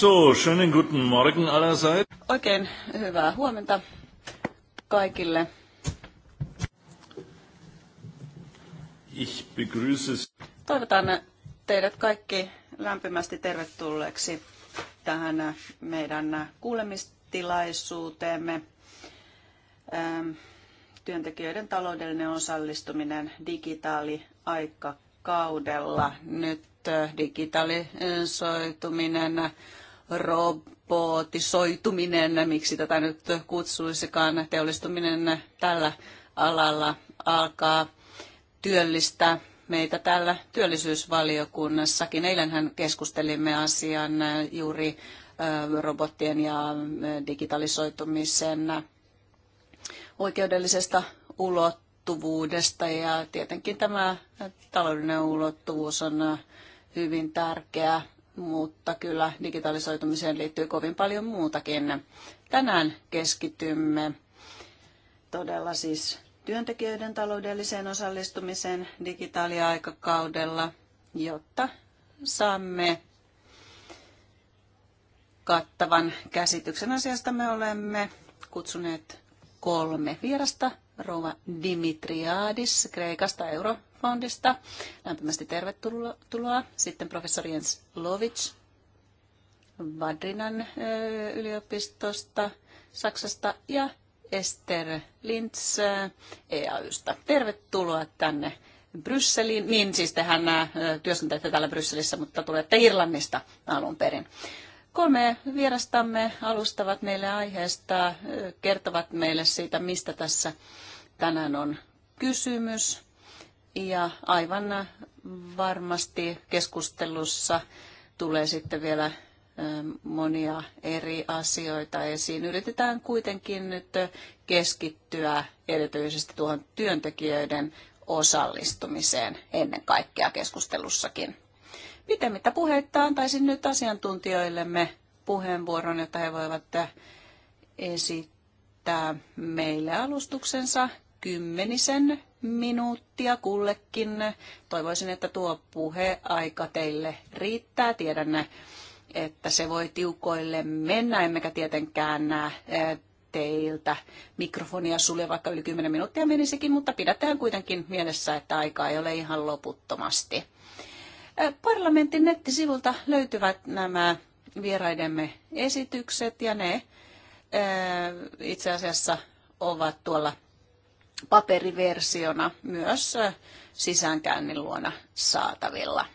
So, schönen guten Morgen allerseits. Oikein hyvää huomenta kaikille. Ich begrüße Toivotan teidät kaikki lämpimästi tervetulleeksi tähän meidän kuulemistilaisuuteemme. Ähm, työntekijöiden taloudellinen osallistuminen digitaaliaikakaudella. Nyt äh, digitalisoituminen robotisoituminen, miksi tätä nyt kutsuisikaan, teollistuminen tällä alalla alkaa työllistää meitä täällä työllisyysvaliokunnassakin. Eilenhän keskustelimme asian äh, juuri äh, robottien ja äh, digitalisoitumisen oikeudellisesta ulottuvuudesta ja tietenkin tämä taloudellinen ulottuvuus on hyvin tärkeä mutta kyllä digitalisoitumiseen liittyy kovin paljon muutakin. Tänään keskitymme todella siis työntekijöiden taloudelliseen osallistumiseen digitaaliaikakaudella, jotta saamme kattavan käsityksen asiasta. Me olemme kutsuneet kolme vierasta. Rova Dimitriadis Kreikasta, euro Foundista. Lämpimästi tervetuloa. Sitten professori Jens Lovic Vadrinan yliopistosta Saksasta ja Ester Lintz EAYstä. Tervetuloa tänne Brysseliin. Niin, siis tehän työskentelette täällä Brysselissä, mutta tulette Irlannista alun perin. Kolme vierastamme alustavat meille aiheesta, kertovat meille siitä, mistä tässä tänään on kysymys ja aivan varmasti keskustelussa tulee sitten vielä monia eri asioita esiin. Yritetään kuitenkin nyt keskittyä erityisesti tuohon työntekijöiden osallistumiseen ennen kaikkea keskustelussakin. Pitemmittä puheitta antaisin nyt asiantuntijoillemme puheenvuoron, jotta he voivat esittää meille alustuksensa kymmenisen minuuttia kullekin. Toivoisin, että tuo puheaika teille riittää. Tiedän, että se voi tiukoille mennä, emmekä tietenkään näe teiltä mikrofonia sulje, vaikka yli 10 minuuttia menisikin, mutta pidätään kuitenkin mielessä, että aika ei ole ihan loputtomasti. Parlamentin nettisivulta löytyvät nämä vieraidemme esitykset ja ne itse asiassa ovat tuolla paperiversiona myös sisäänkäynnin luona saatavilla.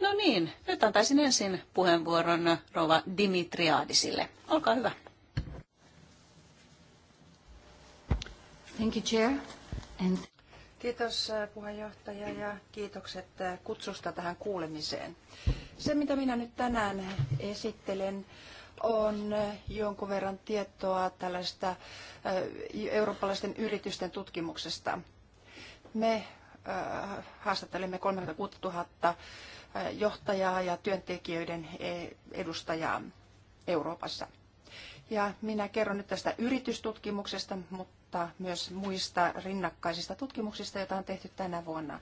No niin, nyt antaisin ensin puheenvuoron rova Dimitriadisille. Olkaa hyvä. Thank you, Chair. And... Kiitos puheenjohtaja ja kiitokset kutsusta tähän kuulemiseen. Se, mitä minä nyt tänään esittelen, on eh, jonkun verran tietoa tällaista eh, eurooppalaisten yritysten tutkimuksesta. Me eh, haastattelemme 36 000 johtajaa ja työntekijöiden edustajaa Euroopassa. Ja minä kerron nyt tästä yritystutkimuksesta, mutta myös muista rinnakkaisista tutkimuksista, joita on tehty tänä vuonna.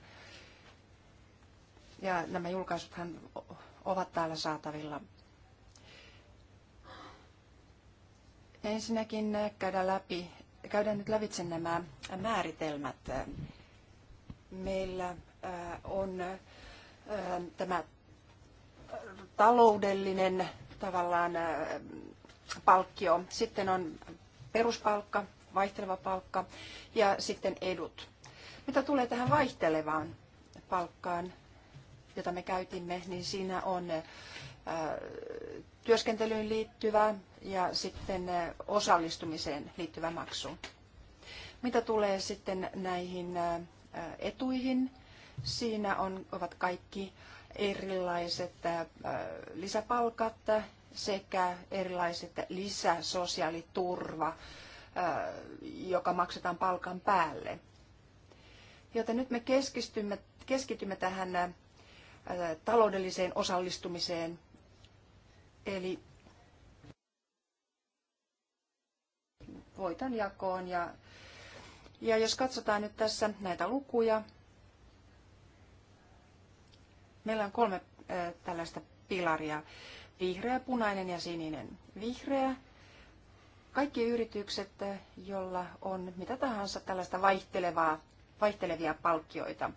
Ja nämä julkaisuthan ovat täällä saatavilla. Ensinnäkin käydä, läpi, käydä nyt lävitse nämä määritelmät. Meillä äh, on äh, tämä taloudellinen tavallaan äh, palkkio, sitten on peruspalkka, vaihteleva palkka ja sitten edut. Mitä tulee tähän vaihtelevaan palkkaan, jota me käytimme, niin siinä on työskentelyyn liittyvää, ja sitten eh, osallistumiseen liittyvä maksu. Mitä tulee sitten näihin eh, etuihin, siinä on, ovat kaikki erilaiset eh, lisäpalkat sekä erilaiset lisäsosiaaliturva, joka maksetaan palkan päälle. Joten nyt me keskistymme, keskitymme tähän taloudelliseen osallistumiseen, eli voiton jakoon. Ja, ja jos katsotaan nyt tässä näitä lukuja, meillä on kolme äh, tällaista pilaria. Vihreä, punainen ja sininen. Vihreä kaikki yritykset, jolla on mitä tahansa tällaista vaihtelevaa, vaihtelevia palkkioita.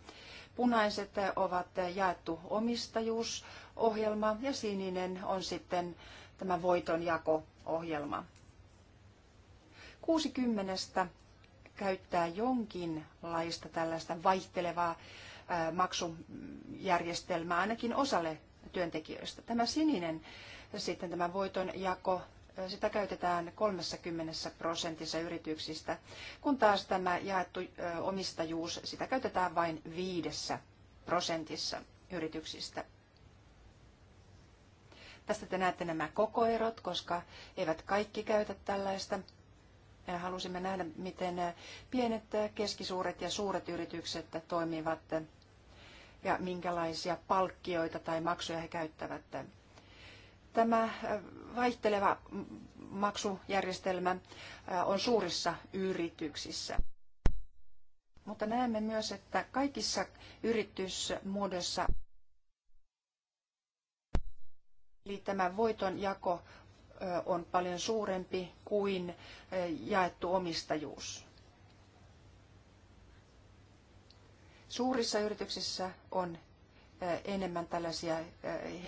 Punaiset ovat jaettu omistajuusohjelma ja sininen on sitten tämä voitonjako-ohjelma. 60 käyttää jonkinlaista tällaista vaihtelevaa maksujärjestelmää ainakin osalle työntekijöistä. Tämä sininen sitten tämä voitonjako, sitä käytetään 30 prosentissa yrityksistä, kun taas tämä jaettu omistajuus, sitä käytetään vain viidessä prosentissa yrityksistä. Tästä te näette nämä kokoerot, koska eivät kaikki käytä tällaista Äh, halusimme nähdä, miten äh, pienet, äh, keskisuuret ja suuret yritykset toimivat ja minkälaisia palkkioita tai maksuja he käyttävät. Tämä vaihteleva maksujärjestelmä on suurissa yrityksissä. Mutta näemme myös, että kaikissa yritysmuodoissa eli tämä voitonjako on paljon suurempi kuin jaettu omistajuus. Suurissa yrityksissä on enemmän tällaisia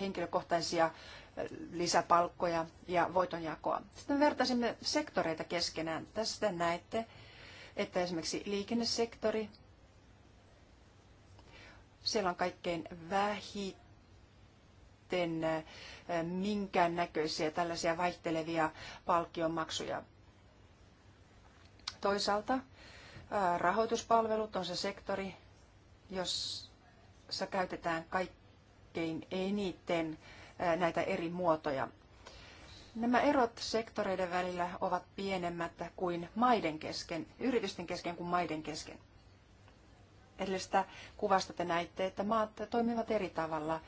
henkilökohtaisia lisäpalkkoja ja voitonjakoa. Sitten vertaisimme sektoreita keskenään. Tästä näette, että esimerkiksi liikennesektori, siellä on kaikkein vähiten sitten minkään näköisiä tällaisia vaihtelevia palkkionmaksuja. Toisaalta rahoituspalvelut on se sektori, jossa käytetään kaikkein eniten näitä eri muotoja. Nämä erot sektoreiden välillä ovat pienemmät kuin maiden kesken, yritysten kesken kuin maiden kesken. Edellisestä kuvasta te näitte, että maat toimivat eri tavalla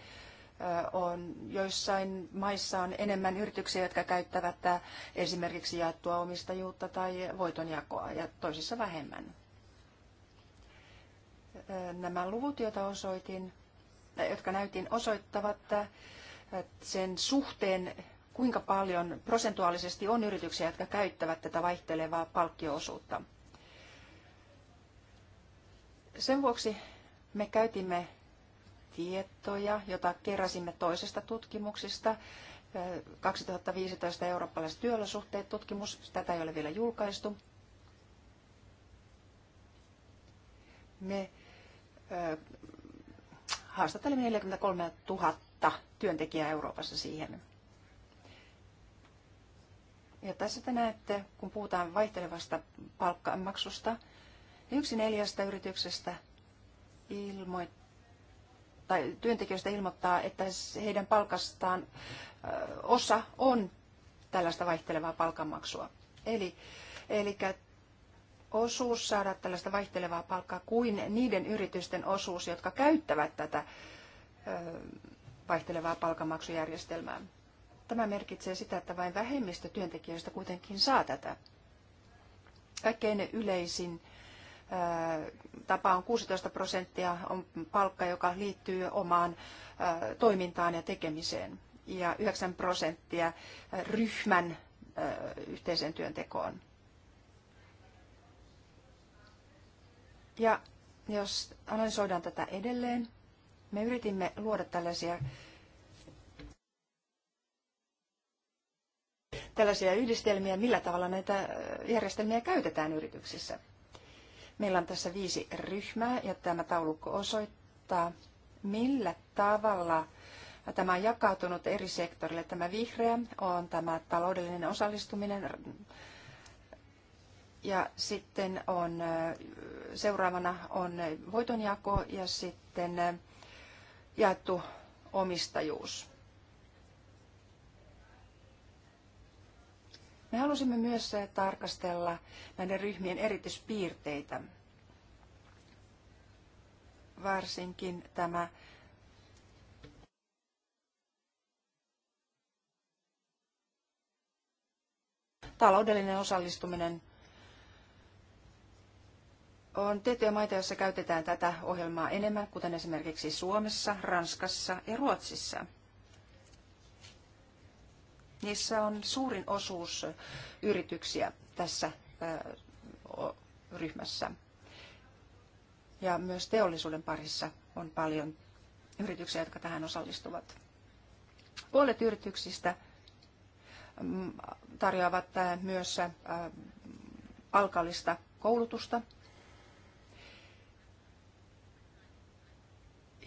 on, joissain maissa on enemmän yrityksiä, jotka käyttävät esimerkiksi jaettua omistajuutta tai voitonjakoa ja toisissa vähemmän. Nämä luvut, joita osoitin, jotka näytin, osoittavat sen suhteen, kuinka paljon prosentuaalisesti on yrityksiä, jotka käyttävät tätä vaihtelevaa palkkioosuutta. Sen vuoksi me käytimme tietoja, jota keräsimme toisesta tutkimuksesta. 2015 eurooppalaiset työolosuhteet tutkimus, tätä ei ole vielä julkaistu. Me ö, haastattelimme 43 000 työntekijää Euroopassa siihen. Ja tässä te näette, kun puhutaan vaihtelevasta palkkamaksusta, niin yksi neljästä yrityksestä ilmoittaa, tai työntekijöistä ilmoittaa, että heidän palkastaan osa on tällaista vaihtelevaa palkanmaksua. Eli, eli osuus saada tällaista vaihtelevaa palkkaa kuin niiden yritysten osuus, jotka käyttävät tätä vaihtelevaa palkanmaksujärjestelmää. Tämä merkitsee sitä, että vain vähemmistö työntekijöistä kuitenkin saa tätä. Kaikkein yleisin äh, tapa on 16 prosenttia on palkka, joka liittyy omaan toimintaan ja tekemiseen ja 9 prosenttia ryhmän yhteiseen työntekoon. Ja jos analysoidaan tätä edelleen, me yritimme luoda tällaisia, tällaisia yhdistelmiä, millä tavalla näitä järjestelmiä käytetään yrityksissä. Meillä on tässä viisi ryhmää ja tämä taulukko osoittaa, millä tavalla tämä on jakautunut eri sektorille. Tämä vihreä on tämä taloudellinen osallistuminen ja sitten on seuraavana on voitonjako ja sitten jaettu omistajuus. Me halusimme myös eh, tarkastella näiden ryhmien erityispiirteitä. Varsinkin tämä taloudellinen osallistuminen on tiettyjä maita, joissa käytetään tätä ohjelmaa enemmän, kuten esimerkiksi Suomessa, Ranskassa ja Ruotsissa – Niissä on suurin osuus yrityksiä tässä ryhmässä. Ja myös teollisuuden parissa on paljon yrityksiä, jotka tähän osallistuvat. Puolet yrityksistä mm, tarjoavat myös alkallista koulutusta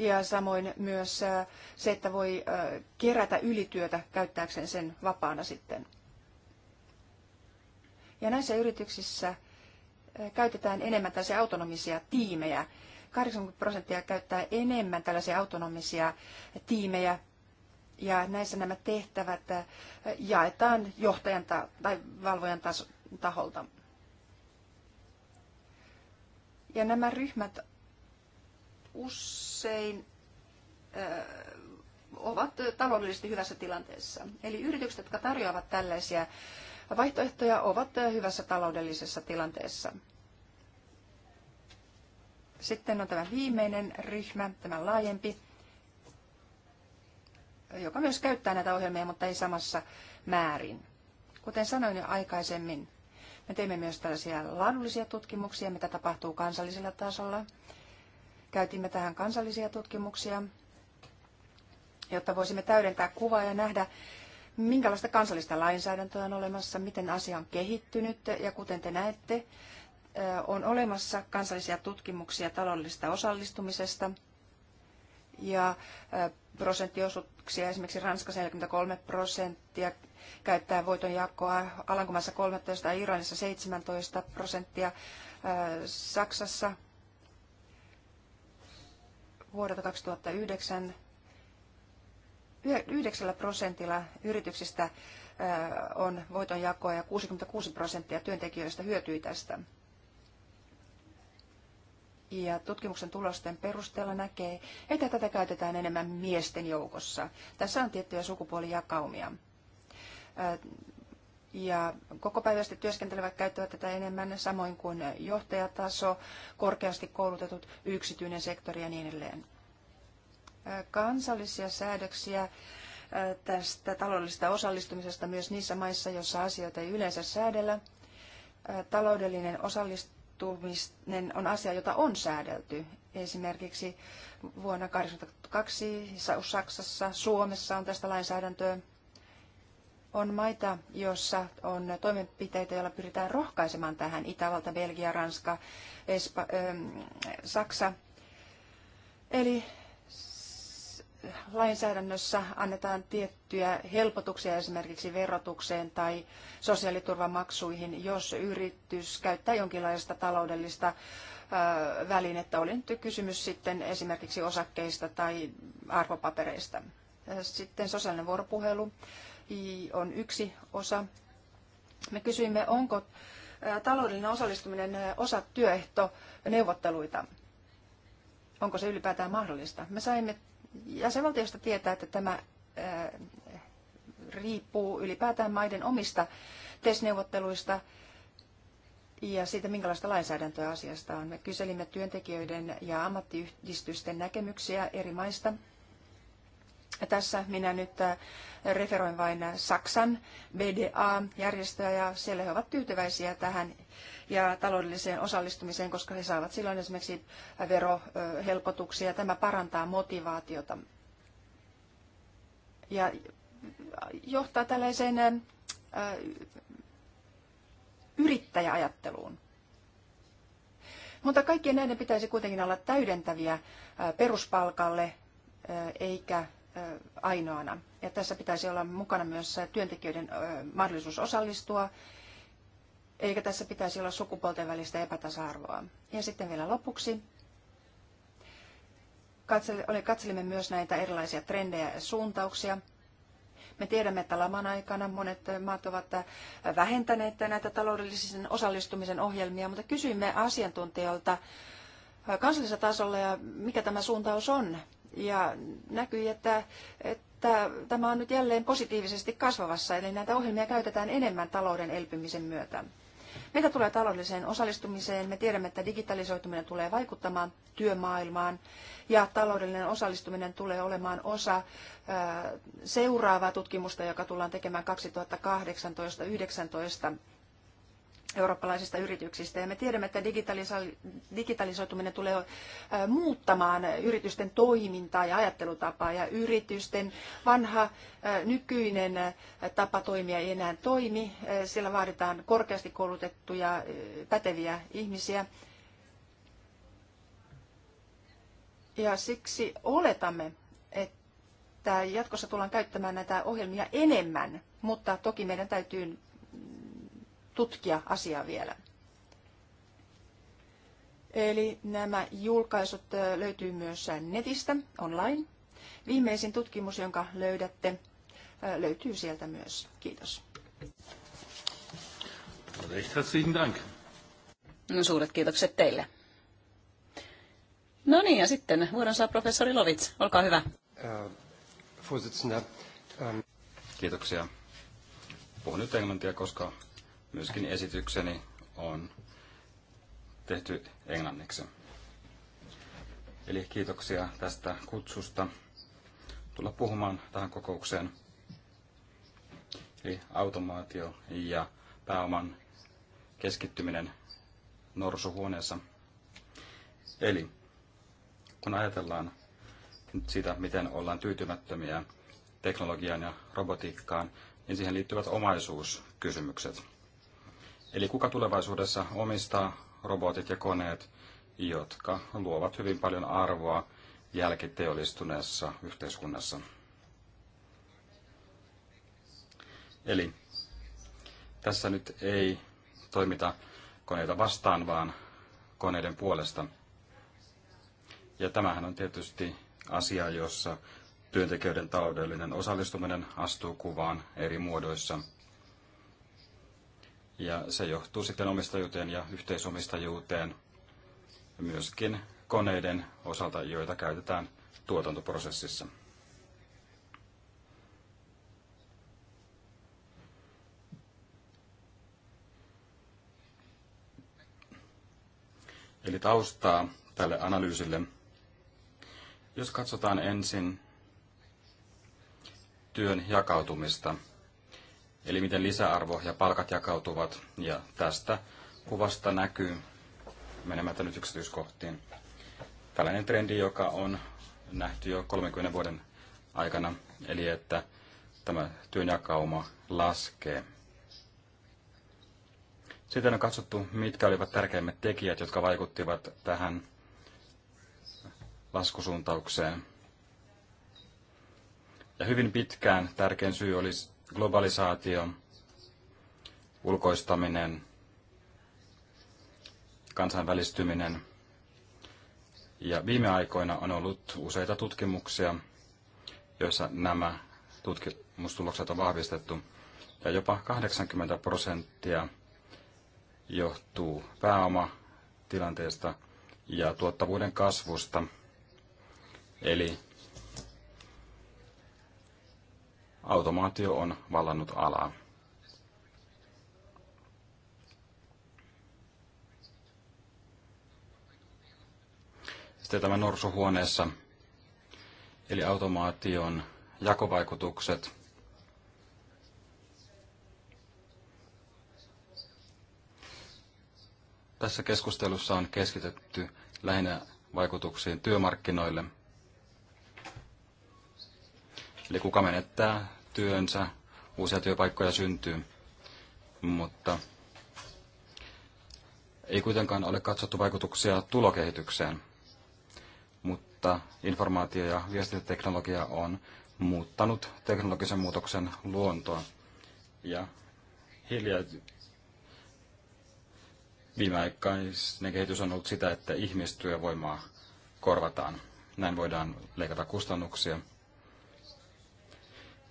ja samoin myös äh, se, että voi äh, kerätä ylityötä käyttääkseen sen vapaana sitten. Ja näissä yrityksissä äh, käytetään enemmän tällaisia autonomisia tiimejä. 80 prosenttia käyttää enemmän tällaisia autonomisia tiimejä ja näissä nämä tehtävät jaetaan johtajan tai valvojan taholta. Ja nämä ryhmät usein ovat taloudellisesti hyvässä tilanteessa. Eli yritykset, jotka tarjoavat tällaisia vaihtoehtoja, ovat hyvässä taloudellisessa tilanteessa. Sitten on tämä viimeinen ryhmä, tämä laajempi, joka myös käyttää näitä ohjelmia, mutta ei samassa määrin. Kuten sanoin jo aikaisemmin, me teemme myös tällaisia laadullisia tutkimuksia, mitä tapahtuu kansallisella tasolla Käytimme tähän kansallisia tutkimuksia, jotta voisimme täydentää kuvaa ja nähdä, minkälaista kansallista lainsäädäntöä on olemassa, miten asia on kehittynyt ja kuten te näette, on olemassa kansallisia tutkimuksia taloudellisesta osallistumisesta ja prosenttiosuuksia, esimerkiksi Ranskassa 43 prosenttia käyttää voitonjakoa, Alankomaissa 13 ja Irlannissa 17 prosenttia, Saksassa vuodelta 2009 9 prosentilla yrityksistä on voitonjakoa ja 66 prosenttia työntekijöistä hyötyi tästä. Ja tutkimuksen tulosten perusteella näkee, että tätä käytetään enemmän miesten joukossa. Tässä on tiettyjä sukupuolijakaumia ja kokopäiväisesti työskentelevät käyttävät tätä enemmän, samoin kuin johtajataso, korkeasti koulutetut, yksityinen sektori ja niin edelleen. Kansallisia säädöksiä tästä taloudellisesta osallistumisesta myös niissä maissa, joissa asioita ei yleensä säädellä. Taloudellinen osallistuminen on asia, jota on säädelty. Esimerkiksi vuonna 1982 Saksassa, Suomessa on tästä lainsäädäntöä on maita, joissa on toimenpiteitä, joilla pyritään rohkaisemaan tähän. Itävalta, Belgia, Ranska, Espa, ähm, Saksa. Eli lainsäädännössä annetaan tiettyjä helpotuksia esimerkiksi verotukseen tai sosiaaliturvamaksuihin, jos yritys käyttää jonkinlaista taloudellista äh, välinettä. Oli nyt kysymys sitten esimerkiksi osakkeista tai arvopapereista. Äh, sitten sosiaalinen vuoropuhelu on yksi osa. Me kysyimme, onko taloudellinen osallistuminen osa työehto neuvotteluita. Onko se ylipäätään mahdollista? Me saimme jäsenvaltiosta tietää, että tämä riippuu ylipäätään maiden omista testneuvotteluista neuvotteluista ja siitä, minkälaista lainsäädäntöä asiasta on. Me kyselimme työntekijöiden ja ammattiyhdistysten näkemyksiä eri maista tässä minä nyt äh, referoin vain äh, Saksan BDA-järjestöä ja siellä he ovat tyytyväisiä tähän ja taloudelliseen osallistumiseen, koska he saavat silloin esimerkiksi äh, verohelpotuksia. Tämä parantaa motivaatiota ja johtaa tällaiseen yrittäjäajatteluun. Mutta kaikkien näiden pitäisi kuitenkin olla täydentäviä peruspalkalle, eikä ainoana. Ja tässä pitäisi olla mukana myös työntekijöiden mahdollisuus osallistua, eikä tässä pitäisi olla sukupuolten välistä epätasa-arvoa. Ja sitten vielä lopuksi. Katselimme myös näitä erilaisia trendejä ja suuntauksia. Me tiedämme, että laman aikana monet maat ovat vähentäneet näitä taloudellisen osallistumisen ohjelmia, mutta kysyimme asiantuntijoilta kansallisella tasolla, ja mikä tämä suuntaus on ja näkyi, että, että tämä on nyt jälleen positiivisesti kasvavassa, eli näitä ohjelmia käytetään enemmän talouden elpymisen myötä. Mitä tulee taloudelliseen osallistumiseen, me tiedämme, että digitalisoituminen tulee vaikuttamaan työmaailmaan ja taloudellinen osallistuminen tulee olemaan osa seuraavaa tutkimusta, joka tullaan tekemään 2018 19 eurooppalaisista yrityksistä. Ja me tiedämme, että digitalisoituminen tulee muuttamaan yritysten toimintaa ja ajattelutapaa. Ja yritysten vanha nykyinen tapa toimia ei enää toimi. Siellä vaaditaan korkeasti koulutettuja, päteviä ihmisiä. Ja siksi oletamme, että jatkossa tullaan käyttämään näitä ohjelmia enemmän, mutta toki meidän täytyy tutkia asiaa vielä. Eli nämä julkaisut löytyy myös netistä online. Viimeisin tutkimus, jonka löydätte, löytyy sieltä myös. Kiitos. Recht herzlichen Dank. No, suuret kiitokset teille. No niin, ja sitten vuoron saa professori Lovits. Olkaa hyvä. Äh, ähm, Kiitoksia. Puhun nyt englantia, koska myöskin esitykseni on tehty englanniksi. Eli kiitoksia tästä kutsusta tulla puhumaan tähän kokoukseen. Eli automaatio ja pääoman keskittyminen norsuhuoneessa. Eli kun ajatellaan nyt sitä, miten ollaan tyytymättömiä teknologiaan ja robotiikkaan, niin siihen liittyvät omaisuuskysymykset. Eli kuka tulevaisuudessa omistaa robotit ja koneet, jotka luovat hyvin paljon arvoa jälkiteollistuneessa yhteiskunnassa. Eli tässä nyt ei toimita koneita vastaan, vaan koneiden puolesta. Ja tämähän on tietysti asia, jossa työntekijöiden taloudellinen osallistuminen astuu kuvaan eri muodoissa – ja se johtuu sitten omistajuuteen ja yhteisomistajuuteen myöskin koneiden osalta, joita käytetään tuotantoprosessissa. Eli taustaa tälle analyysille. Jos katsotaan ensin työn jakautumista eli miten lisäarvo ja palkat jakautuvat. Ja tästä kuvasta näkyy, menemättä nyt yksityiskohtiin, tällainen trendi, joka on nähty jo 30 vuoden aikana, eli että tämä työnjakauma laskee. Sitten on katsottu, mitkä olivat tärkeimmät tekijät, jotka vaikuttivat tähän laskusuuntaukseen. Ja hyvin pitkään tärkein syy oli globalisaatio, ulkoistaminen, kansainvälistyminen. Ja viime aikoina on ollut useita tutkimuksia, joissa nämä tutkimustulokset on vahvistettu. Ja jopa 80 prosenttia johtuu pääomatilanteesta ja tuottavuuden kasvusta. Eli automaatio on vallannut alaa. Sitten tämä norsuhuoneessa, eli automaation jakovaikutukset – Tässä keskustelussa on keskitetty lähinnä vaikutuksiin työmarkkinoille – Eli kuka menettää työnsä, uusia työpaikkoja syntyy, mutta ei kuitenkaan ole katsottu vaikutuksia tulokehitykseen. Mutta informaatio- ja viestintäteknologia on muuttanut teknologisen muutoksen luontoa. Ja hiljaa viimeaikainen kehitys on ollut sitä, että ihmistyövoimaa korvataan. Näin voidaan leikata kustannuksia –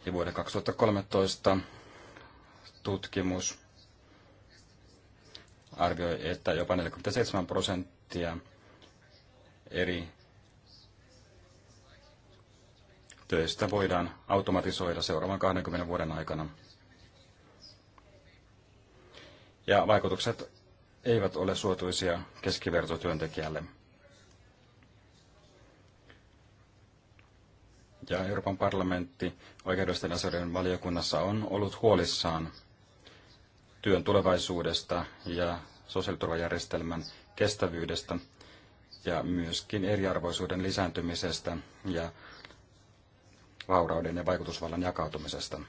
ja vuoden 2013 tutkimus arvioi, että jopa 47 prosenttia eri töistä voidaan automatisoida seuraavan 20 vuoden aikana. Ja vaikutukset eivät ole suotuisia keskivertotyöntekijälle. ja Euroopan parlamentti oikeudellisten asioiden valiokunnassa on ollut huolissaan työn tulevaisuudesta ja sosiaaliturvajärjestelmän kestävyydestä ja myöskin eriarvoisuuden lisääntymisestä ja vaurauden ja vaikutusvallan jakautumisesta.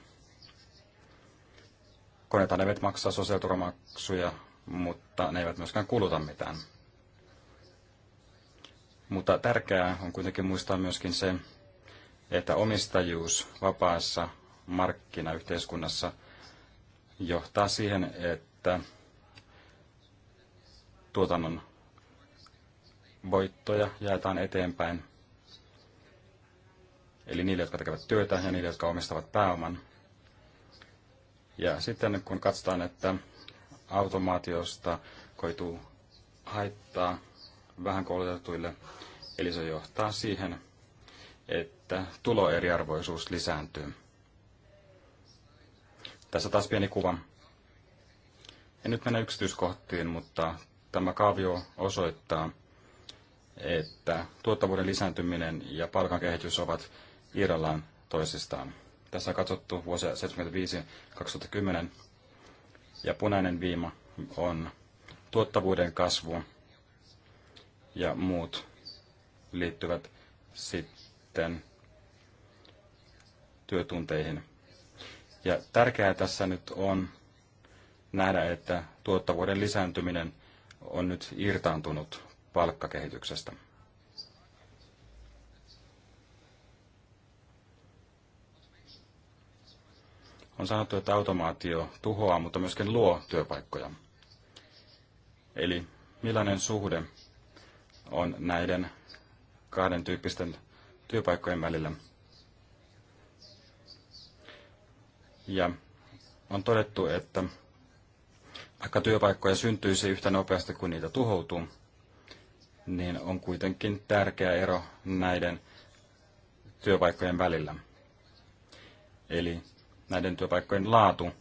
Koneethan eivät maksaa sosiaaliturvamaksuja, mutta ne eivät myöskään kuluta mitään. Mutta tärkeää on kuitenkin muistaa myöskin se, että omistajuus vapaassa markkinayhteiskunnassa johtaa siihen, että tuotannon voittoja jaetaan eteenpäin. Eli niille, jotka tekevät työtä ja niille, jotka omistavat pääoman. Ja sitten kun katsotaan, että automaatiosta koituu haittaa vähän koulutetuille, eli se johtaa siihen, että tuloeriarvoisuus lisääntyy. Tässä taas pieni kuva. En nyt mene yksityiskohtiin, mutta tämä kaavio osoittaa, että tuottavuuden lisääntyminen ja palkankehitys ovat irrallaan toisistaan. Tässä on katsottu vuosia 1975 2010 ja punainen viima on tuottavuuden kasvu ja muut liittyvät sitten sitten työtunteihin. Ja tärkeää tässä nyt on nähdä, että tuottavuuden lisääntyminen on nyt irtaantunut palkkakehityksestä. On sanottu, että automaatio tuhoaa, mutta myöskin luo työpaikkoja. Eli millainen suhde on näiden kahden tyyppisten työpaikkojen välillä. Ja on todettu, että vaikka työpaikkoja syntyisi yhtä nopeasti kuin niitä tuhoutuu, niin on kuitenkin tärkeä ero näiden työpaikkojen välillä. Eli näiden työpaikkojen laatu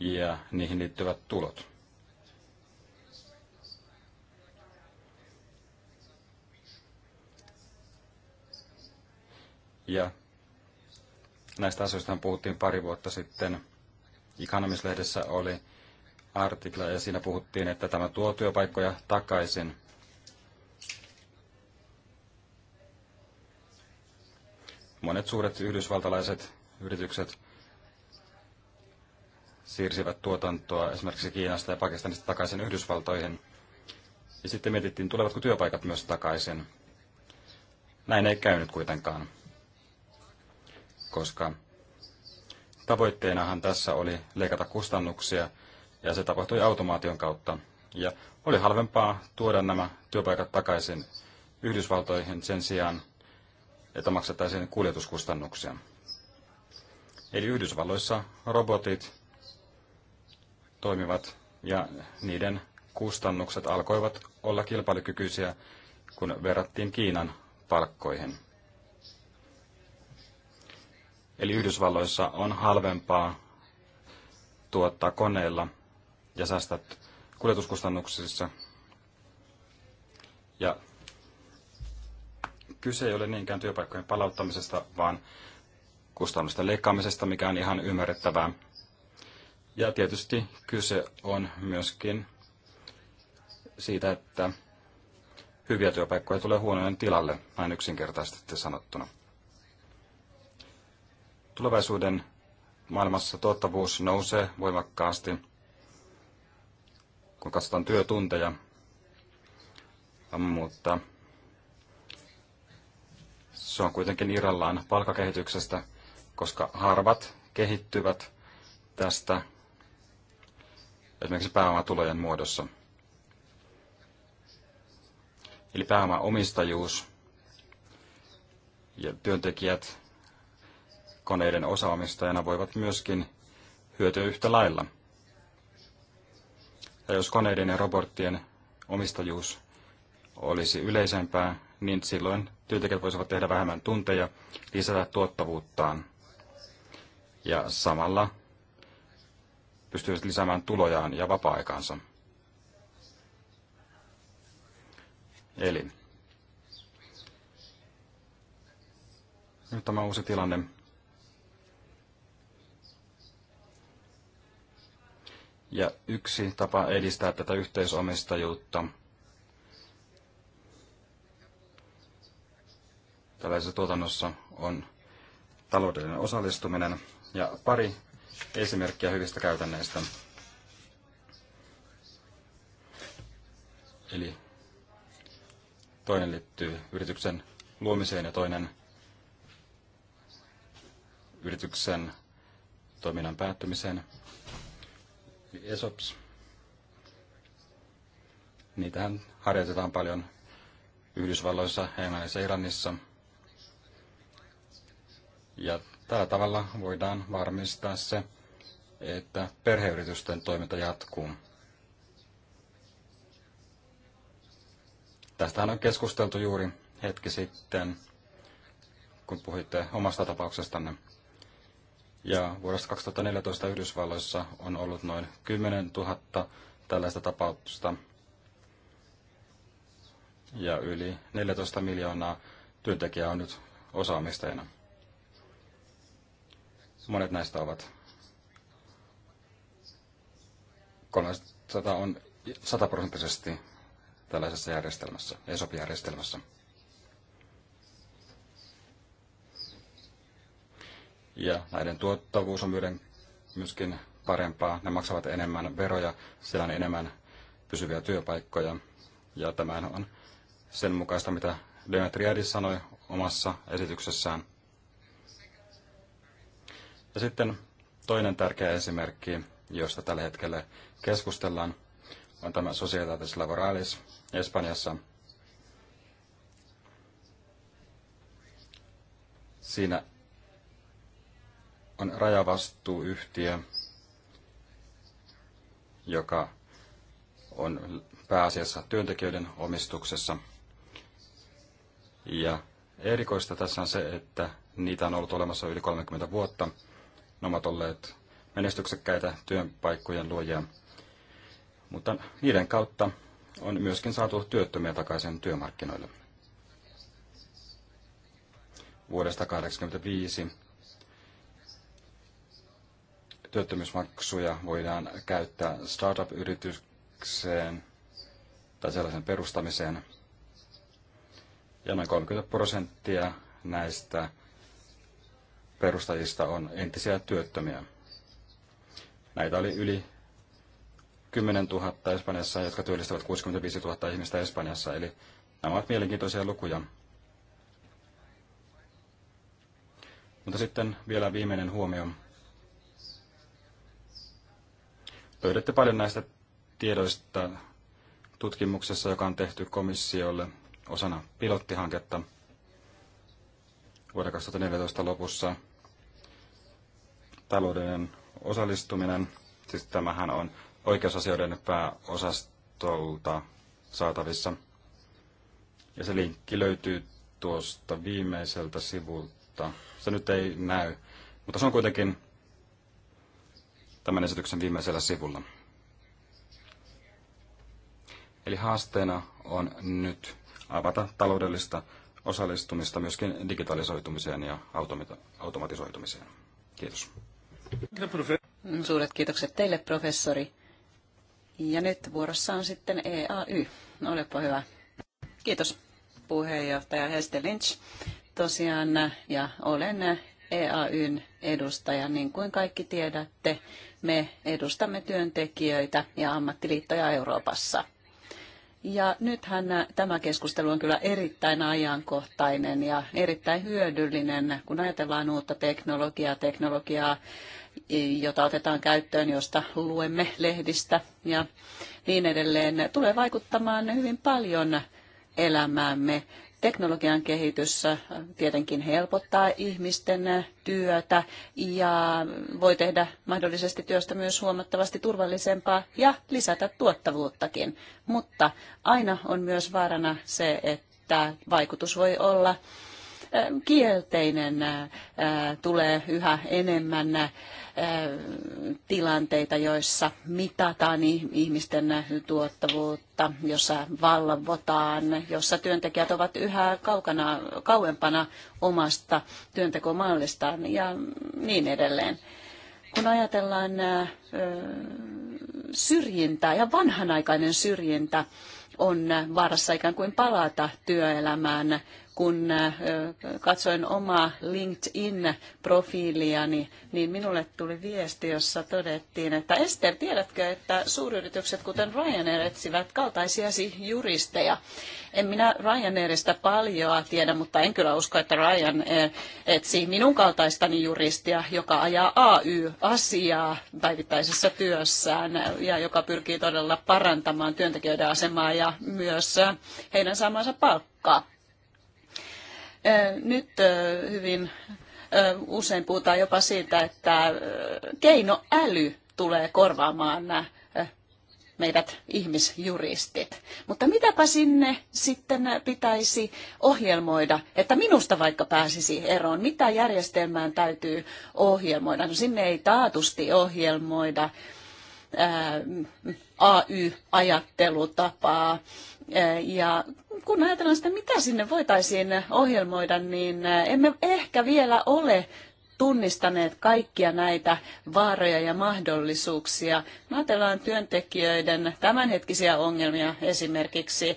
ja niihin liittyvät tulot. Ja näistä asioista puhuttiin pari vuotta sitten. Economist-lehdessä oli artikla ja siinä puhuttiin, että tämä tuo työpaikkoja takaisin. Monet suuret yhdysvaltalaiset yritykset siirsivät tuotantoa esimerkiksi Kiinasta ja Pakistanista takaisin Yhdysvaltoihin. Ja sitten mietittiin, tulevatko työpaikat myös takaisin. Näin ei käynyt kuitenkaan koska tavoitteenahan tässä oli leikata kustannuksia ja se tapahtui automaation kautta. Ja oli halvempaa tuoda nämä työpaikat takaisin Yhdysvaltoihin sen sijaan, että maksettaisiin kuljetuskustannuksia. Eli Yhdysvalloissa robotit toimivat ja niiden kustannukset alkoivat olla kilpailukykyisiä, kun verrattiin Kiinan palkkoihin. Eli Yhdysvalloissa on halvempaa tuottaa koneilla ja säästät kuljetuskustannuksissa. Ja kyse ei ole niinkään työpaikkojen palauttamisesta, vaan kustannusten leikkaamisesta, mikä on ihan ymmärrettävää. Ja tietysti kyse on myöskin siitä, että hyviä työpaikkoja tulee huonojen tilalle, näin yksinkertaisesti sanottuna. Tulevaisuuden maailmassa tuottavuus nousee voimakkaasti, kun katsotaan työtunteja, mutta se on kuitenkin irrallaan palkakehityksestä, koska harvat kehittyvät tästä esimerkiksi pääomatulojen muodossa. Eli pääomaomistajuus ja työntekijät koneiden osaomistajana voivat myöskin hyötyä yhtä lailla. Ja jos koneiden ja robottien omistajuus olisi yleisempää, niin silloin työntekijät voisivat tehdä vähemmän tunteja, lisätä tuottavuuttaan ja samalla pystyisivät lisäämään tulojaan ja vapaa-aikaansa. Eli nyt tämä uusi tilanne Ja yksi tapa edistää tätä yhteisomistajuutta tällaisessa tuotannossa on taloudellinen osallistuminen. Ja pari esimerkkiä hyvistä käytänneistä. Eli toinen liittyy yrityksen luomiseen ja toinen yrityksen toiminnan päättymiseen. ESOPS. Niitähän harjoitetaan paljon Yhdysvalloissa, Englannissa, Iranissa. Ja tällä tavalla voidaan varmistaa se, että perheyritysten toiminta jatkuu. Tästähän on keskusteltu juuri hetki sitten, kun puhuitte omasta tapauksestanne. Ja vuodesta 2014 Yhdysvalloissa on ollut noin 10 000 tällaista tapausta ja yli 14 miljoonaa työntekijää on nyt osaamisteina. Monet näistä ovat 300 on sataprosenttisesti tällaisessa järjestelmässä, ESOP-järjestelmässä. ja näiden tuottavuus on myöskin parempaa. Ne maksavat enemmän veroja, siellä on enemmän pysyviä työpaikkoja ja tämä on sen mukaista, mitä Demetriadis sanoi omassa esityksessään. Ja sitten toinen tärkeä esimerkki, josta tällä hetkellä keskustellaan, on tämä Societatis Laboralis Espanjassa. Siinä on rajavastuuyhtiö, joka on pääasiassa työntekijöiden omistuksessa. Ja erikoista tässä on se, että niitä on ollut olemassa yli 30 vuotta. Ne ovat olleet menestyksekkäitä työpaikkojen luojia. Mutta niiden kautta on myöskin saatu työttömiä takaisin työmarkkinoille. Vuodesta 1985 työttömyysmaksuja voidaan käyttää startup-yritykseen tai sellaisen perustamiseen. Ja noin 30 prosenttia näistä perustajista on entisiä työttömiä. Näitä oli yli 10 000 Espanjassa, jotka työllistävät 65 000 ihmistä Espanjassa. Eli nämä ovat mielenkiintoisia lukuja. Mutta sitten vielä viimeinen huomio. Löydätte paljon näistä tiedoista tutkimuksessa, joka on tehty komissiolle osana pilottihanketta vuoden 2014 lopussa. Taloudellinen osallistuminen, siis tämähän on oikeusasioiden pääosastolta saatavissa. Ja se linkki löytyy tuosta viimeiseltä sivulta. Se nyt ei näy, mutta se on kuitenkin tämän esityksen viimeisellä sivulla. Eli haasteena on nyt avata taloudellista osallistumista myöskin digitalisoitumiseen ja automatisoitumiseen. Kiitos. Suuret kiitokset teille, professori. Ja nyt vuorossa on sitten EAY. Olepa hyvä. Kiitos, puheenjohtaja Heste Lynch. Tosiaan, ja olen EAYn edustaja. Niin kuin kaikki tiedätte, me edustamme työntekijöitä ja ammattiliittoja Euroopassa. Ja nythän tämä keskustelu on kyllä erittäin ajankohtainen ja erittäin hyödyllinen, kun ajatellaan uutta teknologiaa, teknologiaa, jota otetaan käyttöön, josta luemme lehdistä ja niin edelleen, tulee vaikuttamaan hyvin paljon elämäämme. Teknologian kehitys äh, tietenkin helpottaa ihmisten äh, työtä ja voi tehdä mahdollisesti työstä myös huomattavasti turvallisempaa ja lisätä tuottavuuttakin. Mutta aina on myös vaarana se, että vaikutus voi olla kielteinen, äh, tulee yhä enemmän äh, tilanteita, joissa mitataan ihmisten tuottavuutta, jossa valvotaan, jossa työntekijät ovat yhä kaukana, kauempana omasta työntekomallistaan ja niin edelleen. Kun ajatellaan äh, syrjintää ja vanhanaikainen syrjintä on varassa ikään kuin palata työelämään, kun äh, katsoin omaa LinkedIn-profiiliani, niin minulle tuli viesti, jossa todettiin, että Ester, tiedätkö, että suuryritykset kuten Ryanair etsivät kaltaisiasi juristeja. En minä Ryanairista paljoa tiedä, mutta en kyllä usko, että Ryanair etsii minun kaltaistani juristia, joka ajaa AY-asiaa päivittäisessä työssään ja joka pyrkii todella parantamaan työntekijöiden asemaa ja myös heidän saamansa palkkaa nyt hyvin usein puhutaan jopa siitä, että keinoäly tulee korvaamaan nämä meidät ihmisjuristit. Mutta mitäpä sinne sitten pitäisi ohjelmoida, että minusta vaikka pääsisi eroon, mitä järjestelmään täytyy ohjelmoida. No sinne ei taatusti ohjelmoida AY-ajattelutapaa. Ja kun ajatellaan sitä, mitä sinne voitaisiin ohjelmoida, niin emme ehkä vielä ole tunnistaneet kaikkia näitä vaaroja ja mahdollisuuksia. Ajatellaan työntekijöiden tämänhetkisiä ongelmia esimerkiksi eh,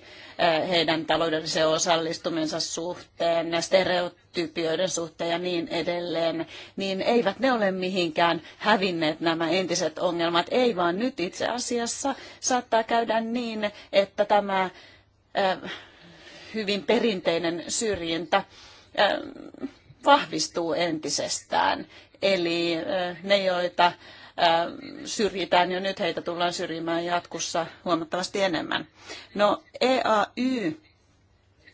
heidän taloudellisen osallistumensa suhteen, stereotypioiden suhteen ja niin edelleen, niin eivät ne ole mihinkään hävinneet nämä entiset ongelmat. Ei vaan nyt itse asiassa saattaa käydä niin, että tämä eh, hyvin perinteinen syrjintä eh, vahvistuu entisestään. Eli ne, joita syrjitään jo nyt, heitä tullaan syrjimään jatkossa huomattavasti enemmän. No EAY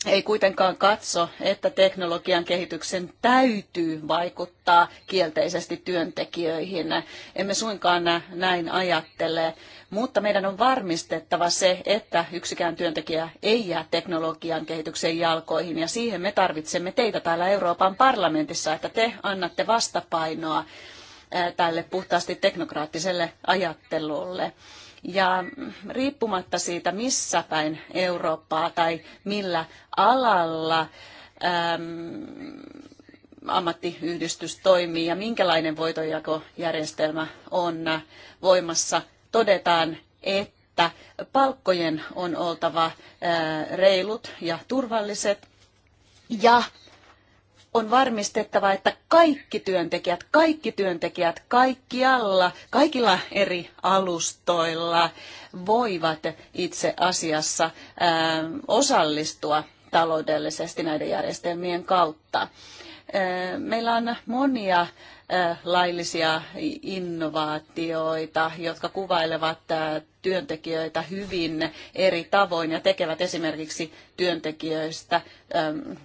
ei kuitenkaan katso, että teknologian kehityksen täytyy vaikuttaa kielteisesti työntekijöihin. Emme suinkaan näin ajattele, mutta meidän on varmistettava se, että yksikään työntekijä ei jää teknologian kehityksen jalkoihin, ja siihen me tarvitsemme teitä täällä Euroopan parlamentissa, että te annatte vastapainoa tälle puhtaasti teknokraattiselle ajattelulle. Ja riippumatta siitä, missä päin Eurooppaa tai millä alalla äm, ammattiyhdistys toimii ja minkälainen voitonjakojärjestelmä on voimassa, todetaan, että palkkojen on oltava reilut ja turvalliset ja on varmistettava, että kaikki työntekijät, kaikki työntekijät kaikkialla, kaikilla eri alustoilla voivat itse asiassa ää, ähm, osallistua taloudellisesti näiden järjestelmien kautta. Äh, meillä on monia laillisia innovaatioita, jotka kuvailevat työntekijöitä hyvin eri tavoin ja tekevät esimerkiksi työntekijöistä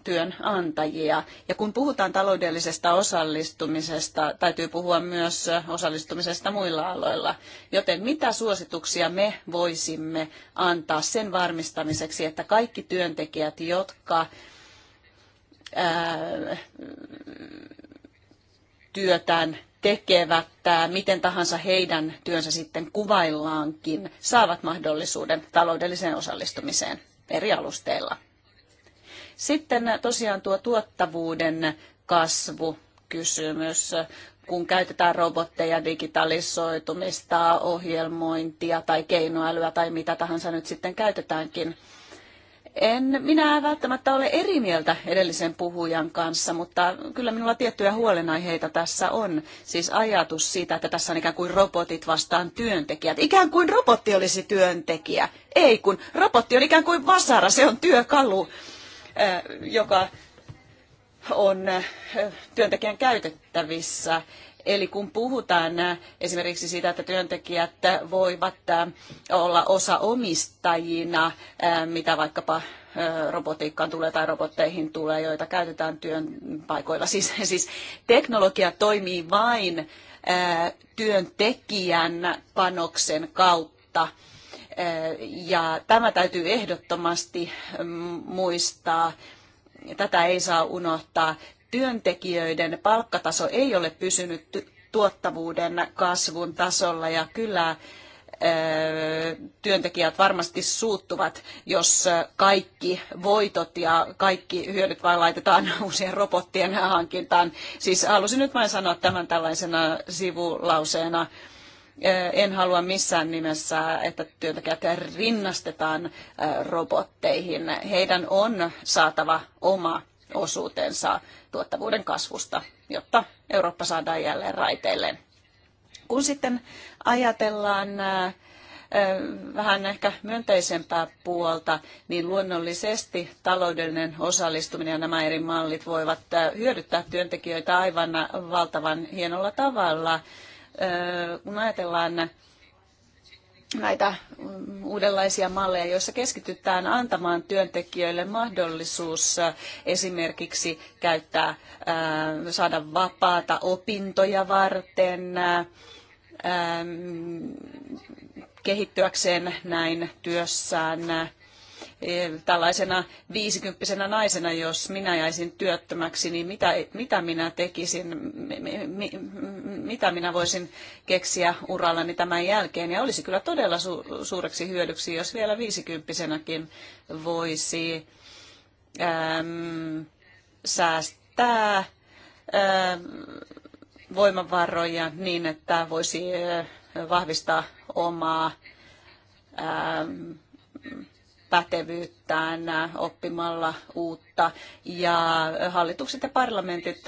työnantajia. Ja kun puhutaan taloudellisesta osallistumisesta, täytyy puhua myös osallistumisesta muilla aloilla. Joten mitä suosituksia me voisimme antaa sen varmistamiseksi, että kaikki työntekijät, jotka työtään tekevät, miten tahansa heidän työnsä sitten kuvaillaankin, saavat mahdollisuuden taloudelliseen osallistumiseen eri alusteilla. Sitten tosiaan tuo tuottavuuden kasvu kysymys, kun käytetään robotteja, digitalisoitumista, ohjelmointia tai keinoälyä tai mitä tahansa nyt sitten käytetäänkin – en minä välttämättä ole eri mieltä edellisen puhujan kanssa, mutta kyllä minulla tiettyjä huolenaiheita tässä on. Siis ajatus siitä, että tässä on ikään kuin robotit vastaan työntekijät. Ikään kuin robotti olisi työntekijä. Ei kun robotti on ikään kuin vasara, se on työkalu, joka on työntekijän käytettävissä. Eli kun puhutaan äh, esimerkiksi siitä, että työntekijät äh, voivat äh, olla osa omistajina, mitä vaikkapa robotiikkaan tulee tai robotteihin tulee, joita käytetään työpaikoilla. Siis, siis teknologia toimii vain työntekijän panoksen kautta. Ja tämä täytyy ehdottomasti mm, muistaa. Tätä ei saa unohtaa työntekijöiden palkkataso ei ole pysynyt tuottavuuden kasvun tasolla ja kyllä työntekijät varmasti suuttuvat, jos kaikki voitot ja kaikki hyödyt vain laitetaan uusien robottien hankintaan. Siis halusin nyt vain sanoa tämän tällaisena sivulauseena. En halua missään nimessä, että työntekijät rinnastetaan robotteihin. Heidän on saatava oma osuutensa tuottavuuden kasvusta, jotta Eurooppa saadaan jälleen raiteilleen. Kun sitten ajatellaan vähän ehkä myönteisempää puolta, niin luonnollisesti taloudellinen osallistuminen ja nämä eri mallit voivat hyödyttää työntekijöitä aivan valtavan hienolla tavalla. Kun ajatellaan näitä mm, uudenlaisia malleja, joissa keskitytään antamaan työntekijöille mahdollisuus esimerkiksi käyttää, saada vapaata opintoja varten, mm, kehittyäkseen näin työssään Eh, tällaisena viisikymppisenä naisena, jos minä jäisin työttömäksi, niin mitä, mitä minä tekisin, mitä minä voisin keksiä urallani tämän jälkeen. Ja olisi kyllä todella su, suureksi hyödyksi, jos vielä viisikymppisenäkin voisi äm, säästää äm, voimavaroja niin, että voisi eh, vahvistaa omaa pätevyyttään oppimalla uutta. Ja hallitukset ja parlamentit,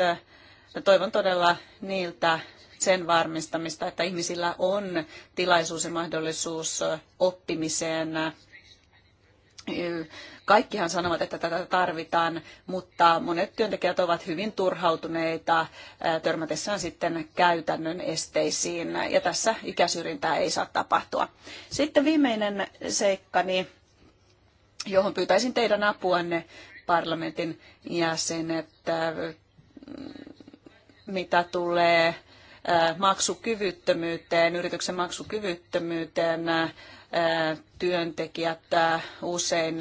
toivon todella niiltä sen varmistamista, että ihmisillä on tilaisuus ja mahdollisuus oppimiseen. Kaikkihan sanovat, että tätä tarvitaan, mutta monet työntekijät ovat hyvin turhautuneita törmätessään sitten käytännön esteisiin, ja tässä ikäsyrjintää ei saa tapahtua. Sitten viimeinen seikkani johon pyytäisin teidän apuanne parlamentin jäsenet, mm, mitä tulee maksukyvyttömyyteen, yrityksen maksukyvyttömyyteen, työntekijät usein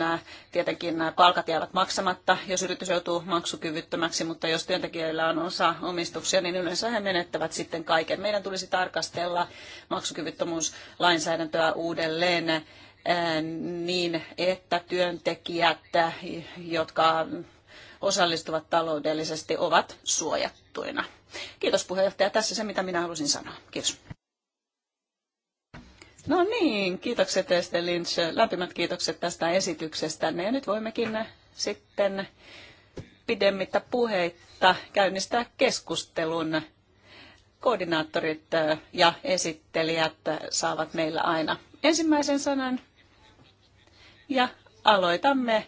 tietenkin palkat jäävät maksamatta, jos yritys joutuu maksukyvyttömäksi, mutta jos työntekijöillä on osa omistuksia, niin yleensä he menettävät sitten kaiken. Meidän tulisi tarkastella maksukyvyttömyyslainsäädäntöä uudelleen niin, että työntekijät, jotka osallistuvat taloudellisesti, ovat suojattuina. Kiitos puheenjohtaja. Tässä se, mitä minä halusin sanoa. Kiitos. No niin, kiitokset Este Lynch. Lämpimät kiitokset tästä esityksestä. Ja nyt voimmekin sitten pidemmittä puheitta käynnistää keskustelun. Koordinaattorit ja esittelijät saavat meillä aina ensimmäisen sanan. Ja aloitamme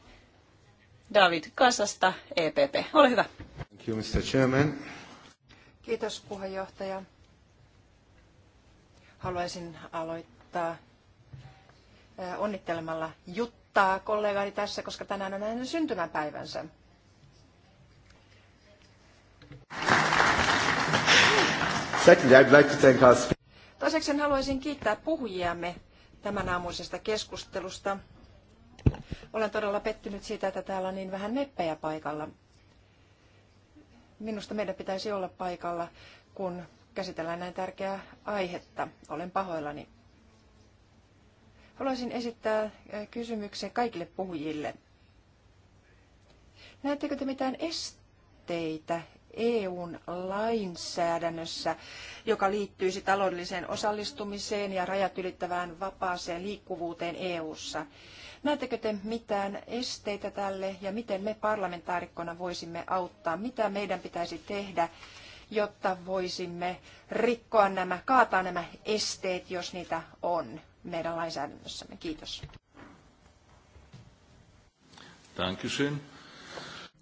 David Kasasta, EPP. Ole hyvä. Thank you, Mr. Chairman. Kiitos puheenjohtaja. Haluaisin aloittaa eh, onnittelemalla Juttaa kollegaani tässä, koska tänään on hänen syntymäpäivänsä. Toiseksi haluaisin kiittää puhujiamme tämän aamuisesta keskustelusta olen todella pettynyt siitä, että täällä on niin vähän meppejä paikalla. Minusta meidän pitäisi olla paikalla, kun käsitellään näin tärkeää aihetta. Olen pahoillani. Haluaisin esittää eh, kysymyksen kaikille puhujille. Näettekö te mitään esteitä EUn lainsäädännössä, joka liittyisi taloudelliseen osallistumiseen ja rajat ylittävään vapaaseen liikkuvuuteen EUssa? Näettekö te mitään esteitä tälle ja miten me parlamentaarikkona voisimme auttaa? Mitä meidän pitäisi tehdä, jotta voisimme rikkoa nämä, kaataa nämä esteet, jos niitä on meidän lainsäädännössämme? Kiitos.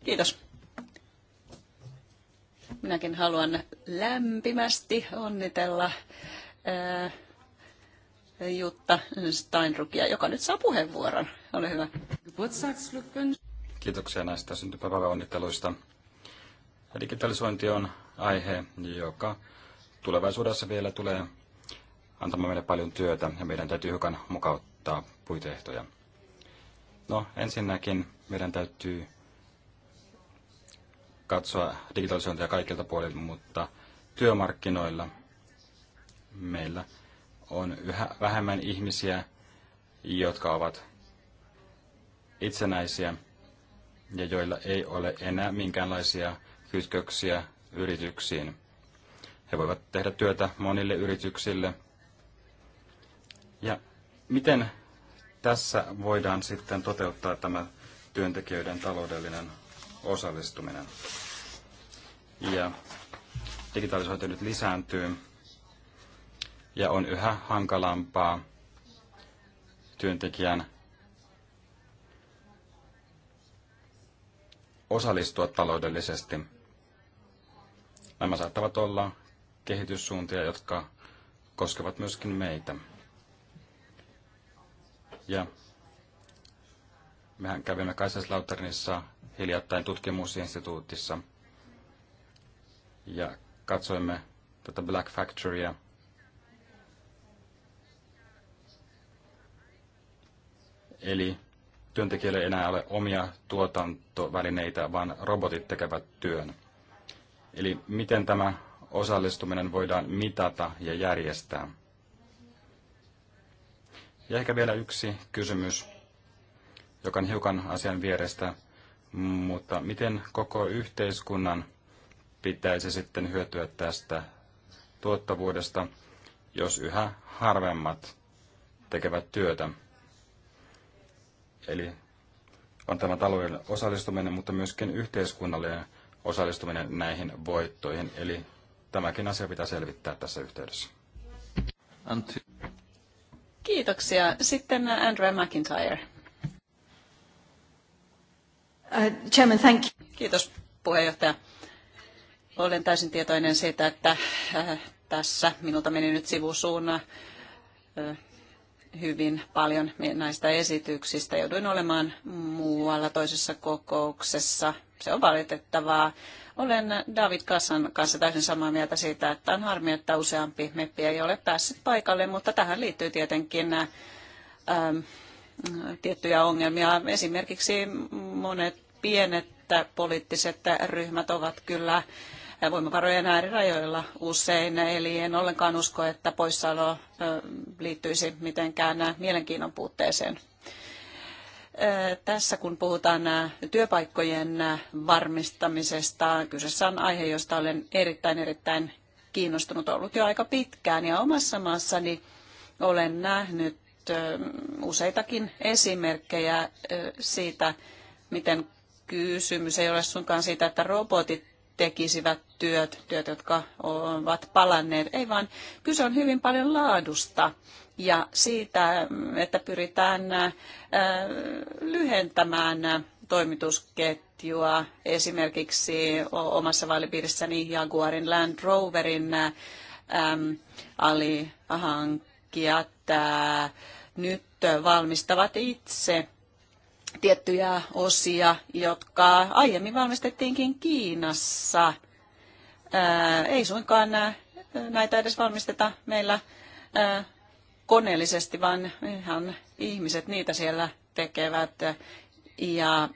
Kiitos. Minäkin haluan lämpimästi onnitella äh, Jutta Steinrukia, joka nyt saa puheenvuoron. Ole hyvä. Kiitoksia näistä onnitteluista. Digitalisointi on aihe, joka tulevaisuudessa vielä tulee antamaan meille paljon työtä ja meidän täytyy hiukan mukauttaa puitehtoja. No ensinnäkin meidän täytyy katsoa digitalisointia kaikilta puolilta, mutta työmarkkinoilla meillä – on yhä vähemmän ihmisiä, jotka ovat itsenäisiä ja joilla ei ole enää minkäänlaisia kytköksiä yrityksiin. He voivat tehdä työtä monille yrityksille. Ja miten tässä voidaan sitten toteuttaa tämä työntekijöiden taloudellinen osallistuminen? Ja digitalisointi nyt lisääntyy ja on yhä hankalampaa työntekijän osallistua taloudellisesti. Nämä saattavat olla kehityssuuntia, jotka koskevat myöskin meitä. Ja mehän kävimme Kaiserslauternissa hiljattain tutkimusinstituutissa ja katsoimme tätä Black Factorya. Eli työntekijöille ei enää ole omia tuotantovälineitä, vaan robotit tekevät työn. Eli miten tämä osallistuminen voidaan mitata ja järjestää? Ja ehkä vielä yksi kysymys, joka on hiukan asian vierestä, mutta miten koko yhteiskunnan pitäisi sitten hyötyä tästä tuottavuudesta, jos yhä harvemmat tekevät työtä? Eli on tämä talouden osallistuminen, mutta myöskin yhteiskunnallinen osallistuminen näihin voittoihin. Eli tämäkin asia pitää selvittää tässä yhteydessä. Antti. Kiitoksia. Sitten Andrew McIntyre. Uh, chairman, thank you. Kiitos puheenjohtaja. Olen täysin tietoinen siitä, että äh, tässä minulta meni nyt Äh, hyvin paljon näistä esityksistä. Jouduin olemaan muualla toisessa kokouksessa. Se on valitettavaa. Olen David Kassan kanssa täysin samaa mieltä siitä, että on harmi, että useampi meppi ei ole päässyt paikalle, mutta tähän liittyy tietenkin nämä, ähm, tiettyjä ongelmia. Esimerkiksi monet pienet poliittiset ryhmät ovat kyllä voimavarojen äärirajoilla usein, eli en ollenkaan usko, että poissaolo liittyisi mitenkään mielenkiinnon puutteeseen. Tässä kun puhutaan työpaikkojen varmistamisesta, kyseessä on aihe, josta olen erittäin erittäin kiinnostunut ollut jo aika pitkään ja omassa maassani olen nähnyt useitakin esimerkkejä siitä, miten kysymys ei ole suinkaan siitä, että robotit tekisivät työt, työt, jotka ovat palanneet. Ei vaan kyse on hyvin paljon laadusta ja siitä, että pyritään äh, lyhentämään toimitusketjua. Esimerkiksi omassa vaalipiirissäni Jaguarin Land Roverin äh, alihankkijat äh, nyt valmistavat itse tiettyjä osia, jotka aiemmin valmistettiinkin Kiinassa. Ei suinkaan näitä edes valmisteta meillä koneellisesti, vaan ihan ihmiset niitä siellä tekevät. Ja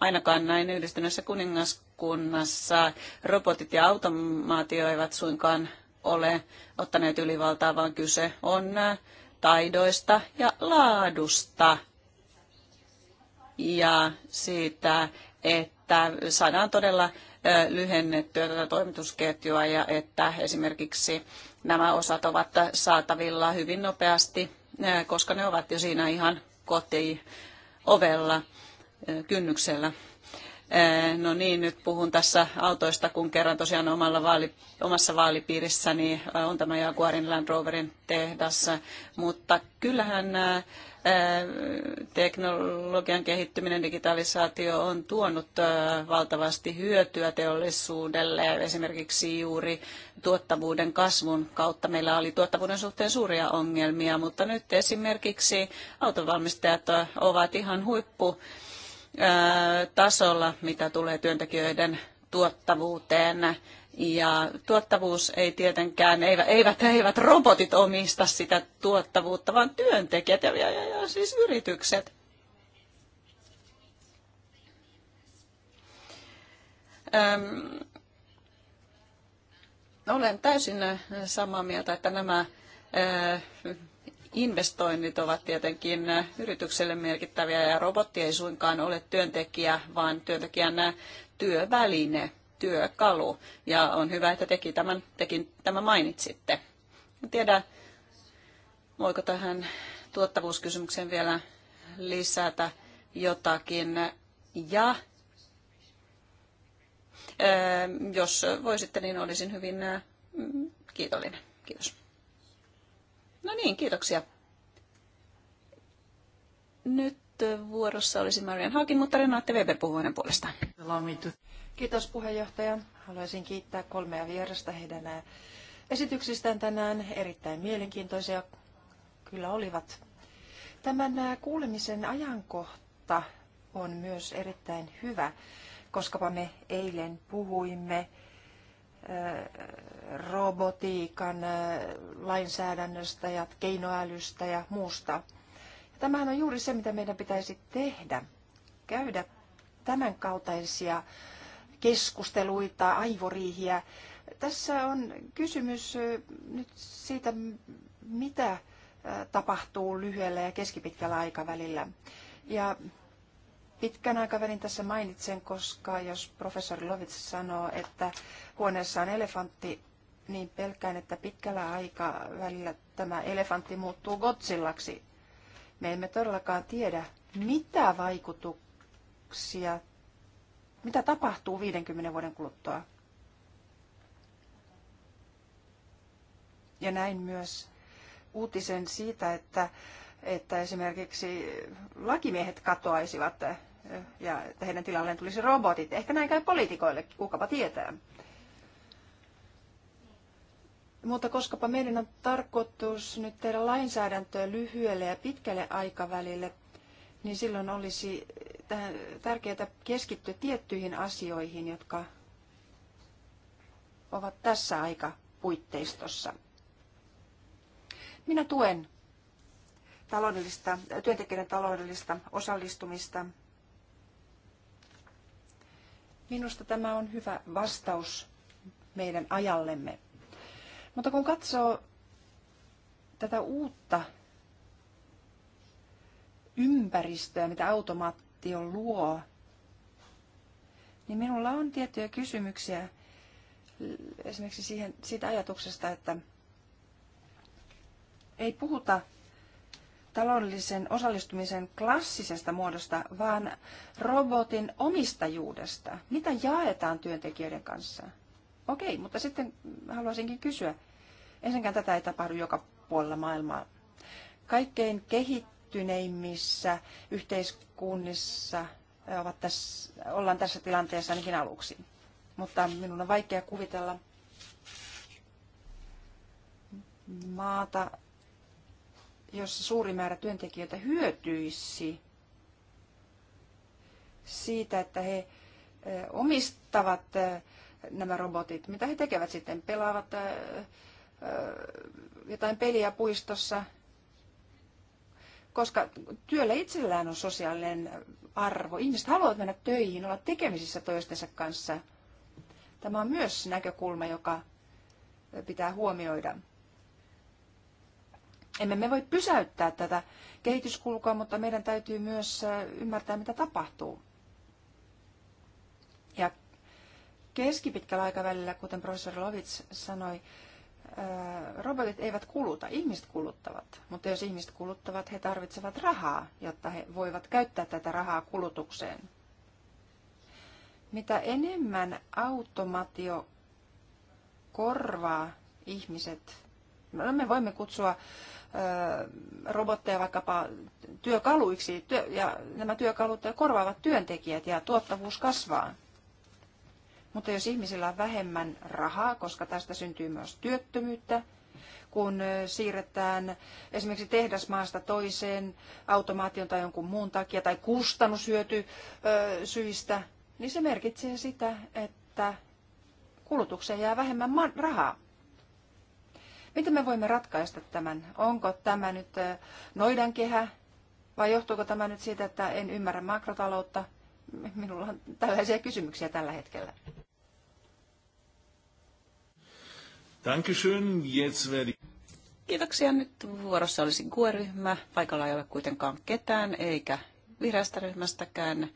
ainakaan näin yhdistyneessä kuningaskunnassa robotit ja automaatio eivät suinkaan ole ottaneet ylivaltaa, vaan kyse on taidoista ja laadusta ja siitä, että saadaan todella lyhennettyä tätä toimitusketjua ja että esimerkiksi nämä osat ovat saatavilla hyvin nopeasti, koska ne ovat jo siinä ihan kotiovella kynnyksellä. No niin, nyt puhun tässä autoista, kun kerran tosiaan omalla vaali, omassa vaalipiirissäni on tämä Jaguarin Land Roverin tehdas, mutta kyllähän teknologian kehittyminen, digitalisaatio on tuonut valtavasti hyötyä teollisuudelle. Esimerkiksi juuri tuottavuuden kasvun kautta meillä oli tuottavuuden suhteen suuria ongelmia, mutta nyt esimerkiksi autonvalmistajat ovat ihan huippu tasolla, mitä tulee työntekijöiden tuottavuuteen. Ja tuottavuus ei tietenkään, eivät, eivät, eivät robotit omista sitä tuottavuutta, vaan työntekijät ja, ja, ja siis yritykset. Öm, olen täysin samaa mieltä, että nämä ö, investoinnit ovat tietenkin yritykselle merkittäviä ja robotti ei suinkaan ole työntekijä, vaan työntekijän työväline – työkalu. Ja on hyvä, että teki tämän, tekin tämän mainitsitte. En tiedä, voiko tähän tuottavuuskysymykseen vielä lisätä jotakin. Ja jos voisitte, niin olisin hyvin kiitollinen. Kiitos. No niin, kiitoksia. Nyt vuorossa olisi Marian Hakin, mutta Renate Weber puhuu hänen puolestaan. Kiitos puheenjohtaja. Haluaisin kiittää kolmea vierasta heidän esityksistään tänään. Erittäin mielenkiintoisia kyllä olivat. Tämän kuulemisen ajankohta on myös erittäin hyvä, koska me eilen puhuimme robotiikan lainsäädännöstä ja keinoälystä ja muusta. Tämähän on juuri se, mitä meidän pitäisi tehdä. Käydä tämän kaltaisia keskusteluita, aivoriihiä. Tässä on kysymys nyt siitä, mitä tapahtuu lyhyellä ja keskipitkällä aikavälillä. Ja pitkän aikavälin tässä mainitsen, koska jos professori Lovitz sanoo, että huoneessa on elefantti, niin pelkään, että pitkällä aikavälillä tämä elefantti muuttuu Godzillaksi. Me emme todellakaan tiedä, mitä vaikutuksia mitä tapahtuu 50 vuoden kuluttua? Ja näin myös uutisen siitä, että, että esimerkiksi lakimiehet katoaisivat ja että heidän tilalleen tulisi robotit. Ehkä näin käy poliitikoille, kukapa tietää. Mutta koskapa meidän on tarkoitus nyt tehdä lainsäädäntöä lyhyelle ja pitkälle aikavälille, niin silloin olisi tärkeää keskittyä tiettyihin asioihin, jotka ovat tässä aika puitteistossa. Minä tuen taloudellista, työntekijän taloudellista osallistumista. Minusta tämä on hyvä vastaus meidän ajallemme. Mutta kun katsoo tätä uutta ympäristöä, mitä automaat, valtio luo, niin minulla on tiettyjä kysymyksiä esimerkiksi siihen, siitä ajatuksesta, että ei puhuta taloudellisen osallistumisen klassisesta muodosta, vaan robotin omistajuudesta. Mitä jaetaan työntekijöiden kanssa? Okei, mutta sitten haluaisinkin kysyä. Ensinnäkään tätä ei tapahdu joka puolella maailmaa. Kaikkein kehittynein kehittyneimmissä yhteiskunnissa ovat tässä, ollaan tässä tilanteessa ainakin aluksi. Mutta minun on vaikea kuvitella maata, jossa suuri määrä työntekijöitä hyötyisi siitä, että he omistavat nämä robotit. Mitä he tekevät sitten? Pelaavat jotain peliä puistossa koska työllä itsellään on sosiaalinen arvo. Ihmiset haluavat mennä töihin, olla tekemisissä toistensa kanssa. Tämä on myös näkökulma, joka pitää huomioida. Emme me voi pysäyttää tätä kehityskulkua, mutta meidän täytyy myös äh, ymmärtää, mitä tapahtuu. Ja keskipitkällä aikavälillä, kuten professori Lovits sanoi, robotit eivät kuluta, ihmiset kuluttavat. Mutta jos ihmiset kuluttavat, he tarvitsevat rahaa, jotta he voivat käyttää tätä rahaa kulutukseen. Mitä enemmän automatio korvaa ihmiset, no me voimme kutsua robotteja vaikkapa työkaluiksi, ja nämä työkalut korvaavat työntekijät ja tuottavuus kasvaa. Mutta jos ihmisillä on vähemmän rahaa, koska tästä syntyy myös työttömyyttä, kun siirretään esimerkiksi tehdasmaasta toiseen automaation tai jonkun muun takia tai kustannushyöty syistä, niin se merkitsee sitä, että kulutukseen jää vähemmän rahaa. Miten me voimme ratkaista tämän? Onko tämä nyt noidankehä vai johtuuko tämä nyt siitä, että en ymmärrä makrotaloutta? Minulla on tällaisia kysymyksiä tällä hetkellä. Dankeschön. Jetzt werde Kiitoksia. Nyt vuorossa olisi GUE-ryhmä. Paikalla ei ole kuitenkaan ketään, eikä vihreästä ryhmästäkään.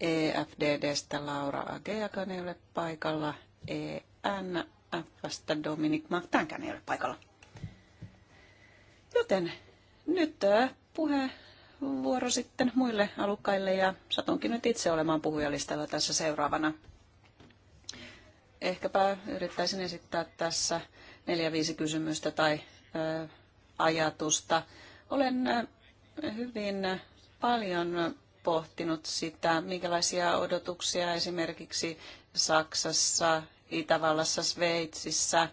EFDDstä Laura Ageakan ei ole paikalla. ENFstä Dominik Martankään ei ole paikalla. Joten nyt puhe vuoro sitten muille alukkaille ja satunkin nyt itse olemaan puhujalistalla tässä seuraavana ehkäpä yrittäisin esittää tässä neljä viisi kysymystä tai ö, ajatusta. Olen hyvin paljon pohtinut sitä, minkälaisia odotuksia esimerkiksi Saksassa, Itävallassa, Sveitsissä,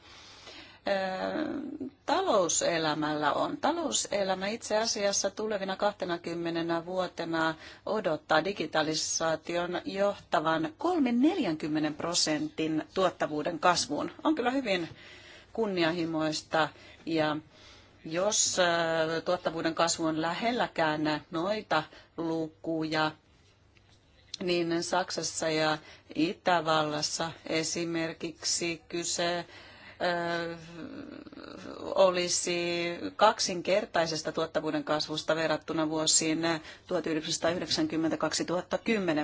talouselämällä on. Talouselämä itse asiassa tulevina 20 vuotena odottaa digitalisaation johtavan 3-40 prosentin tuottavuuden kasvuun. On kyllä hyvin kunnianhimoista ja jos tuottavuuden kasvu on lähelläkään noita lukuja, niin Saksassa ja Itävallassa esimerkiksi kyse olisi kaksinkertaisesta tuottavuuden kasvusta verrattuna vuosiin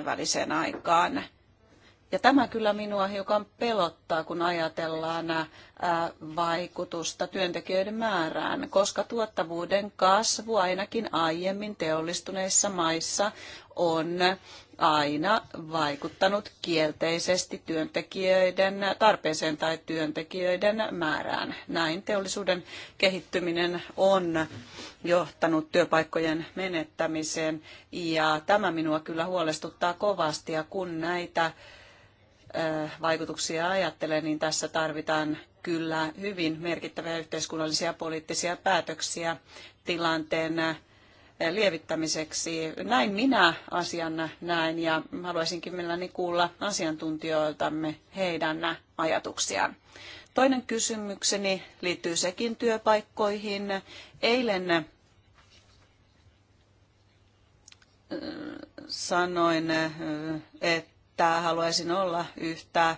1990-2010 väliseen aikaan. Ja tämä kyllä minua hiukan pelottaa, kun ajatellaan vaikutusta työntekijöiden määrään, koska tuottavuuden kasvu ainakin aiemmin teollistuneissa maissa on aina vaikuttanut kielteisesti työntekijöiden tarpeeseen tai työntekijöiden määrään. Näin teollisuuden kehittyminen on johtanut työpaikkojen menettämiseen ja tämä minua kyllä huolestuttaa kovasti ja kun näitä vaikutuksia ajattelee, niin tässä tarvitaan kyllä hyvin merkittäviä yhteiskunnallisia ja poliittisia päätöksiä tilanteen Eh, lievittämiseksi. Näin minä asian näen ja haluaisinkin mielelläni kuulla asiantuntijoiltamme heidän ajatuksiaan. Toinen kysymykseni liittyy sekin työpaikkoihin. Eilen eh, sanoin, eh, että haluaisin olla yhtä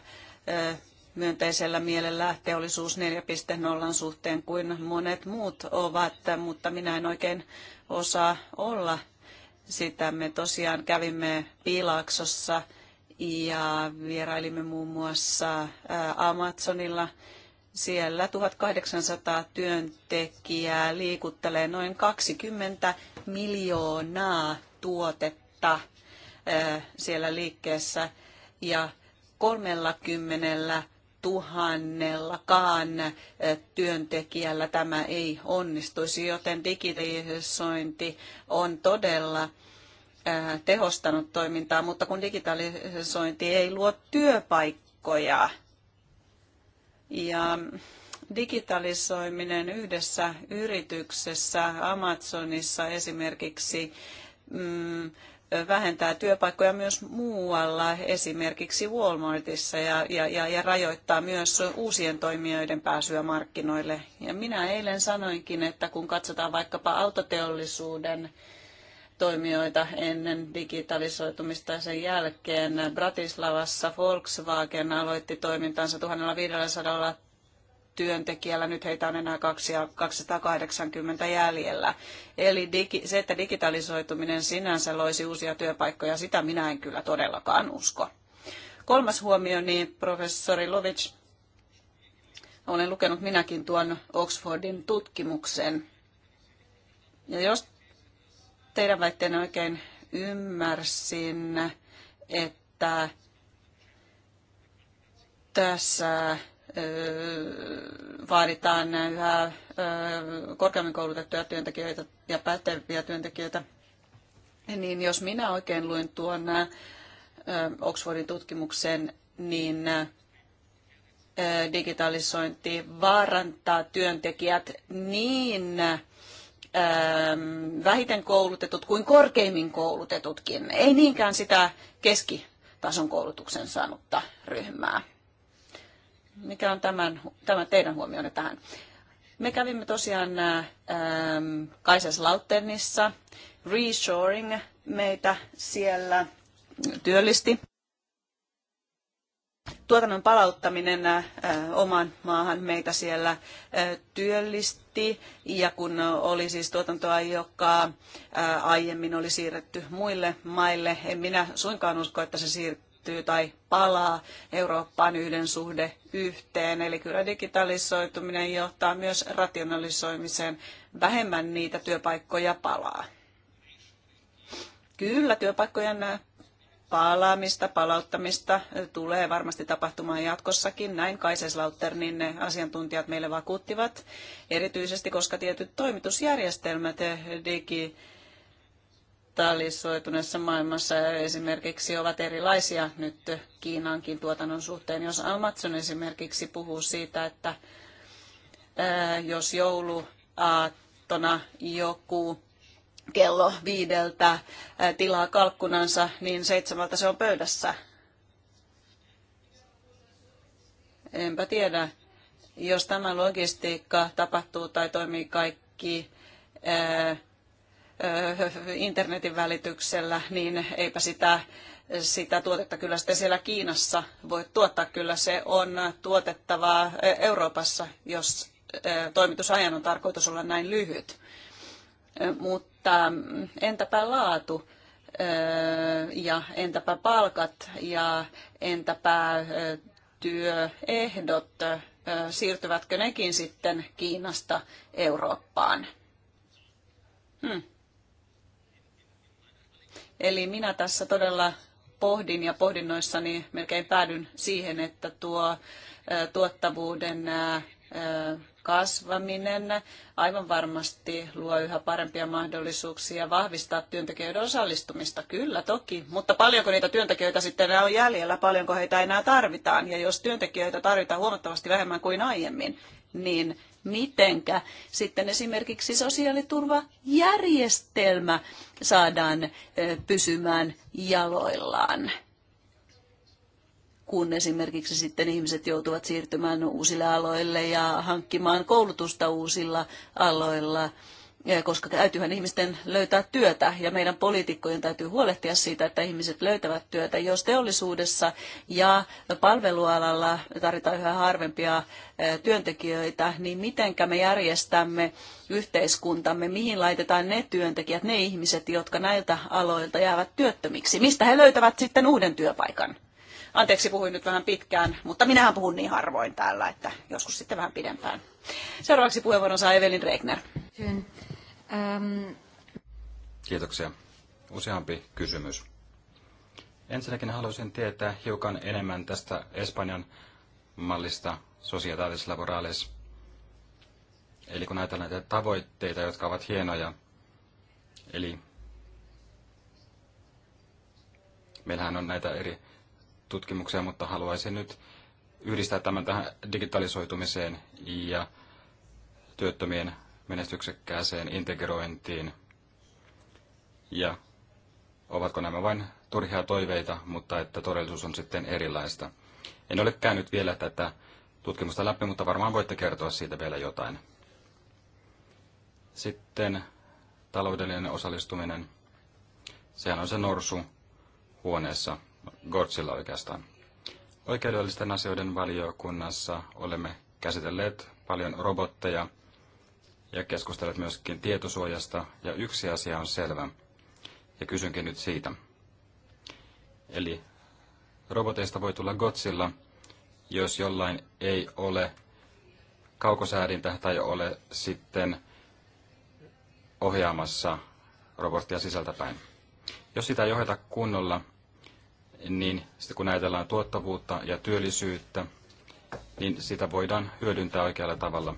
myönteisellä mielellä teollisuus 4.0 suhteen kuin monet muut ovat, mutta minä en oikein osaa olla sitä. Me tosiaan kävimme Piilaaksossa ja vierailimme muun muassa Amazonilla. Siellä 1800 työntekijää liikuttelee noin 20 miljoonaa tuotetta siellä liikkeessä ja 30 tuhannellakaan työntekijällä tämä ei onnistuisi, joten digitalisointi on todella tehostanut toimintaa, mutta kun digitalisointi ei luo työpaikkoja ja digitalisoiminen yhdessä yrityksessä, Amazonissa esimerkiksi, mm, vähentää työpaikkoja myös muualla, esimerkiksi Walmartissa, ja, ja, ja, rajoittaa myös uusien toimijoiden pääsyä markkinoille. Ja minä eilen sanoinkin, että kun katsotaan vaikkapa autoteollisuuden toimijoita ennen digitalisoitumista ja sen jälkeen. Bratislavassa Volkswagen aloitti toimintansa 1500 työntekijällä, nyt heitä on enää 280 jäljellä. Eli digi, se, että digitalisoituminen sinänsä loisi uusia työpaikkoja, sitä minä en kyllä todellakaan usko. Kolmas huomio, niin professori Lovic, olen lukenut minäkin tuon Oxfordin tutkimuksen. Ja jos teidän väitteen oikein ymmärsin, että tässä vaaditaan yhä korkeammin koulutettuja työntekijöitä ja päteviä työntekijöitä. Niin jos minä oikein luin tuon Oxfordin tutkimuksen, niin digitalisointi vaarantaa työntekijät niin vähiten koulutetut kuin korkeimmin koulutetutkin. Ei niinkään sitä keskitason koulutuksen saanutta ryhmää. Mikä on tämän, tämän teidän huomioon tähän? Me kävimme tosiaan ähm, Kaiserslauternissa. Reshoring meitä siellä työllisti. Tuotannon palauttaminen äh, omaan maahan meitä siellä äh, työllisti. Ja kun oli siis tuotantoa, joka äh, aiemmin oli siirretty muille maille, en minä suinkaan usko, että se siirtyy liittyy tai palaa Eurooppaan yhden suhde yhteen. Eli kyllä digitalisoituminen johtaa myös rationalisoimiseen. Vähemmän niitä työpaikkoja palaa. Kyllä työpaikkojen palaamista, palauttamista tulee varmasti tapahtumaan jatkossakin. Näin Kaiseslauternin niin asiantuntijat meille vakuuttivat, erityisesti koska tietyt toimitusjärjestelmät digi digitalisoituneessa maailmassa esimerkiksi ovat erilaisia nyt Kiinankin tuotannon suhteen. Jos Amazon esimerkiksi puhuu siitä, että jos jouluaattona joku kello viideltä tilaa kalkkunansa, niin seitsemältä se on pöydässä. Enpä tiedä, jos tämä logistiikka tapahtuu tai toimii kaikki internetin välityksellä, niin eipä sitä, sitä tuotetta kyllä sitten siellä Kiinassa voi tuottaa. Kyllä se on tuotettavaa Euroopassa, jos toimitusajan on tarkoitus olla näin lyhyt. Mutta mm, entäpä laatu? ja entäpä palkat ja entäpä työehdot, siirtyvätkö nekin sitten Kiinasta Eurooppaan? Hmm. Eli minä tässä todella pohdin ja pohdinnoissani melkein päädyn siihen, että tuo tuottavuuden kasvaminen aivan varmasti luo yhä parempia mahdollisuuksia vahvistaa työntekijöiden osallistumista. Kyllä toki, mutta paljonko niitä työntekijöitä sitten on jäljellä, paljonko heitä enää tarvitaan. Ja jos työntekijöitä tarvitaan huomattavasti vähemmän kuin aiemmin, niin mitenkä sitten esimerkiksi sosiaaliturvajärjestelmä saadaan pysymään jaloillaan, kun esimerkiksi sitten ihmiset joutuvat siirtymään uusille aloille ja hankkimaan koulutusta uusilla aloilla – koska täytyyhän ihmisten löytää työtä ja meidän poliitikkojen täytyy huolehtia siitä, että ihmiset löytävät työtä. Jos teollisuudessa ja palvelualalla tarvitaan yhä harvempia työntekijöitä, niin mitenkä me järjestämme yhteiskuntamme, mihin laitetaan ne työntekijät, ne ihmiset, jotka näiltä aloilta jäävät työttömiksi. Mistä he löytävät sitten uuden työpaikan? Anteeksi, puhuin nyt vähän pitkään, mutta minähän puhun niin harvoin täällä, että joskus sitten vähän pidempään. Seuraavaksi puheenvuoron saa Evelin Regner. Kyllä. Ähm. Kiitoksia. Useampi kysymys. Ensinnäkin haluaisin tietää hiukan enemmän tästä Espanjan mallista Societatis Laborales. Eli kun ajatellaan näitä tavoitteita, jotka ovat hienoja, eli meillähän on näitä eri tutkimuksia, mutta haluaisin nyt yhdistää tämän tähän digitalisoitumiseen ja työttömien menestyksekkääseen integrointiin ja ovatko nämä vain turhia toiveita, mutta että todellisuus on sitten erilaista. En ole käynyt vielä tätä tutkimusta läpi, mutta varmaan voitte kertoa siitä vielä jotain. Sitten taloudellinen osallistuminen. Sehän on se norsu huoneessa, Gortsilla oikeastaan. Oikeudellisten asioiden valiokunnassa olemme käsitelleet paljon robotteja ja keskustelet myöskin tietosuojasta, ja yksi asia on selvä, ja kysynkin nyt siitä. Eli roboteista voi tulla Godzilla, jos jollain ei ole kaukosäädintä tai ole sitten ohjaamassa robottia sisältäpäin. Jos sitä ei ohjata kunnolla, niin sitten kun ajatellaan tuottavuutta ja työllisyyttä, niin sitä voidaan hyödyntää oikealla tavalla.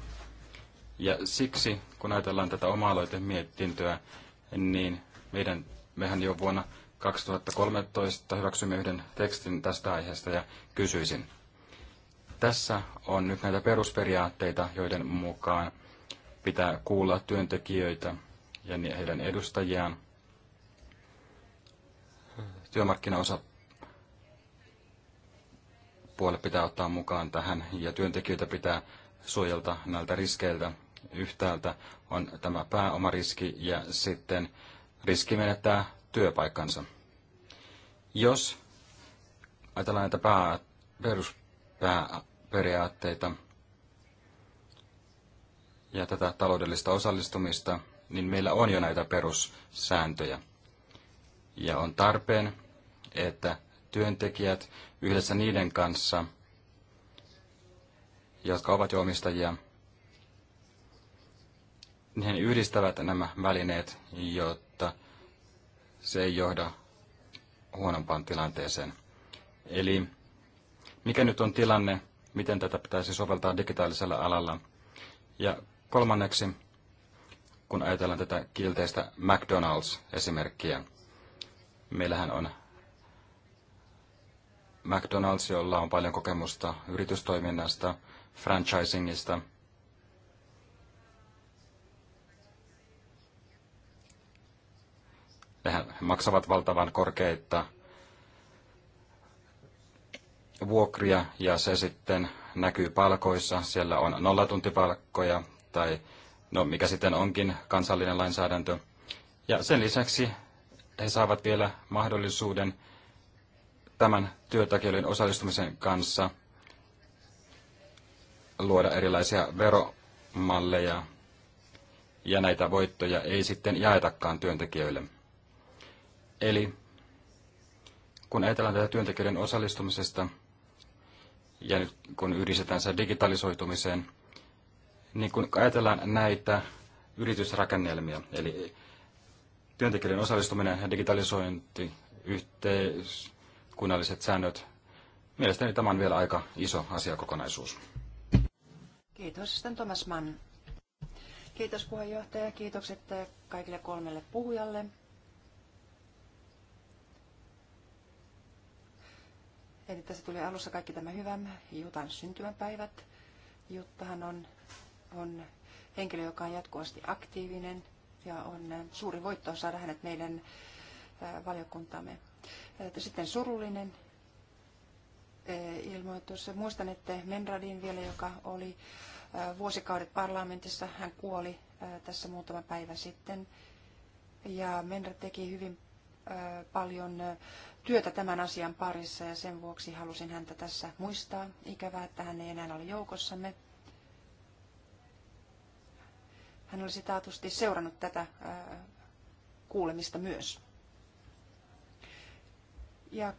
Ja siksi, kun ajatellaan tätä oma mietintöä, niin meidän, mehän jo vuonna 2013 hyväksymme yhden tekstin tästä aiheesta ja kysyisin. Tässä on nyt näitä perusperiaatteita, joiden mukaan pitää kuulla työntekijöitä ja heidän edustajiaan, työmarkkinaosa puolet pitää ottaa mukaan tähän ja työntekijöitä pitää suojelta näiltä riskeiltä, Yhtäältä on tämä pääomariski ja sitten riski menettää työpaikkansa. Jos ajatellaan näitä pää, peruspääperiaatteita ja tätä taloudellista osallistumista, niin meillä on jo näitä perussääntöjä. Ja on tarpeen, että työntekijät yhdessä niiden kanssa, jotka ovat jo omistajia, he yhdistävät nämä välineet, jotta se ei johda huonompaan tilanteeseen. Eli mikä nyt on tilanne, miten tätä pitäisi soveltaa digitaalisella alalla. Ja kolmanneksi, kun ajatellaan tätä kilteistä McDonald's-esimerkkiä, meillähän on McDonald's, jolla on paljon kokemusta yritystoiminnasta, franchisingista – Nehän maksavat valtavan korkeita vuokria ja se sitten näkyy palkoissa. Siellä on nollatuntipalkkoja tai no mikä sitten onkin kansallinen lainsäädäntö. Ja sen lisäksi he saavat vielä mahdollisuuden tämän työntekijöiden osallistumisen kanssa luoda erilaisia veromalleja, ja näitä voittoja ei sitten jaetakaan työntekijöille. Eli kun ajatellaan tätä työntekijöiden osallistumisesta ja nyt kun yhdistetään se digitalisoitumiseen, niin kun ajatellaan näitä yritysrakennelmia, eli työntekijöiden osallistuminen ja digitalisointi, yhteiskunnalliset säännöt, mielestäni tämä on vielä aika iso asiakokonaisuus. Kiitos. Sitten Thomas Mann. Kiitos puheenjohtaja. Kiitokset kaikille kolmelle puhujalle. Eli tässä tuli alussa kaikki tämä hyvä Jutan syntymäpäivät. Juttahan on, on henkilö, joka on jatkuvasti aktiivinen ja on äh, suuri voitto saada hänet meidän äh, valiokuntamme. Äh, sitten surullinen ilmoitus. Muistan, että Menradin vielä, joka oli vuosikaudet parlamentissa, hän kuoli tässä muutama päivä sitten. Ja Menra teki hyvin paljon työtä tämän asian parissa ja sen vuoksi halusin häntä tässä muistaa. Ikävää, että hän ei enää ole joukossamme. Hän olisi taatusti seurannut tätä kuulemista myös. Ja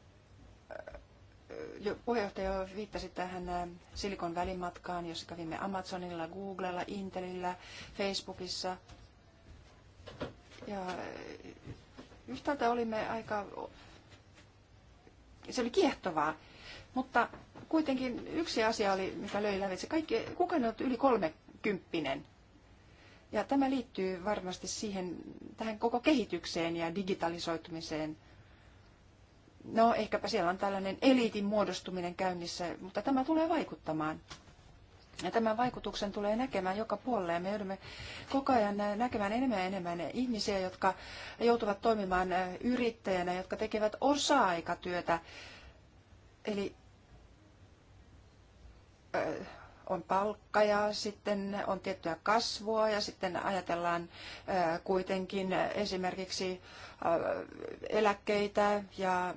puheenjohtaja viittasi tähän Silikon välimatkaan, jossa kävimme Amazonilla, Googlella, Intelillä, Facebookissa. Ja Yhtäältä olimme aika, se oli kiehtovaa, mutta kuitenkin yksi asia oli, mikä löi se Kaikki, kukaan on ollut yli kolmekymppinen. Ja tämä liittyy varmasti siihen, tähän koko kehitykseen ja digitalisoitumiseen. No ehkäpä siellä on tällainen eliitin muodostuminen käynnissä, mutta tämä tulee vaikuttamaan ja tämän vaikutuksen tulee näkemään joka puolella ja me joudumme koko ajan näkemään enemmän ja enemmän ihmisiä, jotka joutuvat toimimaan yrittäjänä, jotka tekevät osa-aikatyötä. Eli on palkka ja sitten on tiettyä kasvua ja sitten ajatellaan kuitenkin esimerkiksi eläkkeitä ja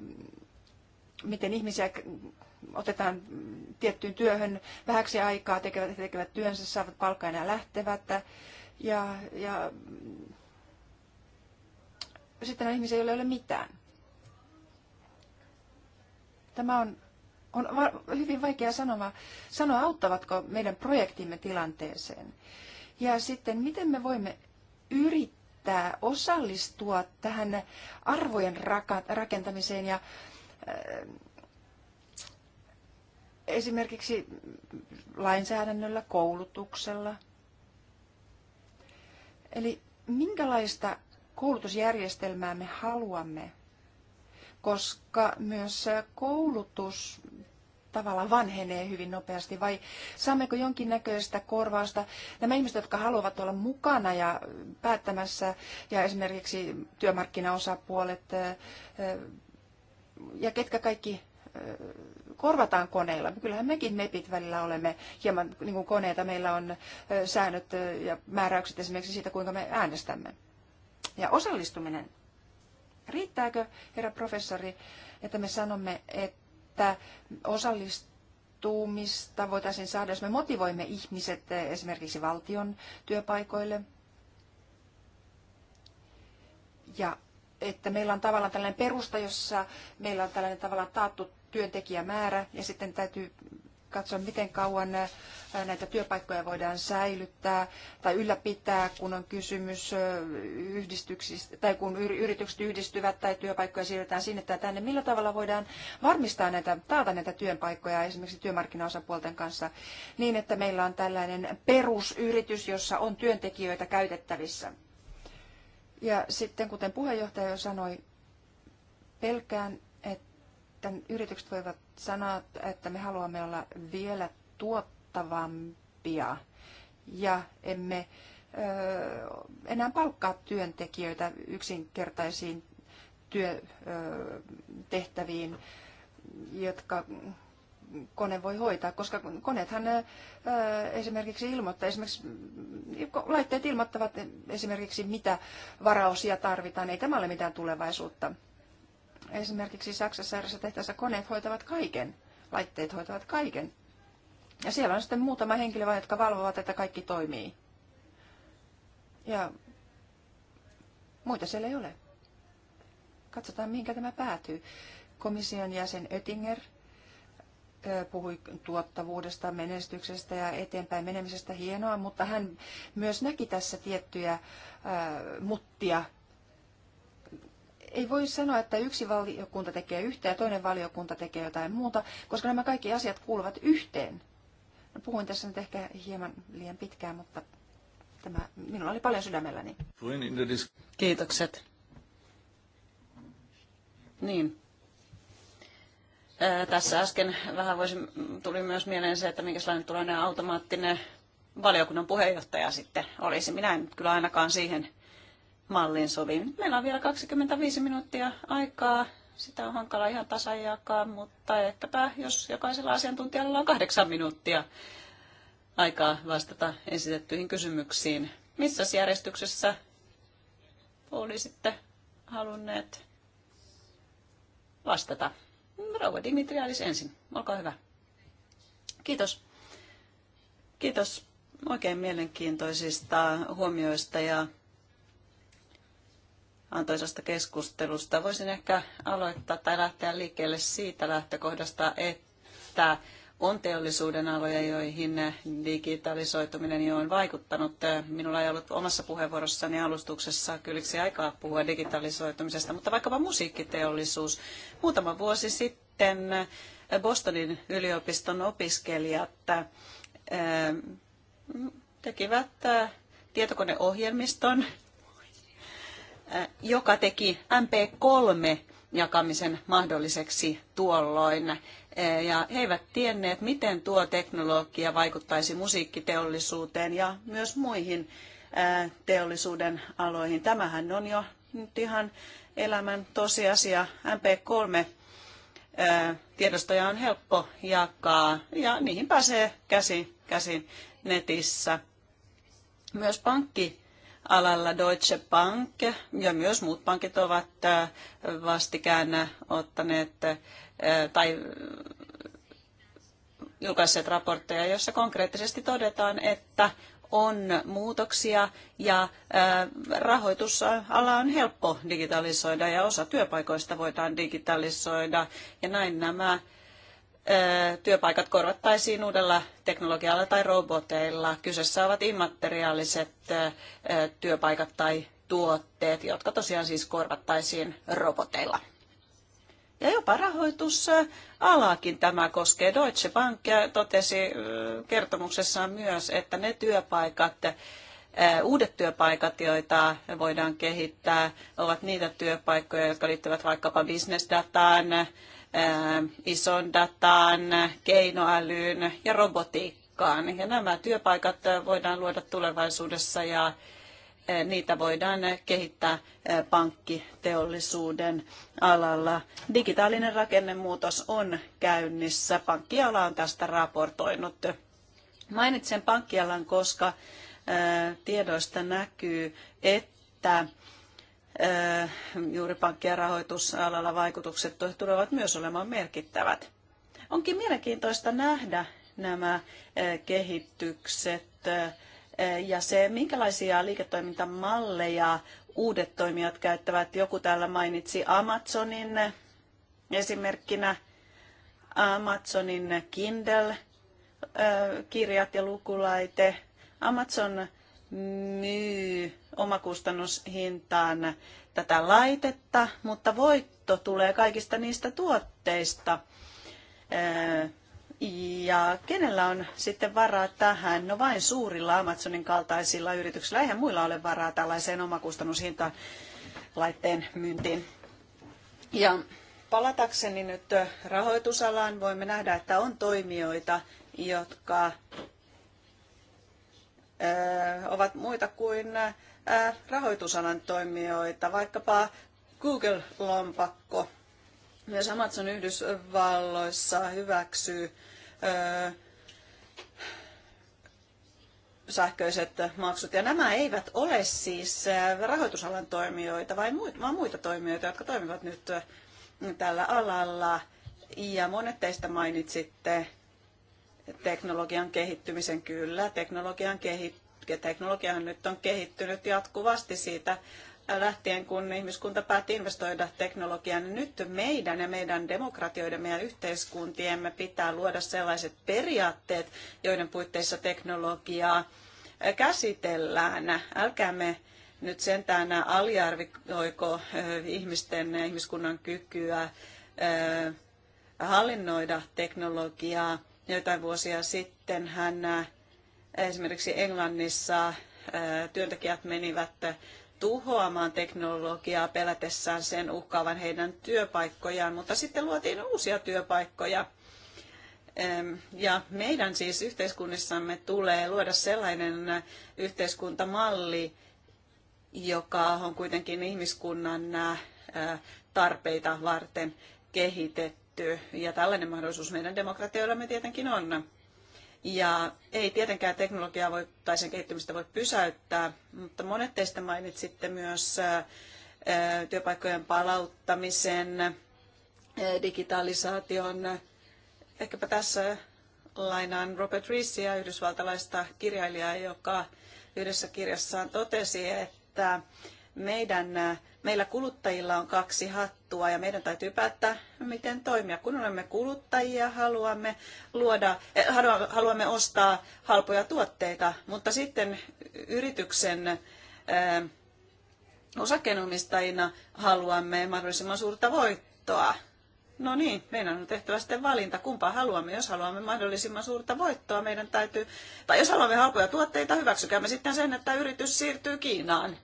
miten ihmisiä otetaan tiettyyn työhön vähäksi aikaa, tekevät, tekevät työnsä, saavat palkkaa ja lähtevät. Ja, ja sitten nämä ihmisiä, ei ole mitään. Tämä on, on hyvin vaikea sanoa, sanoa, auttavatko meidän projektimme tilanteeseen. Ja sitten, miten me voimme yrittää osallistua tähän arvojen rakentamiseen ja äh, esimerkiksi lainsäädännöllä, koulutuksella. Eli minkälaista koulutusjärjestelmää me haluamme, koska myös koulutus tavallaan vanhenee hyvin nopeasti, vai saammeko jonkinnäköistä korvausta? Nämä ihmiset, jotka haluavat olla mukana ja päättämässä, ja esimerkiksi työmarkkinaosapuolet, ja ketkä kaikki korvataan koneilla. Kyllähän mekin MEPit välillä olemme hieman niin kuin koneita. Meillä on säännöt ja määräykset esimerkiksi siitä, kuinka me äänestämme. Ja osallistuminen. Riittääkö, herra professori, että me sanomme, että osallistumista voitaisiin saada, jos me motivoimme ihmiset esimerkiksi valtion työpaikoille? Ja että meillä on tavallaan tällainen perusta, jossa meillä on tällainen tavallaan taattu työntekijämäärä ja sitten täytyy katsoa, miten kauan näitä työpaikkoja voidaan säilyttää tai ylläpitää, kun on kysymys yhdistyksistä tai kun yritykset yhdistyvät tai työpaikkoja siirretään sinne tai tänne. Millä tavalla voidaan varmistaa näitä, taata näitä työpaikkoja esimerkiksi työmarkkinaosapuolten kanssa niin, että meillä on tällainen perusyritys, jossa on työntekijöitä käytettävissä. Ja sitten kuten puheenjohtaja jo sanoi, pelkään, sitten yritykset voivat sanoa, että me haluamme olla vielä tuottavampia ja emme ö, enää palkkaa työntekijöitä yksinkertaisiin työtehtäviin, jotka kone voi hoitaa, koska koneethan ö, esimerkiksi ilmoittaa, esimerkiksi laitteet ilmoittavat esimerkiksi mitä varaosia tarvitaan, ei tämä ole mitään tulevaisuutta. Esimerkiksi Saksassa erässä tehtäessä koneet hoitavat kaiken, laitteet hoitavat kaiken. Ja siellä on sitten muutama henkilö jotka valvovat, että kaikki toimii. Ja muita siellä ei ole. Katsotaan, mihinkä tämä päätyy. Komission jäsen Oettinger puhui tuottavuudesta, menestyksestä ja eteenpäin menemisestä hienoa, mutta hän myös näki tässä tiettyjä muttia ei voi sanoa, että yksi valiokunta tekee yhtä ja toinen valiokunta tekee jotain muuta, koska nämä kaikki asiat kuuluvat yhteen. No, puhuin tässä nyt ehkä hieman liian pitkään, mutta tämä, minulla oli paljon sydämelläni. Kiitokset. Niin. Ää, tässä äsken vähän voisin, tuli myös mieleen se, että minkälainen tulee automaattinen valiokunnan puheenjohtaja sitten olisi. Minä en kyllä ainakaan siihen mallin sovin. Meillä on vielä 25 minuuttia aikaa. Sitä on hankala ihan tasan jakaa, mutta ehkäpä jos jokaisella asiantuntijalla on kahdeksan minuuttia aikaa vastata esitettyihin kysymyksiin. Missä järjestyksessä olisitte halunneet vastata? Dimitri Dimitrialis ensin, olkaa hyvä. Kiitos. Kiitos oikein mielenkiintoisista huomioista ja antoisasta keskustelusta. Voisin ehkä aloittaa tai lähteä liikkeelle siitä lähtökohdasta, että on teollisuuden aloja, joihin digitalisoituminen jo on vaikuttanut. Minulla ei ollut omassa puheenvuorossani alustuksessa kylliksi aikaa puhua digitalisoitumisesta, mutta vaikkapa musiikkiteollisuus. Muutama vuosi sitten Bostonin yliopiston opiskelijat eh, tekivät eh, tietokoneohjelmiston, joka teki MP3 jakamisen mahdolliseksi tuolloin. Ja he eivät tienneet, miten tuo teknologia vaikuttaisi musiikkiteollisuuteen ja myös muihin teollisuuden aloihin. Tämähän on jo nyt ihan elämän tosiasia. MP3 tiedostoja on helppo jakaa ja niihin pääsee käsin käsin netissä. Myös pankki alalla Deutsche Bank ja myös muut pankit ovat äh, vastikään ottaneet äh, tai äh, julkaisseet raportteja, joissa konkreettisesti todetaan, että on muutoksia ja rahoitusala on helppo digitalisoida ja osa työpaikoista voidaan digitalisoida ja näin nämä työpaikat korvattaisiin uudella teknologialla tai roboteilla. Kyseessä ovat immateriaaliset työpaikat tai tuotteet, jotka tosiaan siis korvattaisiin roboteilla. Ja jopa rahoitusalaakin tämä koskee. Deutsche Bank totesi kertomuksessaan myös, että ne työpaikat, uudet työpaikat, joita voidaan kehittää, ovat niitä työpaikkoja, jotka liittyvät vaikkapa bisnesdataan, Äh, ison datan, keinoälyyn ja robotiikkaan. Ja nämä työpaikat äh, voidaan luoda tulevaisuudessa ja äh, niitä voidaan kehittää pankkiteollisuuden alalla. Digitaalinen rakennemuutos on käynnissä. Pankkiala on tästä raportoinut. Mainitsen pankkialan, koska tiedoista näkyy, että juuri pankki- ja rahoitusalalla vaikutukset tulevat myös olemaan merkittävät. Onkin mielenkiintoista nähdä nämä kehitykset ja se, minkälaisia liiketoimintamalleja uudet toimijat käyttävät. Joku täällä mainitsi Amazonin esimerkkinä. Amazonin Kindle-kirjat ja lukulaite. Amazon myy omakustannushintaan tätä laitetta, mutta voitto tulee kaikista niistä tuotteista. Ja kenellä on sitten varaa tähän? No vain suurilla Amazonin kaltaisilla yrityksillä. Eihän muilla ole varaa tällaiseen omakustannushintaan laitteen myyntiin. Ja palatakseni nyt rahoitusalaan voimme nähdä, että on toimijoita, jotka ovat muita kuin rahoitusalan toimijoita, vaikkapa Google-lompakko. Myös Amazon Yhdysvalloissa hyväksyy sähköiset maksut. Ja nämä eivät ole siis rahoitusalan toimijoita, vaan muita toimijoita, jotka toimivat nyt tällä alalla. Ja monet teistä mainitsitte teknologian kehittymisen. Kyllä, teknologian kehittymisen teknologiahan nyt on kehittynyt jatkuvasti siitä lähtien, kun ihmiskunta päätti investoida teknologiaan. Nyt meidän ja meidän demokratioidemme ja yhteiskuntiemme pitää luoda sellaiset periaatteet, joiden puitteissa teknologiaa käsitellään. Älkäämme nyt sentään aliarvioiko ihmisten ja ihmiskunnan kykyä hallinnoida teknologiaa joitain vuosia sitten hän esimerkiksi Englannissa työntekijät menivät tuhoamaan teknologiaa pelätessään sen uhkaavan heidän työpaikkojaan, mutta sitten luotiin uusia työpaikkoja. Ja meidän siis yhteiskunnissamme tulee luoda sellainen yhteiskuntamalli, joka on kuitenkin ihmiskunnan tarpeita varten kehitetty käytetty. Ja tällainen mahdollisuus meidän demokratioillamme tietenkin on. Ja ei tietenkään teknologiaa voi, tai sen kehittymistä voi pysäyttää, mutta monet teistä mainitsitte myös työpaikkojen palauttamisen, digitalisaation. Ehkäpä tässä lainaan Robert Reesia, yhdysvaltalaista kirjailijaa, joka yhdessä kirjassaan totesi, että meidän Meillä kuluttajilla on kaksi hattua ja meidän täytyy päättää, miten toimia. Kun olemme kuluttajia, haluamme, luoda, eh, haluamme ostaa halpoja tuotteita, mutta sitten yrityksen eh, osakkeenomistajina haluamme mahdollisimman suurta voittoa. No niin, meidän on tehtävä sitten valinta, kumpaa haluamme. Jos haluamme mahdollisimman suurta voittoa, meidän täytyy, tai jos haluamme halpoja tuotteita, hyväksykäämme sitten sen, että yritys siirtyy Kiinaan.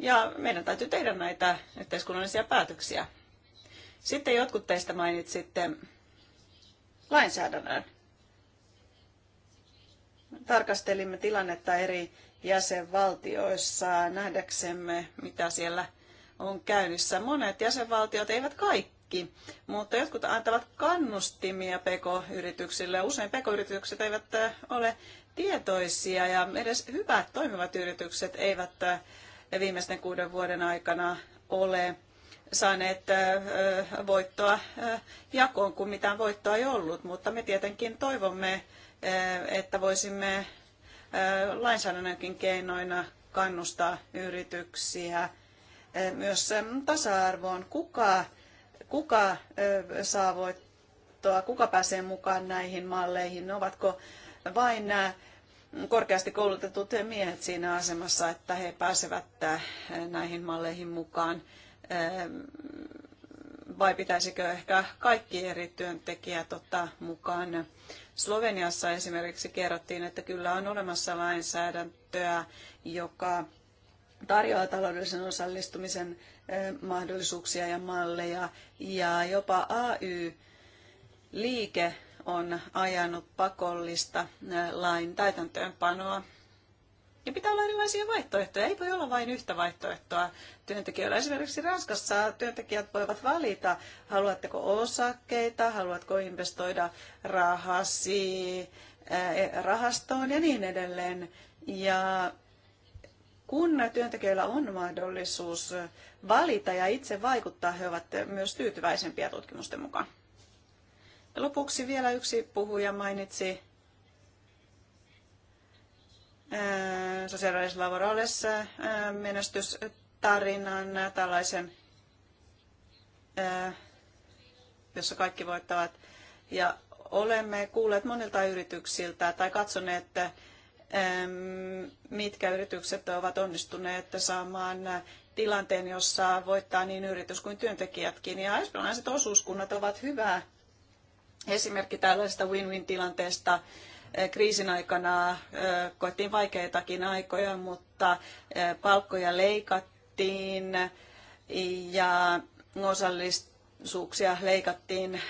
Ja meidän täytyy tehdä näitä yhteiskunnallisia päätöksiä. Sitten jotkut teistä mainitsitte lainsäädännön. Tarkastelimme tilannetta eri jäsenvaltioissa nähdäksemme, mitä siellä on käynnissä. Monet jäsenvaltiot, eivät kaikki, mutta jotkut antavat kannustimia pk-yrityksille. Usein pk-yritykset eivät ole tietoisia ja edes hyvät toimivat yritykset eivät viimeisten kuuden vuoden aikana ole saaneet voittoa jakoon, kun mitään voittoa ei ollut. Mutta me tietenkin toivomme, että voisimme lainsäädännönkin keinoina kannustaa yrityksiä myös tasa-arvoon. Kuka, kuka saa voittoa, kuka pääsee mukaan näihin malleihin? Ovatko vain nämä korkeasti koulutetut miehet siinä asemassa, että he pääsevät äh, näihin malleihin mukaan. Ähm, vai pitäisikö ehkä kaikki eri työntekijät ottaa mukaan? Sloveniassa esimerkiksi kerrottiin, että kyllä on olemassa lainsäädäntöä, joka tarjoaa taloudellisen osallistumisen äh, mahdollisuuksia ja malleja. Ja jopa AY-liike on ajanut pakollista lain täytäntöönpanoa. Ja pitää olla erilaisia vaihtoehtoja. Ei voi olla vain yhtä vaihtoehtoa työntekijöillä. Esimerkiksi Ranskassa työntekijät voivat valita, haluatteko osakkeita, haluatko investoida rahasi e, rahastoon ja niin edelleen. Ja kun työntekijöillä on mahdollisuus valita ja itse vaikuttaa, he ovat myös tyytyväisempiä tutkimusten mukaan. Lopuksi vielä yksi puhuja mainitsi sosiaalisessa lavoralessa menestystarinan tällaisen, jossa kaikki voittavat. Ja olemme kuulleet monilta yrityksiltä tai katsoneet, että mitkä yritykset ovat onnistuneet saamaan tilanteen, jossa voittaa niin yritys kuin työntekijätkin. Ja espanjalaiset osuuskunnat ovat hyvää. Esimerkki tällaista win-win-tilanteesta kriisin aikana koettiin vaikeitakin aikoja, mutta palkkoja leikattiin ja osallisuuksia leikattiin,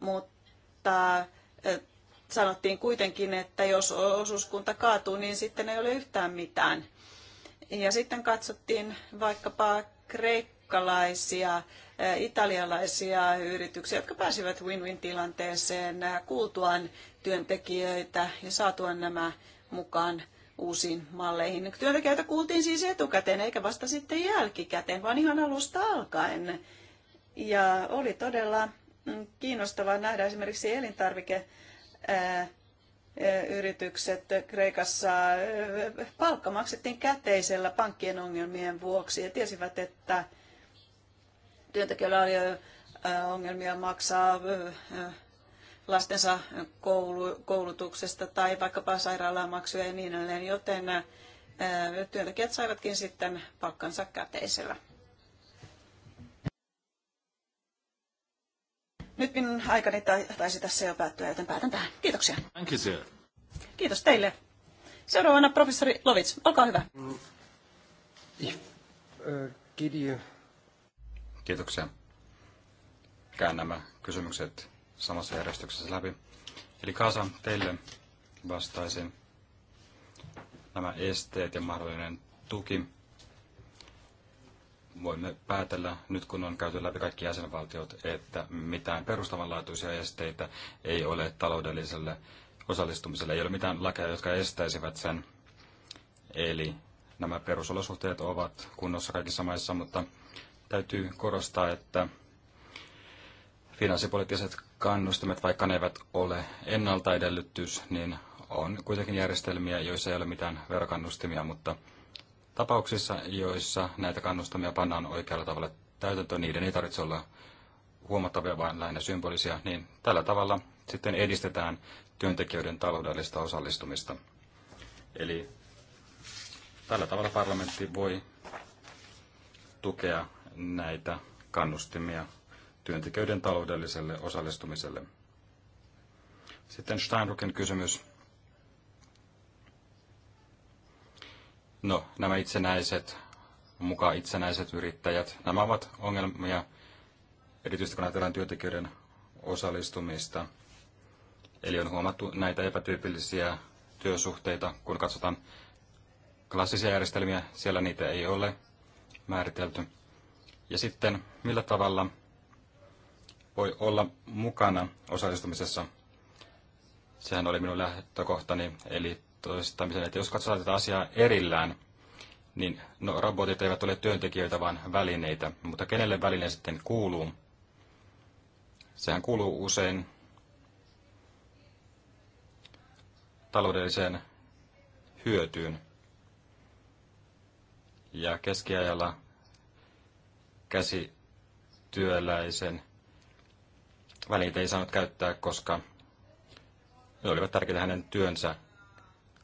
mutta sanottiin kuitenkin, että jos osuuskunta kaatuu, niin sitten ei ole yhtään mitään. Ja sitten katsottiin vaikkapa kreikkalaisia italialaisia yrityksiä, jotka pääsivät win-win-tilanteeseen kuultuaan työntekijöitä ja saatuaan nämä mukaan uusiin malleihin. Työntekijöitä kuultiin siis etukäteen eikä vasta sitten jälkikäteen, vaan ihan alusta alkaen. Ja oli todella kiinnostavaa nähdä esimerkiksi elintarvike yritykset Kreikassa palkka maksettiin käteisellä pankkien ongelmien vuoksi ja tiesivät, että työntekijöillä oli ongelmia maksaa lastensa koulutuksesta tai vaikkapa sairaalamaksuja ja niin edelleen, joten työntekijät saivatkin sitten palkkansa käteisellä. Nyt minun aikani taisi tässä jo päättyä, joten päätän tähän. Kiitoksia. Kiitos teille. Seuraavana professori Lovits, olkaa hyvä. Mm. Ich, Kiitoksia. Käyn nämä kysymykset samassa järjestyksessä läpi. Eli Kaasa, teille vastaisin nämä esteet ja mahdollinen tuki. Voimme päätellä, nyt kun on käyty läpi kaikki jäsenvaltiot, että mitään perustavanlaatuisia esteitä ei ole taloudelliselle osallistumiselle. Ei ole mitään lakeja, jotka estäisivät sen. Eli nämä perusolosuhteet ovat kunnossa kaikissa maissa, mutta täytyy korostaa, että finanssipoliittiset kannustimet, vaikka ne eivät ole ennalta edellytys, niin on kuitenkin järjestelmiä, joissa ei ole mitään verokannustimia, mutta tapauksissa, joissa näitä kannustamia pannaan oikealla tavalla täytäntöön, niiden ei tarvitse olla huomattavia, vaan lähinnä symbolisia, niin tällä tavalla sitten edistetään työntekijöiden taloudellista osallistumista. Eli tällä tavalla parlamentti voi tukea näitä kannustimia työntekijöiden taloudelliselle osallistumiselle. Sitten Steinruckin kysymys. No, nämä itsenäiset, mukaan itsenäiset yrittäjät, nämä ovat ongelmia, erityisesti kun ajatellaan työntekijöiden osallistumista. Eli on huomattu näitä epätyypillisiä työsuhteita, kun katsotaan klassisia järjestelmiä, siellä niitä ei ole määritelty. Ja sitten millä tavalla voi olla mukana osallistumisessa. Sehän oli minun lähtökohtani, eli toistamisen, että jos katsotaan tätä asiaa erillään, niin no, robotit eivät ole työntekijöitä, vaan välineitä. Mutta kenelle väline sitten kuuluu? Sehän kuuluu usein taloudelliseen hyötyyn. Ja keskiajalla käsityöläisen välineitä ei saanut käyttää, koska ne olivat tärkeitä hänen työnsä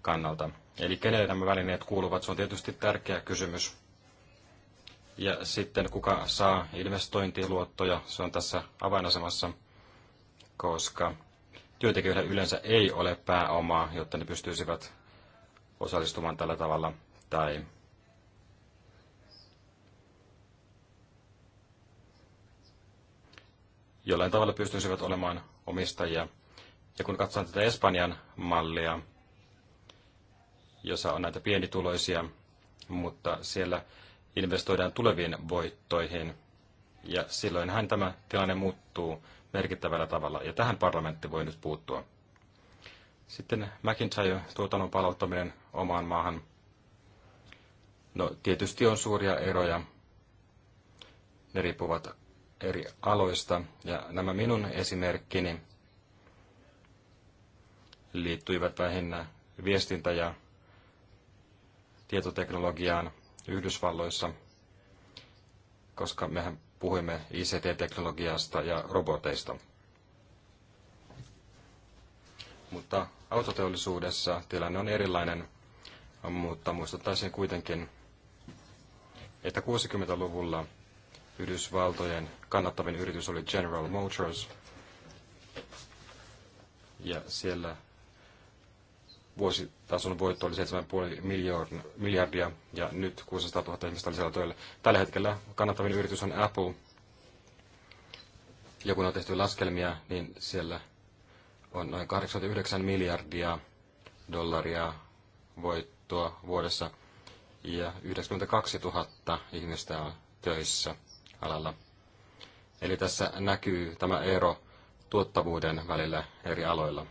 kannalta. Eli kenelle nämä välineet kuuluvat, se on tietysti tärkeä kysymys. Ja sitten kuka saa investointiluottoja, se on tässä avainasemassa, koska työntekijöillä yleensä ei ole pääomaa, jotta ne pystyisivät osallistumaan tällä tavalla tai jollain tavalla pystyisivät olemaan omistajia. Ja kun katsotaan tätä Espanjan mallia, jossa on näitä pienituloisia, mutta siellä investoidaan tuleviin voittoihin, ja silloinhan tämä tilanne muuttuu merkittävällä tavalla, ja tähän parlamentti voi nyt puuttua. Sitten McIntyre tuotannon palauttaminen omaan maahan. No tietysti on suuria eroja. Ne riippuvat eri aloista. Ja nämä minun esimerkkini liittyivät lähinnä viestintä- ja tietoteknologiaan Yhdysvalloissa, koska mehän puhuimme ICT-teknologiasta ja roboteista. Mutta autoteollisuudessa tilanne on erilainen, mutta muistuttaisin kuitenkin, että 60-luvulla Yhdysvaltojen kannattavin yritys oli General Motors. Ja siellä vuositason voitto oli 7,5 miljardia ja nyt 600 000 ihmistä oli siellä töillä. Tällä hetkellä kannattavin yritys on Apple. Ja kun on tehty laskelmia, niin siellä on noin 89 miljardia dollaria voittoa vuodessa ja 92 000 ihmistä on töissä – alalla. Eli tässä näkyy tämä ero tuottavuuden välillä eri aloilla.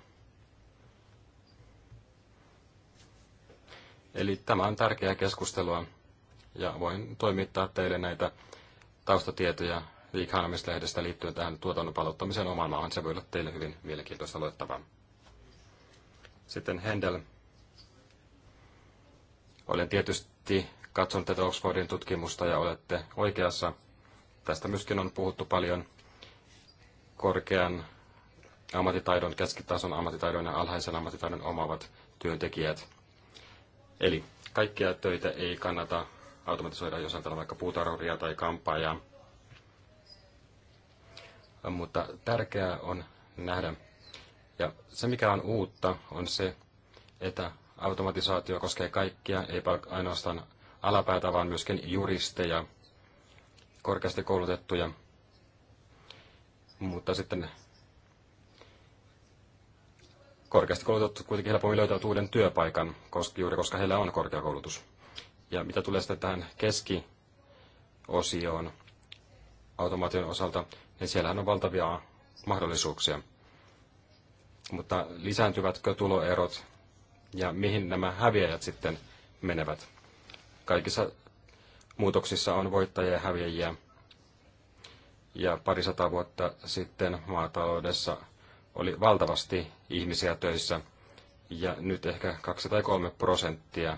Eli tämä on tärkeää keskustelua ja voin toimittaa teille näitä taustatietoja The Economist-lehdestä liittyen tähän tuotannon palauttamiseen omaan maahan. Se voi olla teille hyvin mielenkiintoista luettavaa. Sitten Händel. Olen tietysti katsonut tätä Oxfordin tutkimusta ja olette oikeassa – Tästä myöskin on puhuttu paljon korkean ammattitaidon, keskitason ammattitaidon ja alhaisen ammattitaidon omaavat työntekijät. Eli kaikkia töitä ei kannata automatisoida, jos on vaikka puutarhuria tai kampaajaa. Mutta tärkeää on nähdä. Ja se, mikä on uutta, on se, että automatisaatio koskee kaikkia, ei ainoastaan alapäätä, vaan myöskin juristeja – korkeasti koulutettuja, mutta sitten korkeasti koulutettu kuitenkin helpommin löytävät uuden työpaikan, koska, juuri koska heillä on korkeakoulutus. Ja mitä tulee sitten tähän keskiosioon automaation osalta, niin siellähän on valtavia mahdollisuuksia. Mutta lisääntyvätkö tuloerot ja mihin nämä häviäjät sitten menevät? Kaikissa muutoksissa on voittajia ja häviäjiä. Ja pari sata vuotta sitten maataloudessa oli valtavasti ihmisiä töissä, ja nyt ehkä 2 tai 3 prosenttia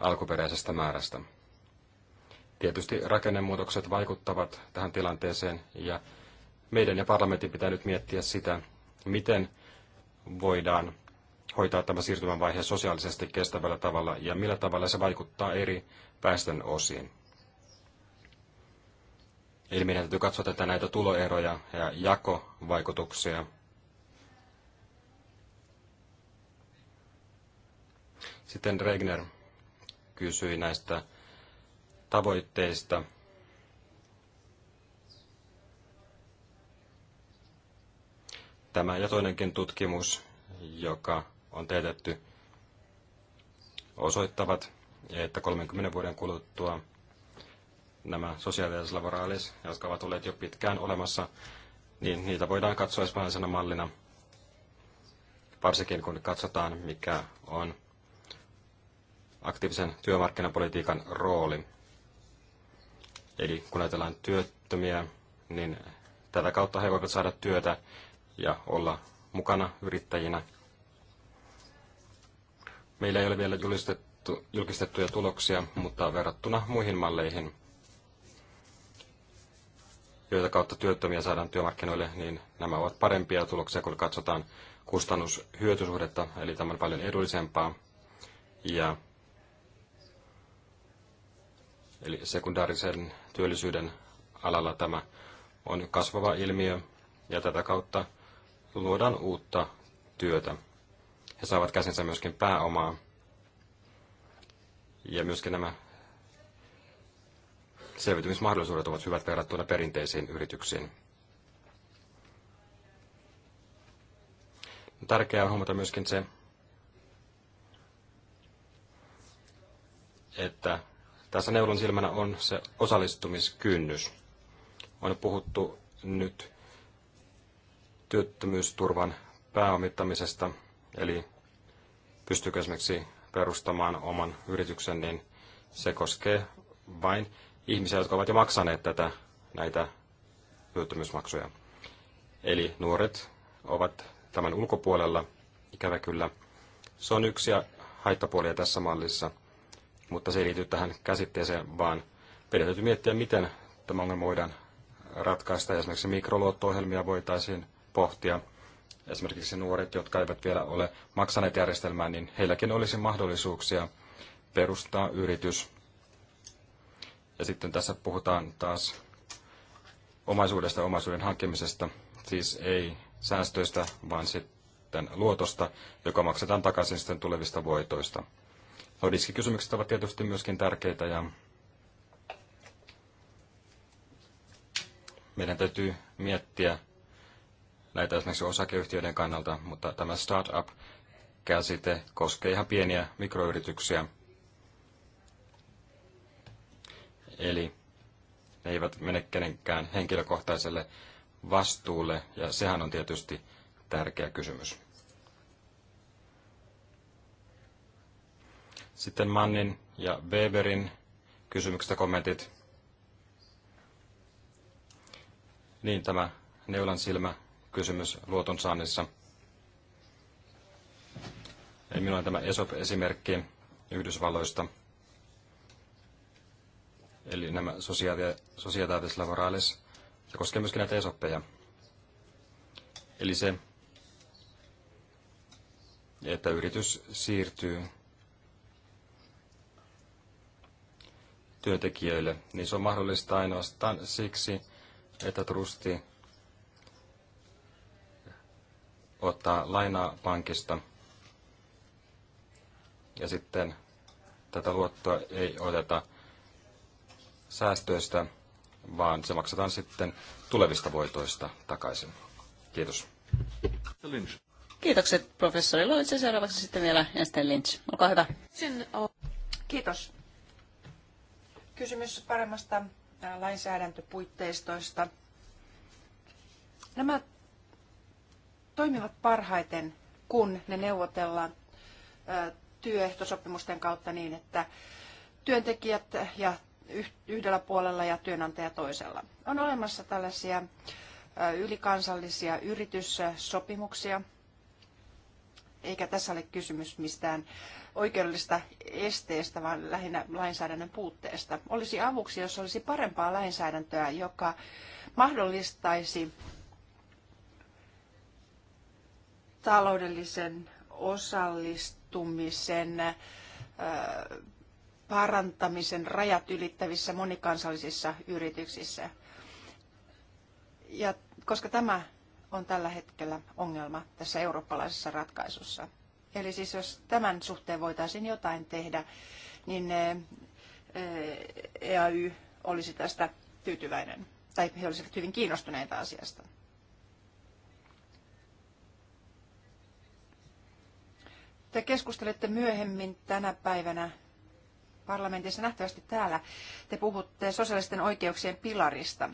alkuperäisestä määrästä. Tietysti rakennemuutokset vaikuttavat tähän tilanteeseen, ja meidän ja parlamentin pitää nyt miettiä sitä, miten voidaan hoitaa tämä siirtymän vaihe sosiaalisesti kestävällä tavalla ja millä tavalla se vaikuttaa eri väestön osiin. Eli meidän täytyy katsoa tätä näitä tuloeroja ja jakovaikutuksia. Sitten Regner kysyi näistä tavoitteista. Tämä ja toinenkin tutkimus, joka on teetetty, osoittavat, että 30 vuoden kuluttua nämä sosiaaliset laboraalis, jotka ovat olleet jo pitkään olemassa, niin niitä voidaan katsoa espanjaisena mallina, varsinkin kun katsotaan, mikä on aktiivisen työmarkkinapolitiikan rooli. Eli kun ajatellaan työttömiä, niin tätä kautta he voivat saada työtä ja olla mukana yrittäjinä. Meillä ei ole vielä julistettu julkistettuja tuloksia, mutta verrattuna muihin malleihin, joita kautta työttömiä saadaan työmarkkinoille, niin nämä ovat parempia tuloksia, kun katsotaan kustannushyötysuhdetta, eli tämä on paljon edullisempaa. Ja eli sekundaarisen työllisyyden alalla tämä on kasvava ilmiö, ja tätä kautta luodaan uutta työtä. He saavat käsinsä myöskin pääomaa, ja myöskin nämä selviytymismahdollisuudet ovat hyvät verrattuna perinteisiin yrityksiin. Tärkeää on huomata myöskin se, että tässä neulon silmänä on se osallistumiskynnys. On puhuttu nyt työttömyysturvan pääomittamisesta, eli pystyykö esimerkiksi perustamaan oman yrityksen, niin se koskee vain ihmisiä, jotka ovat jo maksaneet tätä, näitä työttömyysmaksuja. Eli nuoret ovat tämän ulkopuolella, ikävä kyllä. Se on yksi haittapuolia tässä mallissa, mutta se ei liity tähän käsitteeseen, vaan meidän täytyy miettiä, miten tämä ongelma voidaan ratkaista. Esimerkiksi mikroluotto-ohjelmia voitaisiin pohtia – esimerkiksi nuoret, jotka eivät vielä ole maksaneet järjestelmään, niin heilläkin olisi mahdollisuuksia perustaa yritys. Ja sitten tässä puhutaan taas omaisuudesta ja omaisuuden hankkimisesta, siis ei säästöistä, vaan sitten luotosta, joka maksetaan takaisin sitten tulevista voitoista. No riskikysymykset ovat tietysti myöskin tärkeitä ja meidän täytyy miettiä, näitä esimerkiksi osakeyhtiöiden kannalta, mutta tämä startup-käsite koskee ihan pieniä mikroyrityksiä. Eli ne eivät mene kenenkään henkilökohtaiselle vastuulle, ja sehän on tietysti tärkeä kysymys. Sitten Mannin ja Weberin kysymykset ja kommentit. Niin, tämä neulan silmä kysymys luotonsaannissa. Ei minulla tämä ESOP-esimerkki Yhdysvalloista. Eli nämä Sociedades laboraalis. Se koskee myöskin näitä ESOPeja. Eli se, että yritys siirtyy työntekijöille, niin se on mahdollista ainoastaan siksi, että trusti ottaa lainaa pankista ja sitten tätä luottoa ei oteta säästöistä, vaan se maksetaan sitten tulevista voitoista takaisin. Kiitos. Kiitokset professori Lynch ja seuraavaksi sitten vielä Jensen Lynch. Olkaa hyvä. Kiitos. Kysymys paremmasta lainsäädäntöpuitteistoista. Nämä toimivat parhaiten, kun ne neuvotellaan työehtosopimusten kautta niin, että työntekijät ja yhdellä puolella ja työnantaja toisella. On olemassa tällaisia ylikansallisia yrityssopimuksia, eikä tässä ole kysymys mistään oikeudellista esteestä, vaan lähinnä lainsäädännön puutteesta. Olisi avuksi, jos olisi parempaa lainsäädäntöä, joka mahdollistaisi taloudellisen osallistumisen parantamisen rajat ylittävissä monikansallisissa yrityksissä. Ja koska tämä on tällä hetkellä ongelma tässä eurooppalaisessa ratkaisussa. Eli siis jos tämän suhteen voitaisiin jotain tehdä, niin EAY olisi tästä tyytyväinen, tai he olisivat hyvin kiinnostuneita asiasta. Te keskustelette myöhemmin tänä päivänä parlamentissa nähtävästi täällä. Te puhutte sosiaalisten oikeuksien pilarista.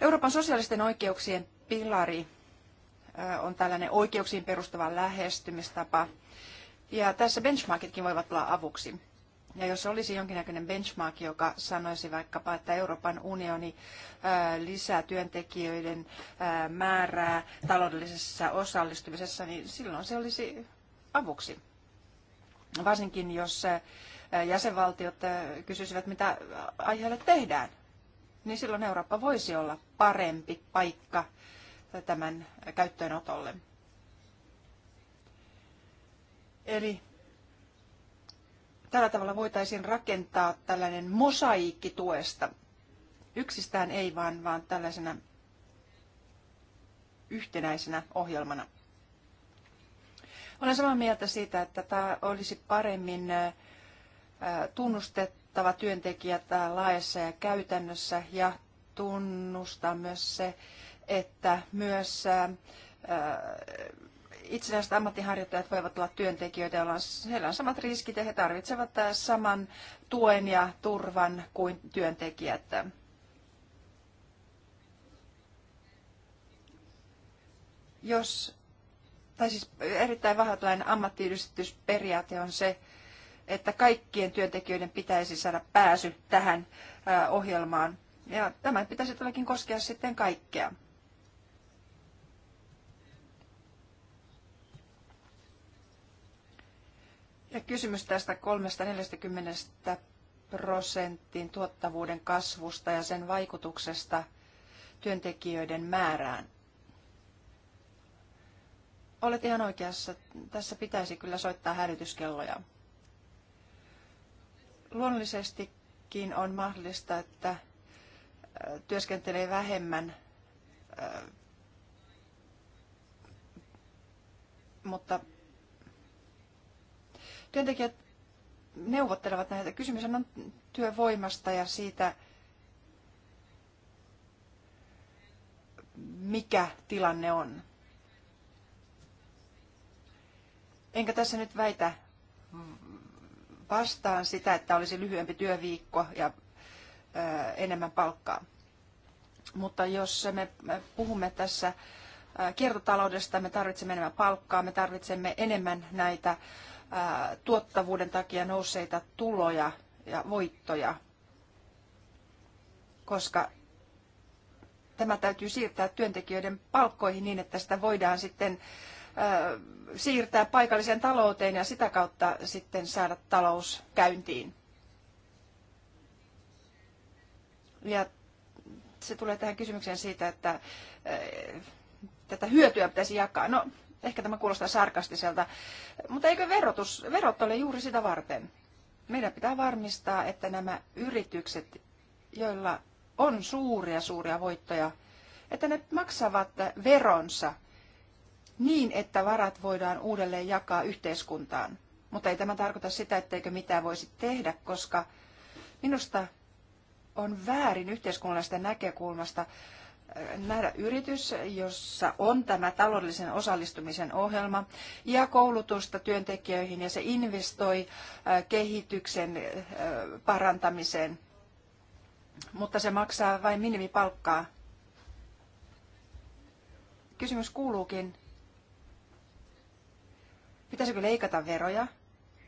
Euroopan sosiaalisten oikeuksien pilari on tällainen oikeuksiin perustuva lähestymistapa. Ja tässä benchmarkitkin voivat olla avuksi. Ja jos olisi jonkinnäköinen benchmark, joka sanoisi vaikkapa, että Euroopan unioni lisää työntekijöiden määrää taloudellisessa osallistumisessa, niin silloin se olisi avuksi. Varsinkin jos eh, jäsenvaltiot eh, kysyisivät, mitä aiheelle tehdään, niin silloin Eurooppa voisi olla parempi paikka tämän käyttöönotolle. Eli tällä tavalla voitaisiin rakentaa tällainen mosaiikki tuesta. Yksistään ei, vaan, vaan tällaisena yhtenäisenä ohjelmana. Olen samaa mieltä siitä, että tämä olisi paremmin tunnustettava työntekijät laajassa ja käytännössä ja tunnustaa myös se, että myös itsenäiset ammattiharjoittajat voivat olla työntekijöitä, joilla on, heillä on samat riskit ja he tarvitsevat saman tuen ja turvan kuin työntekijät. Jos tai siis erittäin vahvatlainen ammattiyhdistysperiaate on se, että kaikkien työntekijöiden pitäisi saada pääsy tähän ohjelmaan. Ja tämän pitäisi todellakin koskea sitten kaikkea. Ja kysymys tästä 340 prosentin tuottavuuden kasvusta ja sen vaikutuksesta työntekijöiden määrään olet ihan oikeassa. Tässä pitäisi kyllä soittaa hälytyskelloja. Luonnollisestikin on mahdollista, että työskentelee vähemmän, mutta työntekijät neuvottelevat näitä. Kysymys on työvoimasta ja siitä, mikä tilanne on. enkä tässä nyt väitä mm, vastaan sitä, että olisi lyhyempi työviikko ja äh, enemmän palkkaa. Mutta jos me puhumme tässä äh, kiertotaloudesta, me tarvitsemme enemmän palkkaa, me tarvitsemme enemmän näitä äh, tuottavuuden takia nousseita tuloja ja voittoja, koska tämä täytyy siirtää työntekijöiden palkkoihin niin, että sitä voidaan sitten siirtää paikalliseen talouteen ja sitä kautta sitten saada talous käyntiin. Ja se tulee tähän kysymykseen siitä, että tätä hyötyä pitäisi jakaa. No, ehkä tämä kuulostaa sarkastiselta, mutta eikö verotus, verot ole juuri sitä varten? Meidän pitää varmistaa, että nämä yritykset, joilla on suuria, suuria voittoja, että ne maksavat veronsa – niin, että varat voidaan uudelleen jakaa yhteiskuntaan. Mutta ei tämä tarkoita sitä, etteikö mitään voisi tehdä, koska minusta on väärin yhteiskunnallisesta näkökulmasta äh, nähdä yritys, jossa on tämä taloudellisen osallistumisen ohjelma ja koulutusta työntekijöihin ja se investoi äh, kehityksen äh, parantamiseen, mutta se maksaa vain minimipalkkaa. Kysymys kuuluukin, Pitäisikö leikata veroja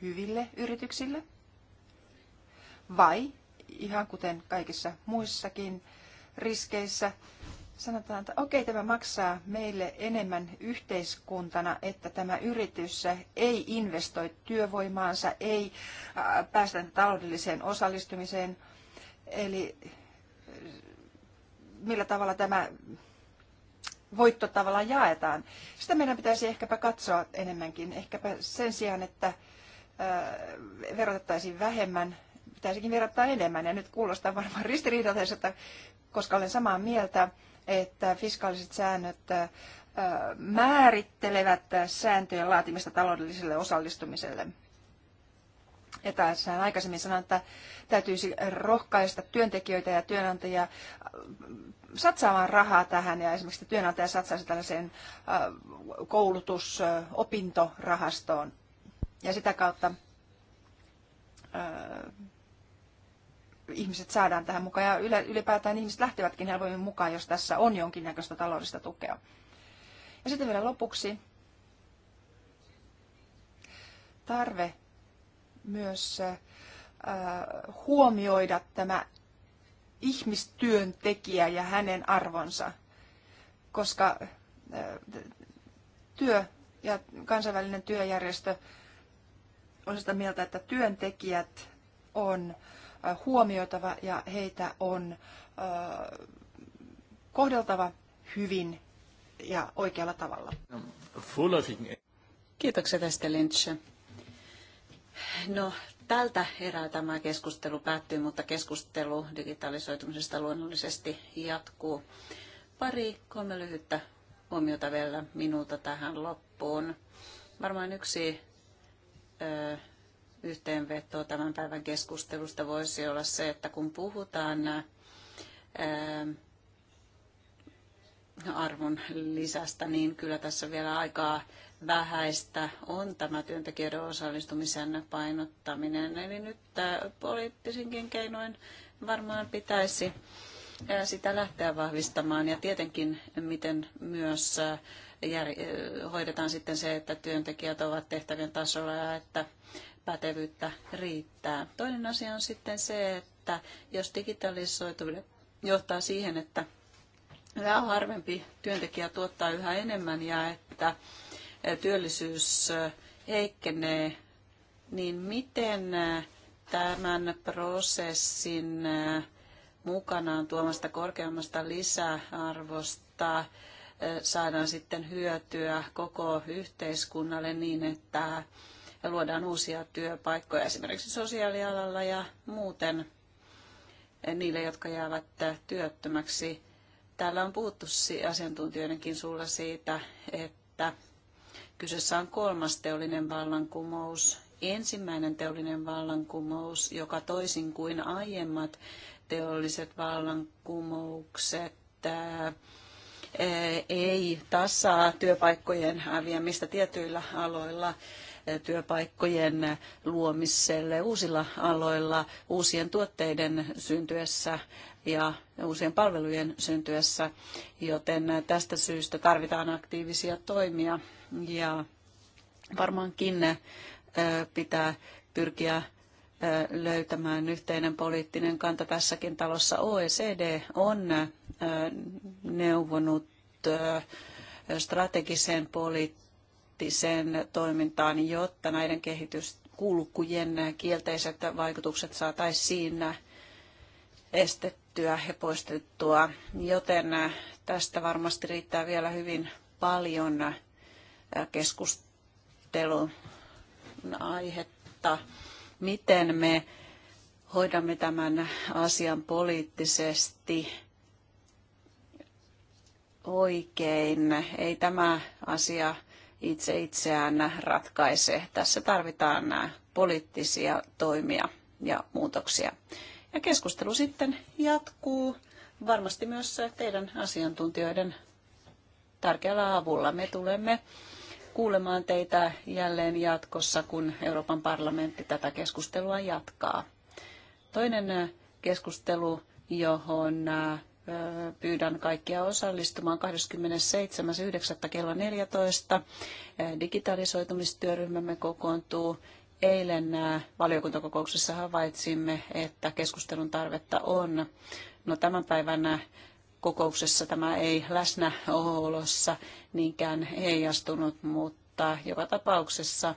hyville yrityksille? Vai, ihan kuten kaikissa muissakin riskeissä, sanotaan, että okei, tämä maksaa meille enemmän yhteiskuntana, että tämä yritys ei investoi työvoimaansa, ei päästä taloudelliseen osallistumiseen. Eli millä tavalla tämä voitto tavallaan jaetaan. Sitä meidän pitäisi ehkäpä katsoa enemmänkin. Ehkäpä sen sijaan, että verotettaisiin vähemmän, pitäisikin verottaa enemmän. Ja nyt kuulostaa varmaan ristiriitaiselta, koska olen samaa mieltä, että fiskaaliset säännöt määrittelevät sääntöjen laatimista taloudelliselle osallistumiselle. Etässään aikaisemmin sanoin, että täytyisi rohkaista työntekijöitä ja työnantajia äh, satsaamaan rahaa tähän ja esimerkiksi työnantaja satsaisi tällaiseen äh, koulutusopintorahastoon äh, ja sitä kautta ihmiset saadaan tähän mukaan ja ylipäätään ihmiset lähtevätkin helpommin mukaan, jos tässä on jonkinnäköistä taloudellista tukea. Ja sitten vielä lopuksi tarve myös huomioida tämä ihmistyöntekijä ja hänen arvonsa, koska työ ja kansainvälinen työjärjestö on sitä mieltä, että työntekijät on huomioitava ja heitä on kohdeltava hyvin ja oikealla tavalla. Kiitoksia tästä Lynch. No, tältä erää tämä keskustelu päättyy, mutta keskustelu digitalisoitumisesta luonnollisesti jatkuu. Pari, kolme lyhyttä huomiota vielä minulta tähän loppuun. Varmaan yksi ö, yhteenveto tämän päivän keskustelusta voisi olla se, että kun puhutaan ö, arvon lisästä, niin kyllä tässä vielä aikaa vähäistä on tämä työntekijöiden osallistumisen painottaminen. Eli nyt poliittisinkin keinoin varmaan pitäisi sitä lähteä vahvistamaan ja tietenkin miten myös hoidetaan sitten se, että työntekijät ovat tehtävien tasolla ja että pätevyyttä riittää. Toinen asia on sitten se, että jos digitalisoituminen johtaa siihen, että yhä harvempi työntekijä tuottaa yhä enemmän ja että työllisyys äh, heikkenee, niin miten äh, tämän prosessin äh, mukanaan tuomasta korkeammasta lisäarvosta saadaan sitten hyötyä koko yhteiskunnalle niin, että luodaan uusia työpaikkoja esimerkiksi sosiaalialalla ja muuten niille, jotka jäävät työttömäksi. Täällä on puhuttu asiantuntijoidenkin suulla siitä, että Kyseessä on kolmas teollinen vallankumous, ensimmäinen teollinen vallankumous, joka toisin kuin aiemmat teolliset vallankumoukset ei tasaa työpaikkojen häviämistä tietyillä aloilla työpaikkojen luomiselle uusilla aloilla uusien tuotteiden syntyessä ja uusien palvelujen syntyessä, joten tästä syystä tarvitaan aktiivisia toimia ja varmaankin pitää pyrkiä löytämään yhteinen poliittinen kanta tässäkin talossa. OECD on neuvonut strategiseen poliittiseen toimintaan, jotta näiden kehityskulkujen kielteiset vaikutukset saataisiin estettyä kiellettyä ja poistettua, joten tästä varmasti riittää vielä hyvin paljon keskustelun aihetta, miten me hoidamme tämän asian poliittisesti oikein. Ei tämä asia itse itseään ratkaise. Tässä tarvitaan poliittisia toimia ja muutoksia. Ja keskustelu sitten jatkuu varmasti myös teidän asiantuntijoiden tärkeällä avulla. Me tulemme kuulemaan teitä jälleen jatkossa, kun Euroopan parlamentti tätä keskustelua jatkaa. Toinen keskustelu, johon pyydän kaikkia osallistumaan 27.9. kello 14. Digitalisoitumistyöryhmämme kokoontuu Eilen valiokuntakokouksessa havaitsimme, että keskustelun tarvetta on. No tämän päivän kokouksessa tämä ei läsnäolossa niinkään heijastunut, mutta joka tapauksessa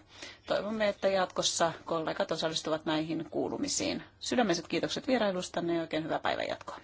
toivomme, että jatkossa kollegat osallistuvat näihin kuulumisiin. Sydämiset kiitokset vierailustanne ja oikein hyvää päivänjatkoa.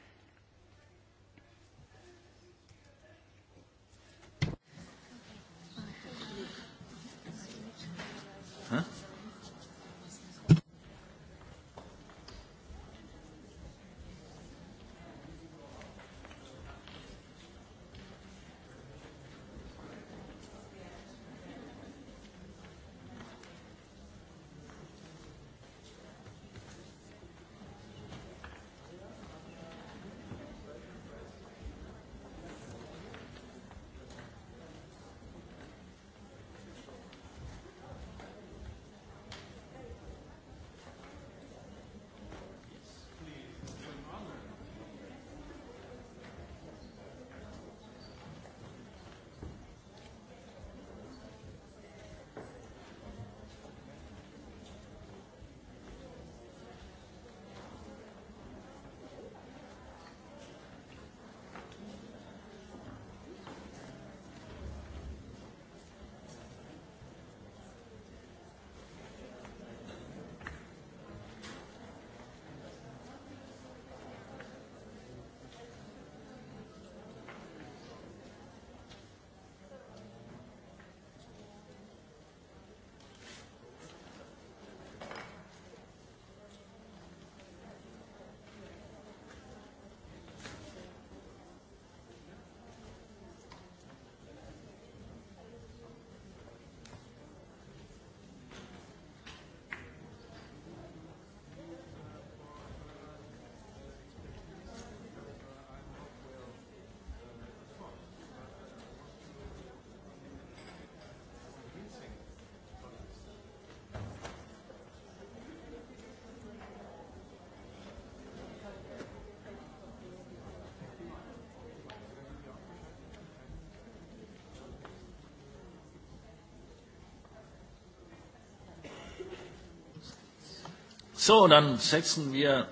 So, dann setzen wir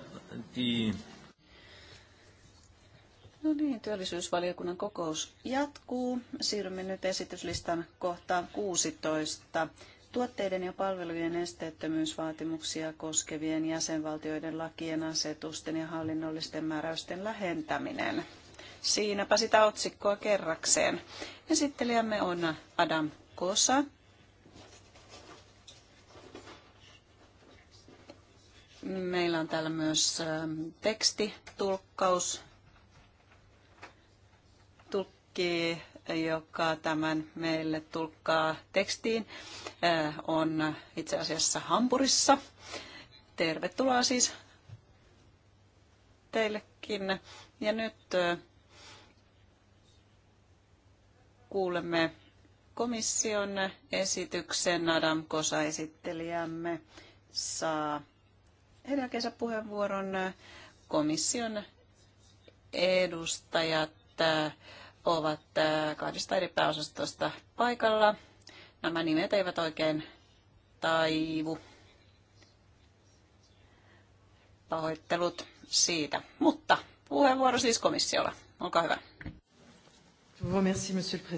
die... No niin, työllisyysvaliokunnan kokous jatkuu. Siirrymme nyt esityslistan kohtaan 16. Tuotteiden ja palvelujen esteettömyysvaatimuksia koskevien jäsenvaltioiden lakien asetusten ja hallinnollisten määräysten lähentäminen. Siinäpä sitä otsikkoa kerrakseen. Esittelijämme on Adam Kosa. Meillä on täällä myös ähm, tekstitulkkaus, tulkki, joka tämän meille tulkkaa tekstiin, äh, on itse asiassa Hampurissa. Tervetuloa siis teillekin. Ja nyt äh, kuulemme komission esityksen. Adam Kosa esittelijämme saa jälkeensä puheenvuoron komission edustajat äh, ovat äh, kahdesta eri pääosastosta paikalla. Nämä nimet eivät oikein taivu. Pahoittelut siitä. Mutta puheenvuoro siis komissiolla. Olkaa hyvä. Euh,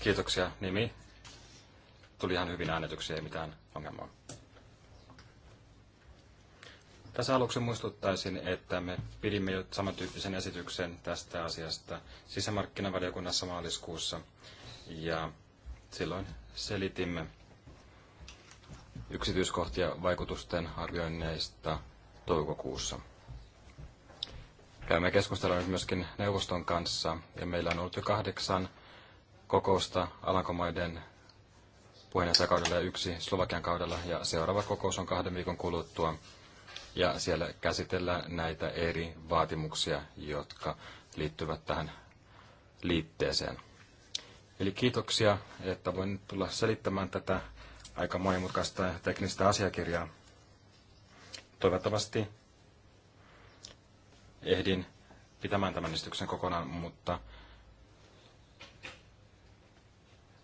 Kiitoksia. Nimi tuli ihan hyvin äänetyksiä, ei mitään ongelmaa. Tässä aluksi muistuttaisin, että me pidimme jo samantyyppisen esityksen tästä asiasta sisämarkkinavaliokunnassa maaliskuussa. Ja silloin selitimme yksityiskohtia vaikutusten arvioinneista toukokuussa. Käymme keskustelua nyt myöskin neuvoston kanssa ja meillä on ollut jo kahdeksan kokousta Alankomaiden puheenjohtajakaudella ja yksi Slovakian kaudella. Ja seuraava kokous on kahden viikon kuluttua. Ja siellä käsitellään näitä eri vaatimuksia, jotka liittyvät tähän liitteeseen. Eli kiitoksia, että voin nyt tulla selittämään tätä aika monimutkaista ja teknistä asiakirjaa. Toivottavasti ehdin pitämään tämän esityksen kokonaan, mutta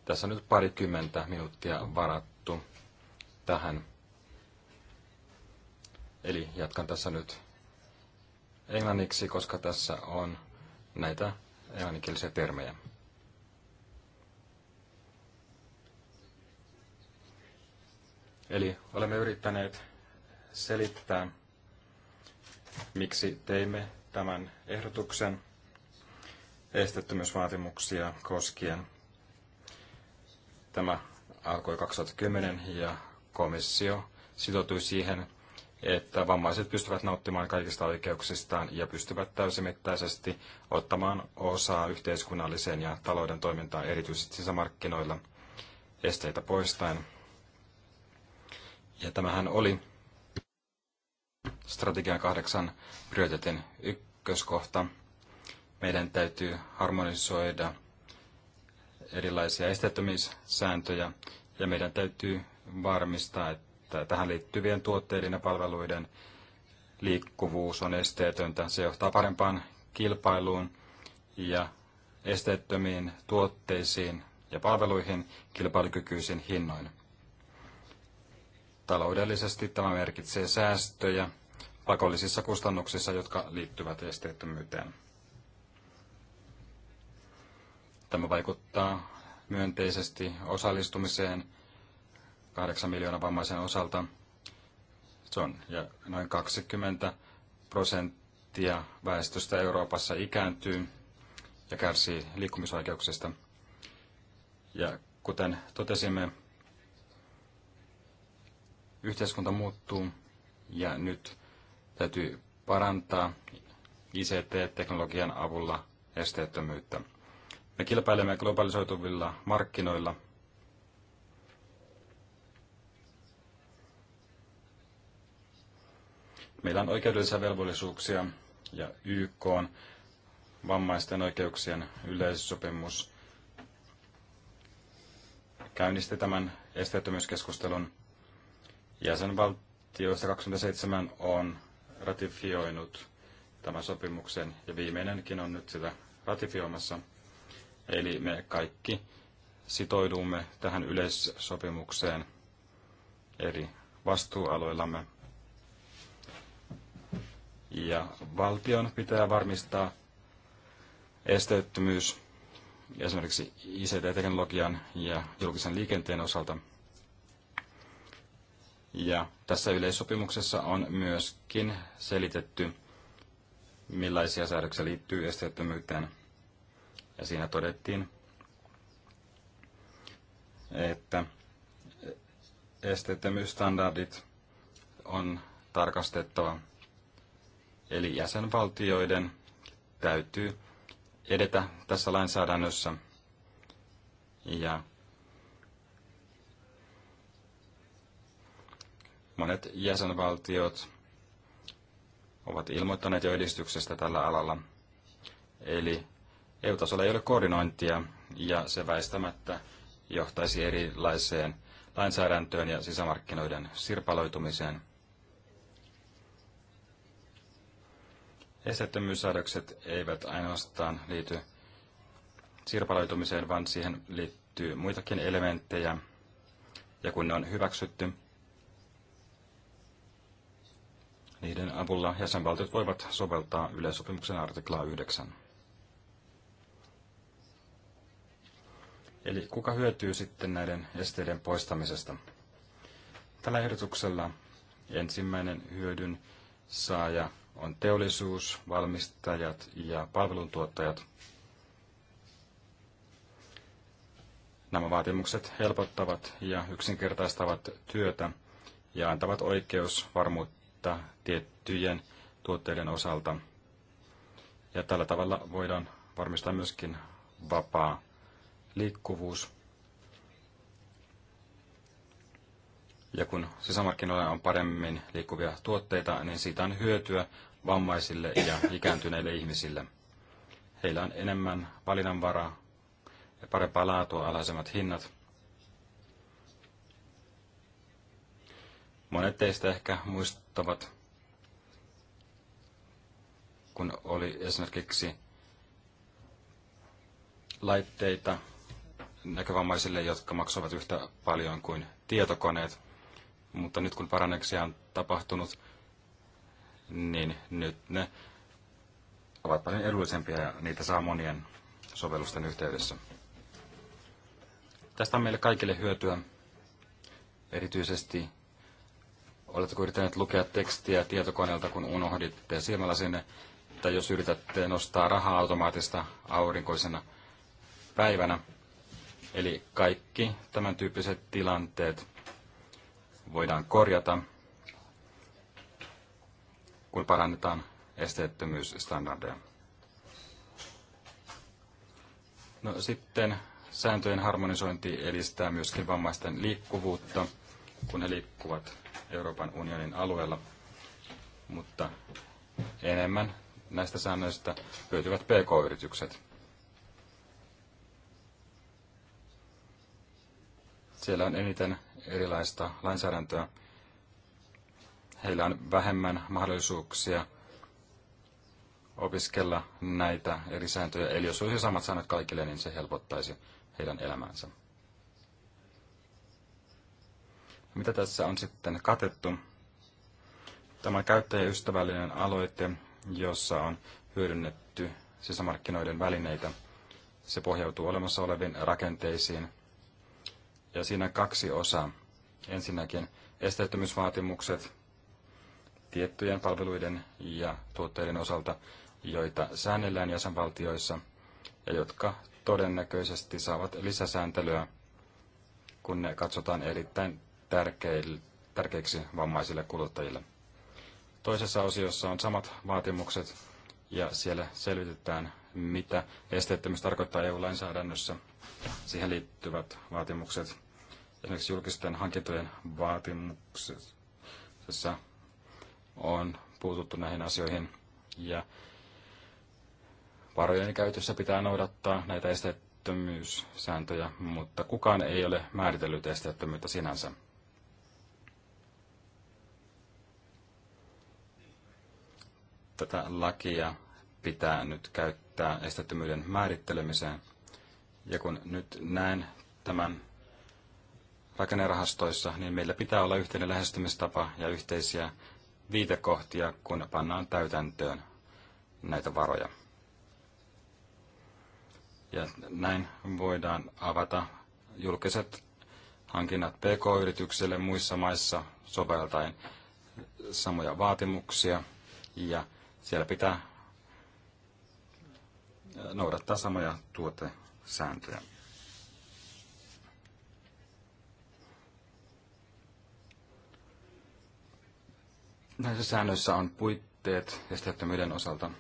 Tässä on nyt parikymmentä minuuttia varattu tähän. Eli jatkan tässä nyt englanniksi, koska tässä on näitä englanninkielisiä termejä. Eli olemme yrittäneet selittää, miksi teimme tämän ehdotuksen esteettömyysvaatimuksia koskien Tämä alkoi 2010 ja komissio sitoutui siihen, että vammaiset pystyvät nauttimaan kaikista oikeuksistaan ja pystyvät täysimittaisesti ottamaan osaa yhteiskunnalliseen ja talouden toimintaan erityisesti sisämarkkinoilla esteitä poistaen. Ja tämähän oli strategian kahdeksan prioriteetin ykköskohta. Meidän täytyy harmonisoida erilaisia esteettömyyssääntöjä ja meidän täytyy varmistaa, että tähän liittyvien tuotteiden ja palveluiden liikkuvuus on esteetöntä. Se johtaa parempaan kilpailuun ja esteettömiin tuotteisiin ja palveluihin kilpailukykyisin hinnoin. Taloudellisesti tämä merkitsee säästöjä pakollisissa kustannuksissa, jotka liittyvät esteettömyyteen. Tämä vaikuttaa myönteisesti osallistumiseen 8 miljoonaa vammaisen osalta. Se on ja noin 20 prosenttia väestöstä Euroopassa ikääntyy ja kärsii liikkumisvaikeuksista. Ja kuten totesimme, yhteiskunta muuttuu ja nyt täytyy parantaa ICT-teknologian avulla esteettömyyttä. Me kilpailemme globalisoituvilla markkinoilla. Meillä on oikeudellisia velvollisuuksia ja YK on vammaisten oikeuksien yleissopimus käynnisti tämän esteettömyyskeskustelun. Jäsenvaltioista 27 on ratifioinut tämän sopimuksen ja viimeinenkin on nyt sitä ratifioimassa – Eli me kaikki sitoudumme tähän yleissopimukseen eri vastuualoillamme. Ja valtion pitää varmistaa esteettömyys esimerkiksi ICT-teknologian ja julkisen liikenteen osalta. Ja tässä yleissopimuksessa on myöskin selitetty, millaisia säädöksiä liittyy esteettömyyteen – ja siinä todettiin, että esteettömyysstandardit on tarkastettava. Eli jäsenvaltioiden täytyy edetä tässä lainsäädännössä. Ja monet jäsenvaltiot ovat ilmoittaneet jo edistyksestä tällä alalla. Eli EU-tasolla ei ole koordinointia ja se väistämättä johtaisi erilaiseen lainsäädäntöön ja sisämarkkinoiden sirpaloitumiseen. Esteettömyyssäädökset eivät ainoastaan liity sirpaloitumiseen, vaan siihen liittyy muitakin elementtejä. Ja kun ne on hyväksytty, niiden avulla jäsenvaltiot voivat soveltaa yleissopimuksen artiklaa 9. Eli kuka hyötyy sitten näiden esteiden poistamisesta? Tällä ehdotuksella ensimmäinen hyödyn saaja on teollisuus, valmistajat ja palveluntuottajat. Nämä vaatimukset helpottavat ja yksinkertaistavat työtä ja antavat oikeus varmuutta tiettyjen tuotteiden osalta. Ja tällä tavalla voidaan varmistaa myöskin vapaa liikkuvuus. Ja kun sisämarkkinoilla on paremmin liikkuvia tuotteita, niin siitä on hyötyä vammaisille ja ikääntyneille ihmisille. Heillä on enemmän valinnanvaraa ja parempaa laatua, alhaisemmat hinnat. Monet teistä ehkä muistavat, kun oli esimerkiksi laitteita, näkövammaisille, jotka maksavat yhtä paljon kuin tietokoneet. Mutta nyt kun paranneksia on tapahtunut, niin nyt ne ovat paljon edullisempia ja niitä saa monien sovellusten yhteydessä. Tästä on meille kaikille hyötyä. Erityisesti oletteko yrittäneet lukea tekstiä tietokoneelta, kun unohditte silmällä sinne, tai jos yritätte nostaa rahaa automaattista aurinkoisena päivänä, Eli kaikki tämän tyyppiset tilanteet voidaan korjata, kun parannetaan esteettömyysstandardeja. No sitten sääntöjen harmonisointi edistää myöskin vammaisten liikkuvuutta, kun he liikkuvat Euroopan unionin alueella. Mutta enemmän näistä säännöistä hyötyvät pk-yritykset. Siellä on eniten erilaista lainsäädäntöä. Heillä on vähemmän mahdollisuuksia opiskella näitä eri sääntöjä. Eli jos olisi samat säännöt kaikille, niin se helpottaisi heidän elämäänsä. Mitä tässä on sitten katettu? Tämä on käyttäjäystävällinen aloite, jossa on hyödynnetty sisämarkkinoiden välineitä. Se pohjautuu olemassa oleviin rakenteisiin – ja siinä kaksi osaa. Ensinnäkin esteettömyysvaatimukset tiettyjen palveluiden ja tuotteiden osalta, joita säännellään jäsenvaltioissa ja jotka todennäköisesti saavat lisäsääntelyä, kun ne katsotaan erittäin tärkeiksi vammaisille kuluttajille. Toisessa osiossa on samat vaatimukset ja siellä selvitetään, mitä esteettömyys tarkoittaa EU-lainsäädännössä. Siihen liittyvät vaatimukset Esimerkiksi julkisten hankintojen vaatimuksessa on puututtu näihin asioihin ja varojen käytössä pitää noudattaa näitä esteettömyyssääntöjä, mutta kukaan ei ole määritellyt esteettömyyttä sinänsä. Tätä lakia pitää nyt käyttää esteettömyyden määrittelemiseen. Ja kun nyt näen tämän rakennerahastoissa, niin meillä pitää olla yhteinen lähestymistapa ja yhteisiä viitekohtia, kun pannaan täytäntöön näitä varoja. Ja näin voidaan avata julkiset hankinnat PK-yrityksille muissa maissa soveltaen samoja vaatimuksia ja siellä pitää noudattaa samoja tuotesääntöjä. näissä säännöissä on puitteet esteettömyyden osalta.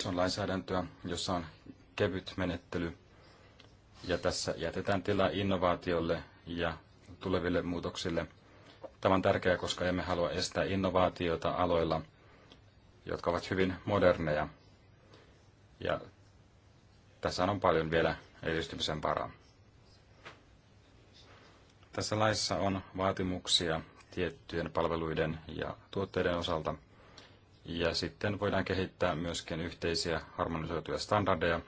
Se on lainsäädäntöä, jossa on kevyt menettely, ja tässä jätetään tilaa innovaatiolle ja tuleville muutoksille. Tämä on tärkeää, koska emme halua estää innovaatiota aloilla, jotka ovat hyvin moderneja. Ja tässä on paljon vielä edistymisen varaa. Tässä laissa on vaatimuksia tiettyjen palveluiden ja tuotteiden osalta. Ja sitten voidaan kehittää myöskin yhteisiä harmonisoituja standardeja.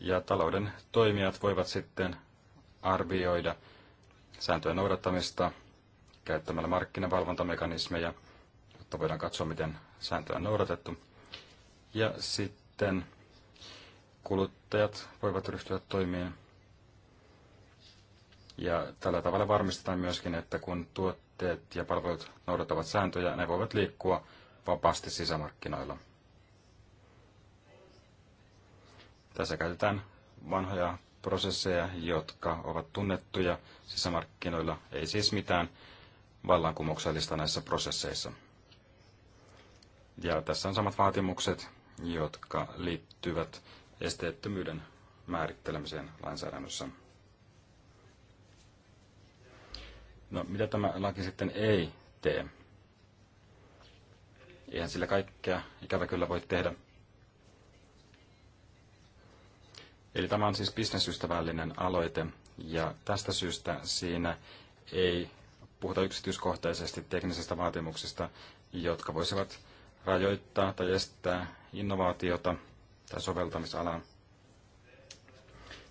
Ja talouden toimijat voivat sitten arvioida sääntöjen noudattamista käyttämällä markkinavalvontamekanismeja, jotta voidaan katsoa, miten sääntöä on noudatettu. Ja sitten kuluttajat voivat ryhtyä toimiin ja tällä tavalla varmistetaan myöskin, että kun tuotteet ja palvelut noudattavat sääntöjä, ne voivat liikkua vapaasti sisämarkkinoilla. Tässä käytetään vanhoja prosesseja, jotka ovat tunnettuja sisämarkkinoilla, ei siis mitään vallankumouksellista näissä prosesseissa. Ja tässä on samat vaatimukset, jotka liittyvät esteettömyyden määrittelemiseen lainsäädännössä. No mitä tämä laki sitten ei tee? Eihän sillä kaikkea ikävä kyllä voi tehdä. Eli tämä on siis bisnesystävällinen aloite ja tästä syystä siinä ei puhuta yksityiskohtaisesti teknisistä vaatimuksista, jotka voisivat rajoittaa tai estää innovaatiota tai soveltamisalaa.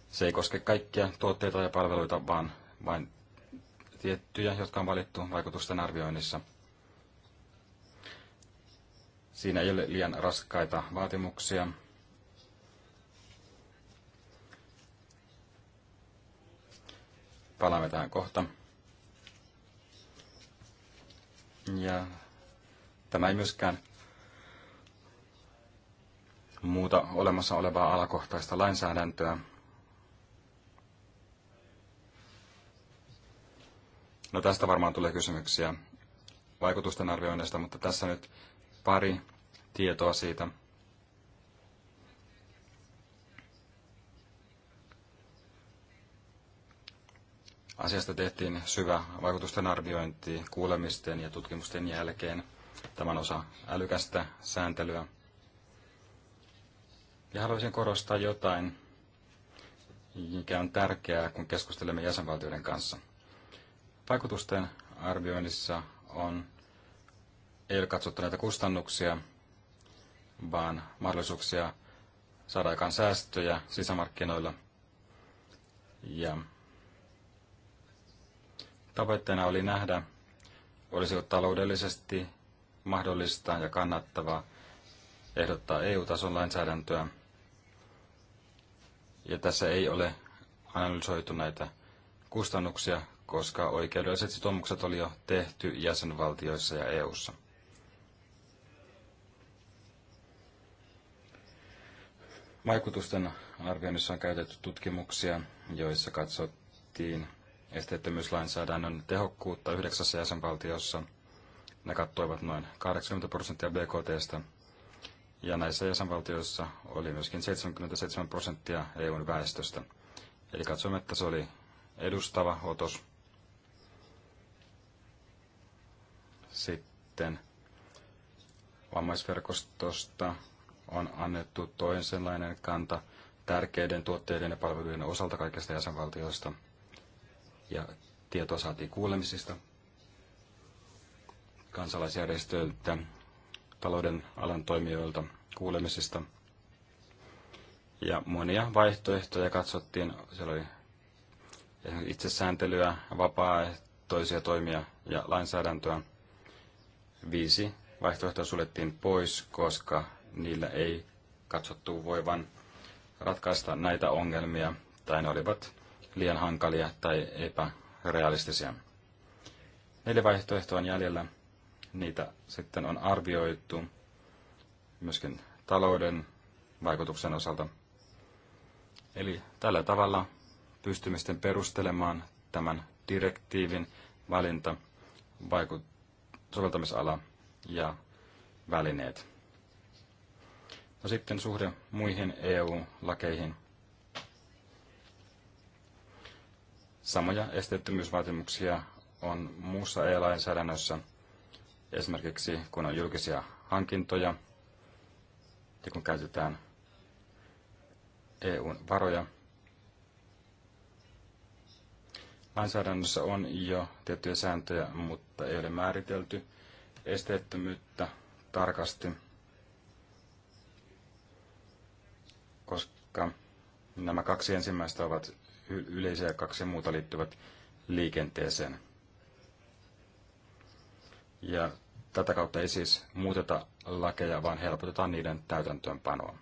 Se ei koske kaikkia tuotteita ja palveluita, vaan vain tiettyjä, jotka on valittu vaikutusten arvioinnissa. Siinä ei ole liian raskaita vaatimuksia. Palaamme tähän kohta. Ja tämä ei myöskään muuta olemassa olevaa alakohtaista lainsäädäntöä, No tästä varmaan tulee kysymyksiä vaikutusten arvioinnista, mutta tässä nyt pari tietoa siitä. Asiasta tehtiin syvä vaikutusten arviointi kuulemisten ja tutkimusten jälkeen. Tämän osa älykästä sääntelyä. Ja haluaisin korostaa jotain, mikä on tärkeää, kun keskustelemme jäsenvaltioiden kanssa – Vaikutusten arvioinnissa on, ei ole katsottu näitä kustannuksia, vaan mahdollisuuksia saada aikaan säästöjä sisämarkkinoilla. Ja tavoitteena oli nähdä, olisiko taloudellisesti mahdollista ja kannattavaa ehdottaa EU-tason lainsäädäntöä. Ja tässä ei ole analysoitu näitä kustannuksia, koska oikeudelliset sitoumukset oli jo tehty jäsenvaltioissa ja EU:ssa. Vaikutusten arvioinnissa on käytetty tutkimuksia, joissa katsottiin esteettömyyslainsäädännön tehokkuutta yhdeksässä jäsenvaltiossa. Ne kattoivat noin 80 prosenttia BKTstä, ja näissä jäsenvaltioissa oli myöskin 77 prosenttia EUn väestöstä. Eli katsoimme, että se oli edustava otos. Sitten vammaisverkostosta on annettu toisenlainen kanta tärkeiden tuotteiden ja palveluiden osalta kaikista jäsenvaltioista. Ja tietoa saatiin kuulemisista kansalaisjärjestöiltä, talouden alan toimijoilta kuulemisista. Ja monia vaihtoehtoja katsottiin. Siellä oli itsesääntelyä, vapaaehtoisia toimia ja lainsäädäntöä viisi vaihtoehtoa suljettiin pois, koska niillä ei katsottu voivan ratkaista näitä ongelmia, tai ne olivat liian hankalia tai epärealistisia. Neljä vaihtoehtoa on jäljellä. Niitä sitten on arvioitu myöskin talouden vaikutuksen osalta. Eli tällä tavalla pystymme sitten perustelemaan tämän direktiivin valinta vaikut- soveltamisala ja välineet. No sitten suhde muihin EU-lakeihin. Samoja esteettömyysvaatimuksia on muussa eu lainsäädännössä esimerkiksi kun on julkisia hankintoja ja kun käytetään eu varoja – Lainsäädännössä on jo tiettyjä sääntöjä, mutta ei ole määritelty esteettömyyttä tarkasti, koska nämä kaksi ensimmäistä ovat yleisiä ja kaksi muuta liittyvät liikenteeseen. Ja tätä kautta ei siis muuteta lakeja, vaan helpotetaan niiden täytäntöönpanoa.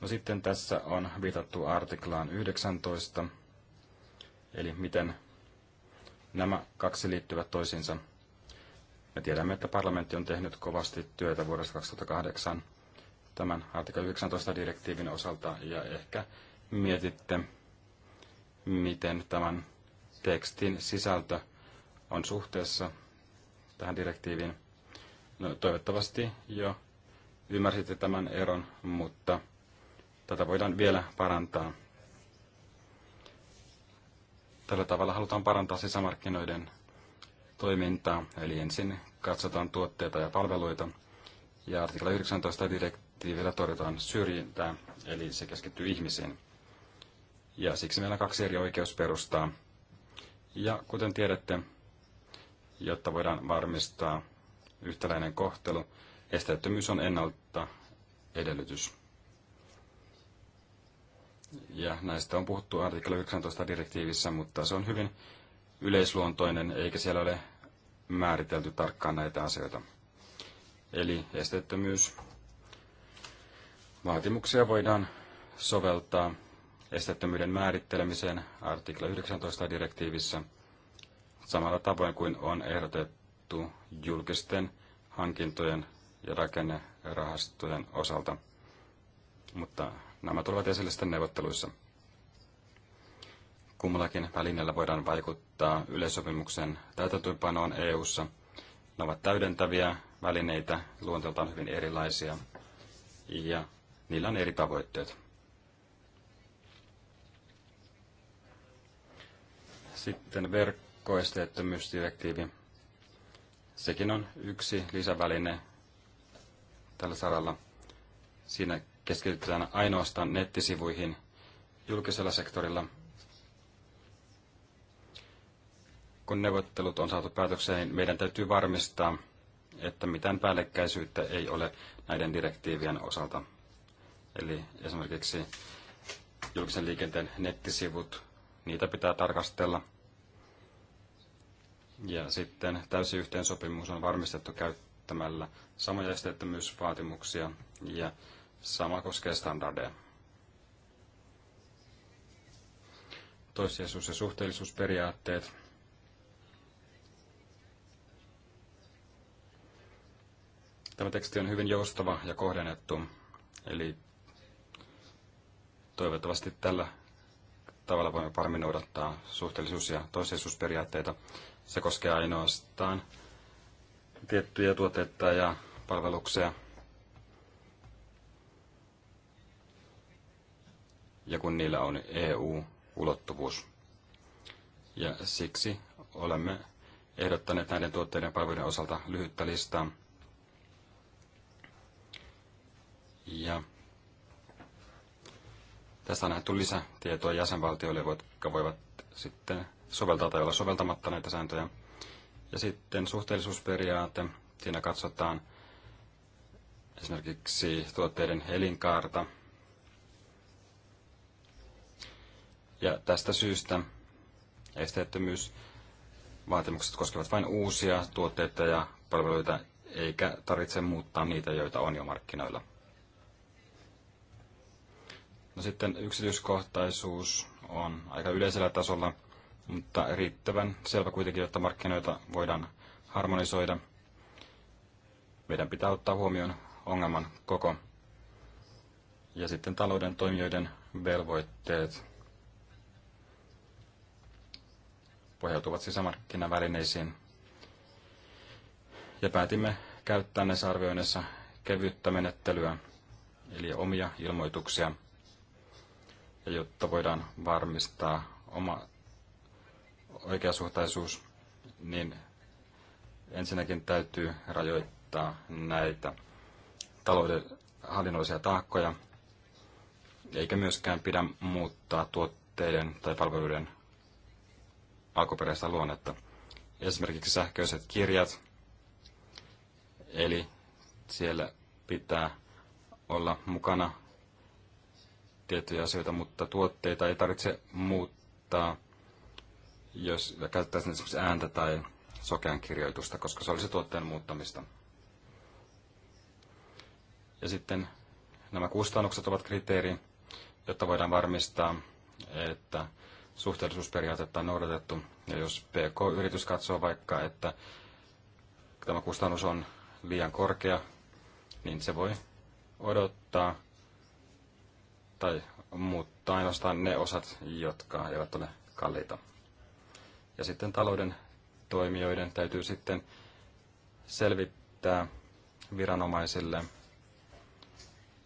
No sitten tässä on viitattu artiklaan 19, eli miten nämä kaksi liittyvät toisiinsa. Me tiedämme, että parlamentti on tehnyt kovasti työtä vuodesta 2008 tämän artikla 19 direktiivin osalta, ja ehkä mietitte, miten tämän tekstin sisältö on suhteessa tähän direktiiviin. No, toivottavasti jo ymmärsitte tämän eron, mutta Tätä voidaan vielä parantaa. Tällä tavalla halutaan parantaa sisämarkkinoiden toimintaa, eli ensin katsotaan tuotteita ja palveluita, ja artikla 19 direktiivillä torjutaan syrjintää, eli se keskittyy ihmisiin. Ja siksi meillä on kaksi eri oikeusperustaa. Ja kuten tiedätte, jotta voidaan varmistaa yhtäläinen kohtelu, esteettömyys on ennalta edellytys ja näistä on puhuttu artikla 19 direktiivissä, mutta se on hyvin yleisluontoinen, eikä siellä ole määritelty tarkkaan näitä asioita. Eli esteettömyys vaatimuksia voidaan soveltaa esteettömyyden määrittelemiseen artikla 19 direktiivissä samalla tavoin kuin on ehdotettu julkisten hankintojen ja rakennerahastojen osalta. Mutta Nämä tulevat esille sitten neuvotteluissa. Kummallakin välineellä voidaan vaikuttaa yleissopimuksen täytäntöönpanoon EU:ssa. Ne ovat täydentäviä välineitä, luonteeltaan hyvin erilaisia ja niillä on eri tavoitteet. Sitten verkkoesteettömyysdirektiivi. Sekin on yksi lisäväline tällä saralla. Siinä keskitytään ainoastaan nettisivuihin julkisella sektorilla. Kun neuvottelut on saatu päätökseen, niin meidän täytyy varmistaa, että mitään päällekkäisyyttä ei ole näiden direktiivien osalta. Eli esimerkiksi julkisen liikenteen nettisivut, niitä pitää tarkastella. Ja sitten täysi yhteensopimus on varmistettu käyttämällä samoja esteettömyysvaatimuksia ja Sama koskee standardeja. Toissijaisuus- ja suhteellisuusperiaatteet. Tämä teksti on hyvin joustava ja kohdennettu, eli toivottavasti tällä tavalla voimme paremmin noudattaa suhteellisuus- ja toissijaisuusperiaatteita. Se koskee ainoastaan tiettyjä tuotteita ja palveluksia, ja kun niillä on EU-ulottuvuus. Ja siksi olemme ehdottaneet näiden tuotteiden ja palveluiden osalta lyhyttä listaa. Ja tästä on nähty lisätietoa jäsenvaltioille, jotka voivat sitten soveltaa tai olla soveltamatta näitä sääntöjä. Ja sitten suhteellisuusperiaate, siinä katsotaan esimerkiksi tuotteiden elinkaarta – Ja tästä syystä esteettömyysvaatimukset koskevat vain uusia tuotteita ja palveluita, eikä tarvitse muuttaa niitä, joita on jo markkinoilla. No sitten yksityiskohtaisuus on aika yleisellä tasolla, mutta riittävän selvä kuitenkin, jotta markkinoita voidaan harmonisoida. Meidän pitää ottaa huomioon ongelman koko ja sitten talouden toimijoiden velvoitteet pohjautuvat sisämarkkinavälineisiin. Ja päätimme käyttää näissä arvioinnissa kevyttä menettelyä, eli omia ilmoituksia, ja jotta voidaan varmistaa oma oikeasuhtaisuus, niin ensinnäkin täytyy rajoittaa näitä talouden hallinnollisia taakkoja, eikä myöskään pidä muuttaa tuotteiden tai palveluiden alkuperäistä luonnetta. Esimerkiksi sähköiset kirjat, eli siellä pitää olla mukana tiettyjä asioita, mutta tuotteita ei tarvitse muuttaa, jos käyttäisiin esimerkiksi ääntä tai sokean kirjoitusta, koska se olisi tuotteen muuttamista. Ja sitten nämä kustannukset ovat kriteeri, jotta voidaan varmistaa, että suhteellisuusperiaatetta on noudatettu. Ja jos PK-yritys katsoo vaikka, että tämä kustannus on liian korkea, niin se voi odottaa tai muuttaa ainoastaan ne osat, jotka eivät ole kalliita. Ja sitten talouden toimijoiden täytyy sitten selvittää viranomaisille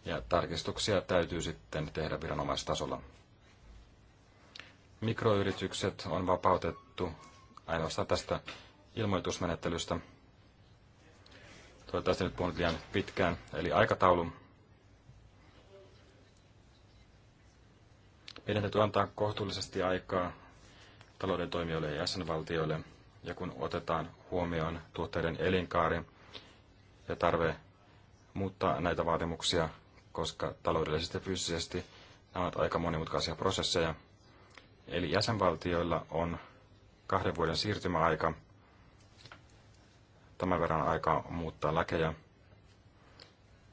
ja tarkistuksia täytyy sitten tehdä viranomaistasolla mikroyritykset on vapautettu ainoastaan tästä ilmoitusmenettelystä. Toivottavasti nyt puhunut liian pitkään, eli aikataulu. Meidän täytyy antaa kohtuullisesti aikaa talouden toimijoille ja jäsenvaltioille, ja kun otetaan huomioon tuotteiden elinkaari ja tarve muuttaa näitä vaatimuksia, koska taloudellisesti ja fyysisesti nämä ovat aika monimutkaisia prosesseja, Eli jäsenvaltioilla on kahden vuoden siirtymäaika. Tämän verran aikaa muuttaa lakeja.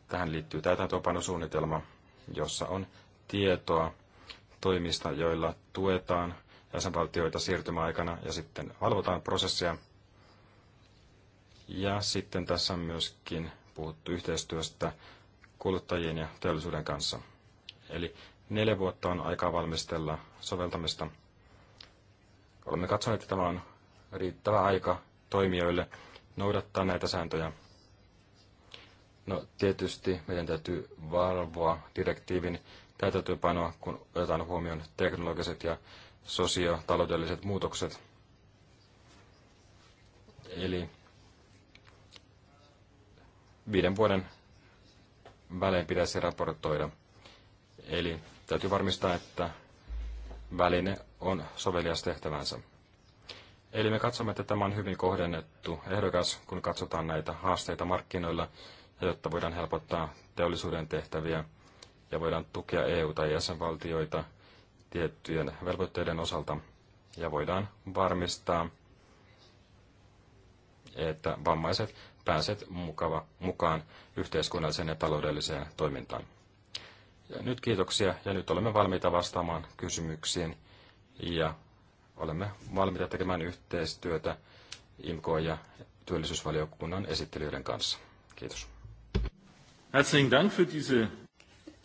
Tähän liittyy täytäntöönpanosuunnitelma, jossa on tietoa toimista, joilla tuetaan jäsenvaltioita siirtymäaikana ja sitten valvotaan prosessia. Ja sitten tässä on myöskin puhuttu yhteistyöstä kuluttajien ja teollisuuden kanssa. Eli Neljä vuotta on aikaa valmistella soveltamista. Olemme katsoneet, että tämä on riittävä aika toimijoille noudattaa näitä sääntöjä. No tietysti meidän täytyy valvoa direktiivin täytäntöönpanoa, kun otetaan huomioon teknologiset ja sosiotaloudelliset muutokset. Eli viiden vuoden välein pitäisi raportoida. Eli Täytyy varmistaa, että väline on sovelias tehtävänsä. Eli me katsomme, että tämä on hyvin kohdennettu ehdokas, kun katsotaan näitä haasteita markkinoilla, jotta voidaan helpottaa teollisuuden tehtäviä ja voidaan tukea EU- tai jäsenvaltioita tiettyjen velvoitteiden osalta, ja voidaan varmistaa, että vammaiset pääset mukava, mukaan yhteiskunnalliseen ja taloudelliseen toimintaan nyt kiitoksia ja nyt olemme valmiita vastaamaan kysymyksiin ja olemme valmiita tekemään yhteistyötä IMKO ja työllisyysvaliokunnan esittelijöiden kanssa. Kiitos. Herzlichen Dank für diese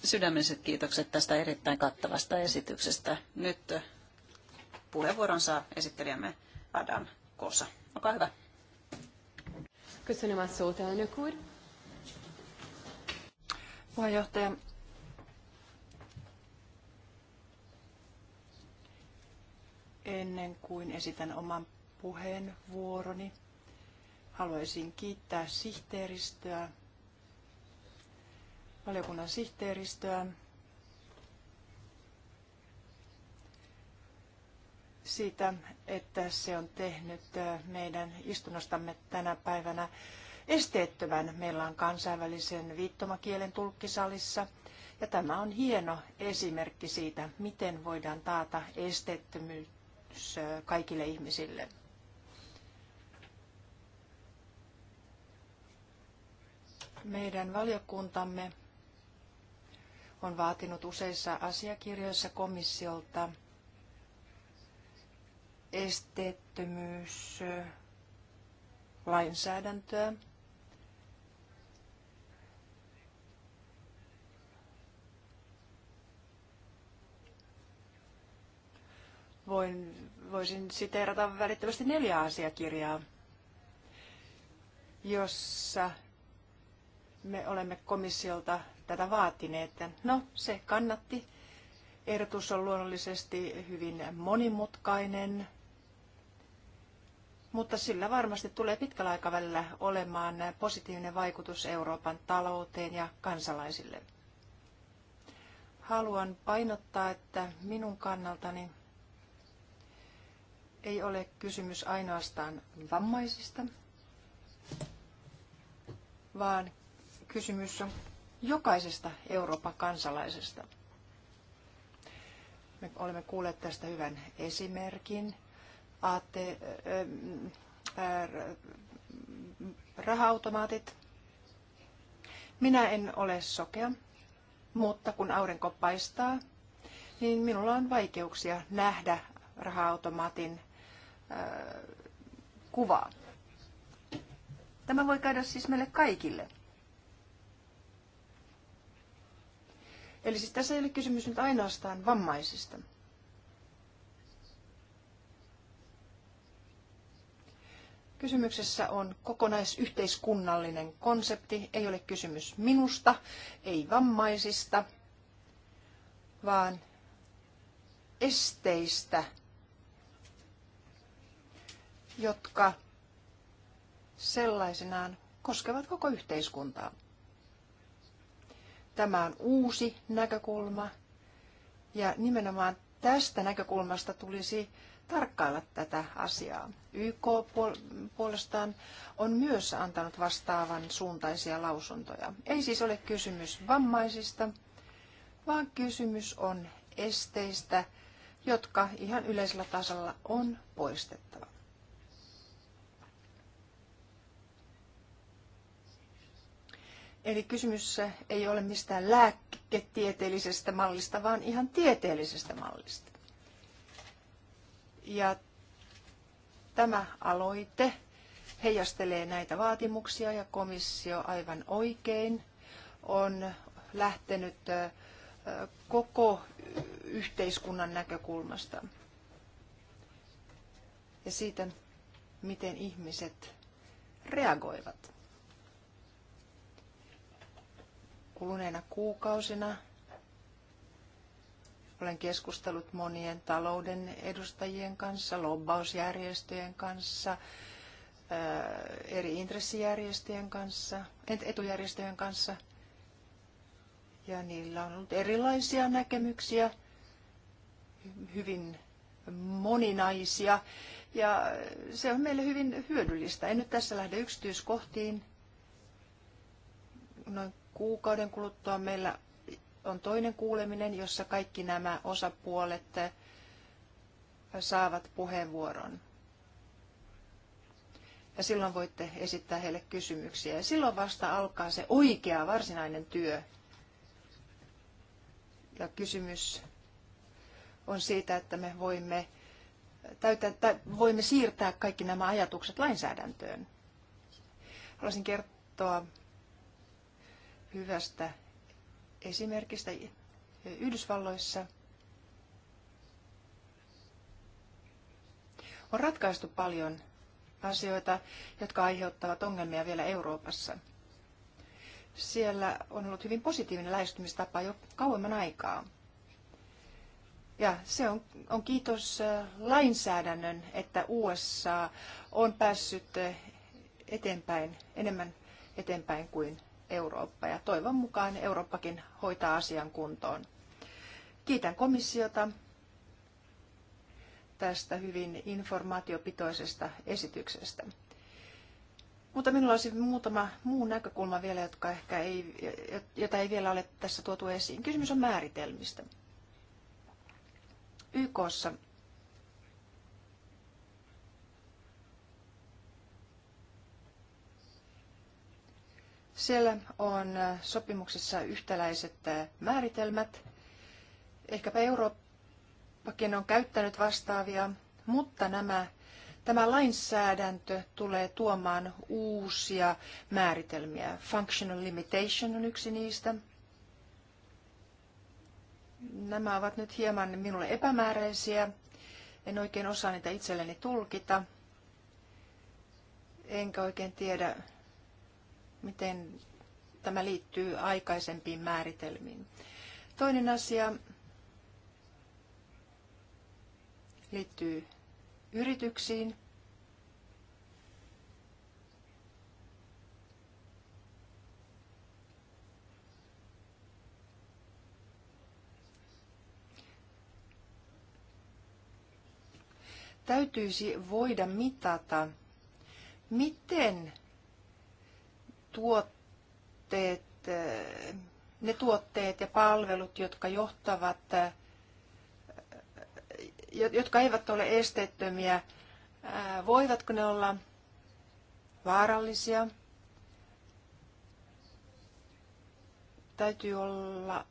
sydämelliset kiitokset tästä erittäin kattavasta esityksestä. Nyt puheenvuoron saa esittelijämme Adam Kosa. Olkaa hyvä. Köszönöm a szót, elnök úr. Puheenjohtaja, ennen kuin esitän oman puheenvuoroni. Haluaisin kiittää sihteeristöä, valiokunnan sihteeristöä siitä, että se on tehnyt äh, meidän istunnostamme tänä päivänä esteettömän. Meillä on kansainvälisen viittomakielen tulkkisalissa. Ja tämä on hieno esimerkki siitä, miten voidaan taata esteettömyyttä kysymys kaikille ihmisille. Meidän valiokuntamme on vaatinut useissa asiakirjoissa komissiolta esteettömyyslainsäädäntöä Voin, voisin siteerata välittömästi neljä asiakirjaa, jossa me olemme komissiolta tätä vaatineet. No, se kannatti. Ehdotus on luonnollisesti hyvin monimutkainen, mutta sillä varmasti tulee pitkällä aikavälillä olemaan positiivinen vaikutus Euroopan talouteen ja kansalaisille. Haluan painottaa, että minun kannaltani ei ole kysymys ainoastaan vammaisista, vaan kysymys on jokaisesta Euroopan kansalaisesta. Me olemme kuulleet tästä hyvän esimerkin. AT, rahautomaatit. Minä en ole sokea, mutta kun aurinko paistaa, niin minulla on vaikeuksia nähdä rahaautomaatin kuvaa. Tämä voi käydä siis meille kaikille. Eli siis tässä ei ole kysymys nyt ainoastaan vammaisista. Kysymyksessä on kokonaisyhteiskunnallinen konsepti. Ei ole kysymys minusta, ei vammaisista, vaan esteistä, jotka sellaisenaan koskevat koko yhteiskuntaa. Tämä on uusi näkökulma ja nimenomaan tästä näkökulmasta tulisi tarkkailla tätä asiaa. YK puolestaan on myös antanut vastaavan suuntaisia lausuntoja. Ei siis ole kysymys vammaisista, vaan kysymys on esteistä, jotka ihan yleisellä tasolla on poistettava. Eli kysymys ei ole mistään lääketieteellisestä mallista, vaan ihan tieteellisestä mallista. Ja tämä aloite heijastelee näitä vaatimuksia ja komissio aivan oikein on lähtenyt koko yhteiskunnan näkökulmasta ja siitä, miten ihmiset reagoivat. Kuluneena kuukausina olen keskustellut monien talouden edustajien kanssa, lobbausjärjestöjen kanssa, äh, eri intressijärjestöjen kanssa, etujärjestöjen kanssa. Ja niillä on ollut erilaisia näkemyksiä, hyvin moninaisia. Ja se on meille hyvin hyödyllistä. En nyt tässä lähde yksityiskohtiin. Noin kuukauden kuluttua meillä on toinen kuuleminen, jossa kaikki nämä osapuolet saavat puheenvuoron. Ja silloin voitte esittää heille kysymyksiä. Ja silloin vasta alkaa se oikea varsinainen työ. Ja kysymys on siitä, että me voimme, täytä, tä, voimme siirtää kaikki nämä ajatukset lainsäädäntöön. Haluaisin kertoa hyvästä esimerkistä Yhdysvalloissa. On ratkaistu paljon asioita, jotka aiheuttavat ongelmia vielä Euroopassa. Siellä on ollut hyvin positiivinen lähestymistapa jo kauemman aikaa. Ja se on, on kiitos äh, lainsäädännön, että USA on päässyt äh, eteenpäin, enemmän eteenpäin kuin Eurooppa ja toivon mukaan Eurooppakin hoitaa asian kuntoon. Kiitän komissiota tästä hyvin informaatiopitoisesta esityksestä. Mutta minulla olisi muutama muu näkökulma vielä, jotka ehkä ei, jota ei vielä ole tässä tuotu esiin. Kysymys on määritelmistä. YKssa Siellä on sopimuksessa yhtäläiset eh, määritelmät. Ehkäpä Eurooppakin on käyttänyt vastaavia, mutta nämä, tämä lainsäädäntö tulee tuomaan uusia määritelmiä. Functional limitation on yksi niistä. Nämä ovat nyt hieman minulle epämääräisiä. En oikein osaa niitä itselleni tulkita. Enkä oikein tiedä, miten tämä liittyy aikaisempiin määritelmiin. Toinen asia liittyy yrityksiin. Täytyisi voida mitata, miten tuotteet, ne tuotteet ja palvelut, jotka johtavat, jotka eivät ole esteettömiä, voivatko ne olla vaarallisia? Täytyy olla,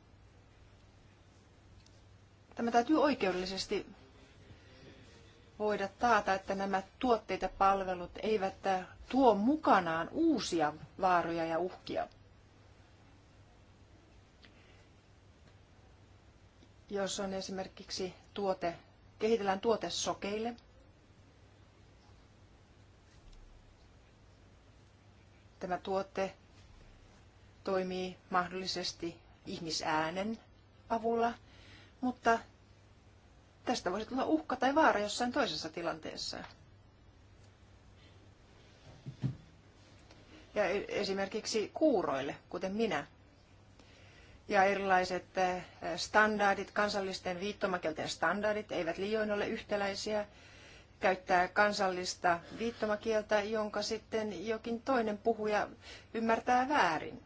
tämä täytyy oikeudellisesti voida taata, että nämä tuotteet ja palvelut eivät äh, tuo mukanaan uusia vaaroja ja uhkia. Jos on esimerkiksi tuote, kehitellään tuote sokeille, tämä tuote toimii mahdollisesti ihmisäänen avulla, mutta tästä voisi tulla uhka tai vaara jossain toisessa tilanteessa. Ja e- esimerkiksi kuuroille, kuten minä. Ja erilaiset eh, standardit, kansallisten viittomakielten standardit eivät liioin ole yhtäläisiä. Käyttää kansallista viittomakieltä, jonka sitten jokin toinen puhuja ymmärtää väärin.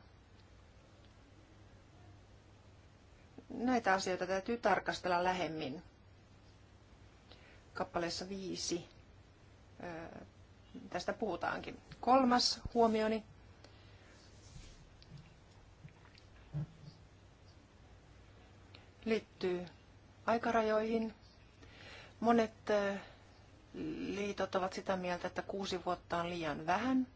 Näitä asioita täytyy tarkastella lähemmin kappaleessa viisi tästä puhutaankin. Kolmas huomioni. liittyy aikarajoihin. Monet liitot ovat sitä mieltä, että kuusi vuotta on liian vähän.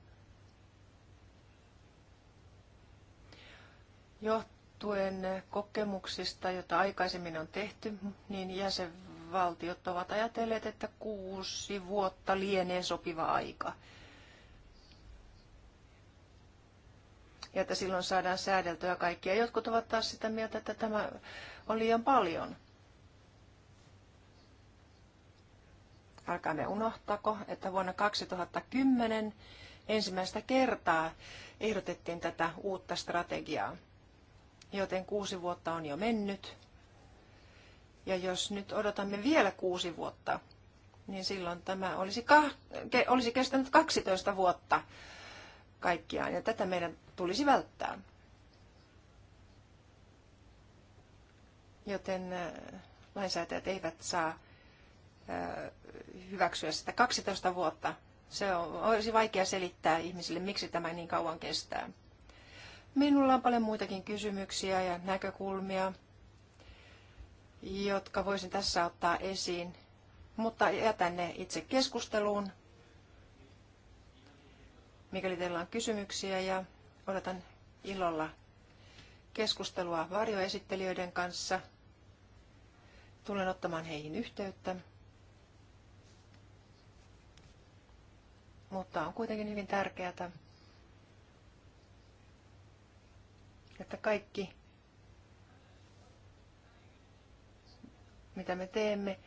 Johtuen kokemuksista, joita aikaisemmin on tehty, niin jäsen Valtiot ovat ajatelleet, että kuusi vuotta lienee sopiva aika. Ja että silloin saadaan säädeltyä kaikkia. Jotkut ovat taas sitä mieltä, että tämä on liian paljon. Älkäämme unohtako, että vuonna 2010 ensimmäistä kertaa ehdotettiin tätä uutta strategiaa, joten kuusi vuotta on jo mennyt. Ja jos nyt odotamme vielä kuusi vuotta, niin silloin tämä olisi, kah- ke- olisi kestänyt 12 vuotta kaikkiaan, ja tätä meidän tulisi välttää. Joten lainsäätäjät eivät saa hyväksyä sitä 12 vuotta. Se on, olisi vaikea selittää ihmisille, miksi tämä niin kauan kestää. Minulla on paljon muitakin kysymyksiä ja näkökulmia jotka voisin tässä ottaa esiin, mutta jätän ne itse keskusteluun, mikäli teillä on kysymyksiä ja odotan ilolla keskustelua varjoesittelijöiden kanssa. Tulen ottamaan heihin yhteyttä. Mutta on kuitenkin hyvin tärkeää, että kaikki mitä me teemme,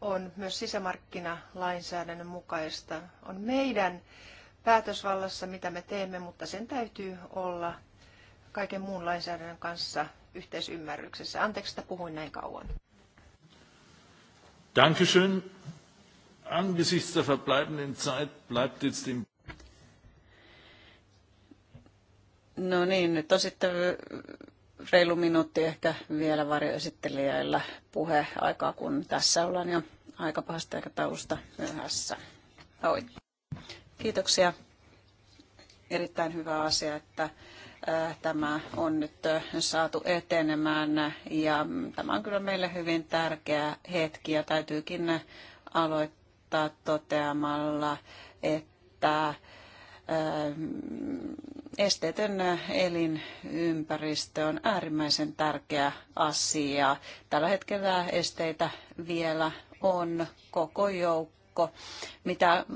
on myös sisämarkkinalainsäädännön mukaista. On meidän päätösvallassa, mitä me teemme, mutta sen täytyy olla kaiken muun lainsäädännön kanssa yhteisymmärryksessä. Anteeksi, että puhuin näin kauan. Dankeschön. Angesichts der verbleibenden Zeit bleibt jetzt No niin, nyt on sitten reilu minuutti ehkä vielä varjoesittelijöillä puheaikaa, kun tässä ollaan jo aika pahasta aikataulusta myöhässä. Oi. Kiitoksia. Erittäin hyvä asia, että tämä on nyt saatu etenemään ja tämä on kyllä meille hyvin tärkeä hetki ja täytyykin aloittaa toteamalla, että esteetön elinympäristö on äärimmäisen tärkeä asia. Tällä hetkellä esteitä vielä on koko joukko. Mitä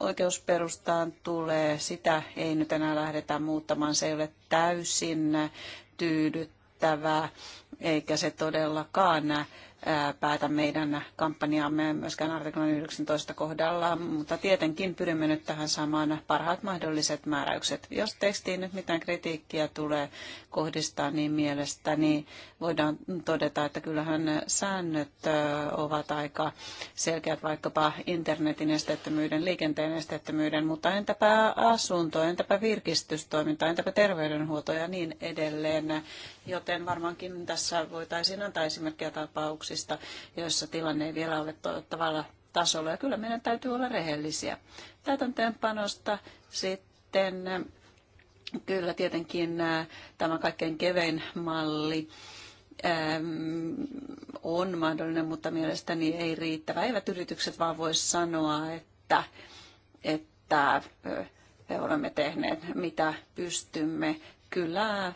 oikeusperustaan tulee, sitä ei nyt enää lähdetä muuttamaan. Se ei ole täysin tyydyttävää, eikä se todellakaan päätä meidän kampanjaamme myöskään artiklan 19 kohdalla, mutta tietenkin pyrimme nyt tähän saamaan parhaat mahdolliset määräykset. Jos tekstiin nyt mitään kritiikkiä tulee kohdistaa, niin mielestäni voidaan todeta, että kyllähän säännöt ovat aika selkeät vaikkapa internetin esteettömyyden, liikenteen esteettömyyden, mutta entäpä asunto, entäpä virkistystoiminta, entäpä terveydenhuolto ja niin edelleen joten varmaankin tässä voitaisiin antaa esimerkkejä tapauksista, joissa tilanne ei vielä ole toivottavalla tasolla. Ja kyllä meidän täytyy olla rehellisiä. Täytäntöönpanosta sitten kyllä tietenkin tämä kaikkein kevein malli on mahdollinen, mutta mielestäni ei riittävä. Eivät yritykset vaan voi sanoa, että, että me olemme tehneet mitä pystymme kyllä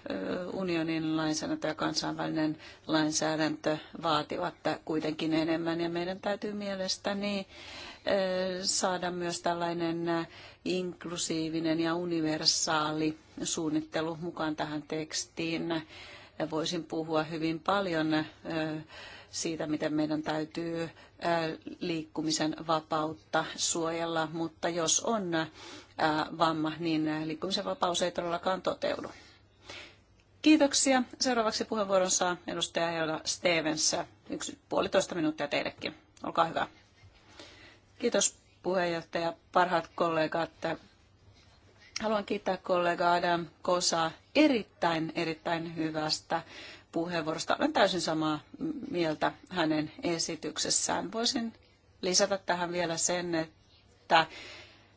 unionin lainsäädäntö ja kansainvälinen lainsäädäntö vaativat kuitenkin enemmän ja meidän täytyy mielestäni saada myös tällainen inklusiivinen ja universaali suunnittelu mukaan tähän tekstiin. Voisin puhua hyvin paljon siitä, miten meidän täytyy liikkumisen vapautta suojella, mutta jos on vamma, niin liikkumisen vapaus ei todellakaan toteudu. Kiitoksia. Seuraavaksi puheenvuoron saa edustaja Eola Stevens. Yksi puolitoista minuuttia teillekin. Olkaa hyvä. Kiitos puheenjohtaja, parhaat kollegat. Haluan kiittää kollega Adam Kosaa erittäin, erittäin hyvästä puheenvuorosta. Olen täysin samaa mieltä hänen esityksessään. Voisin lisätä tähän vielä sen, että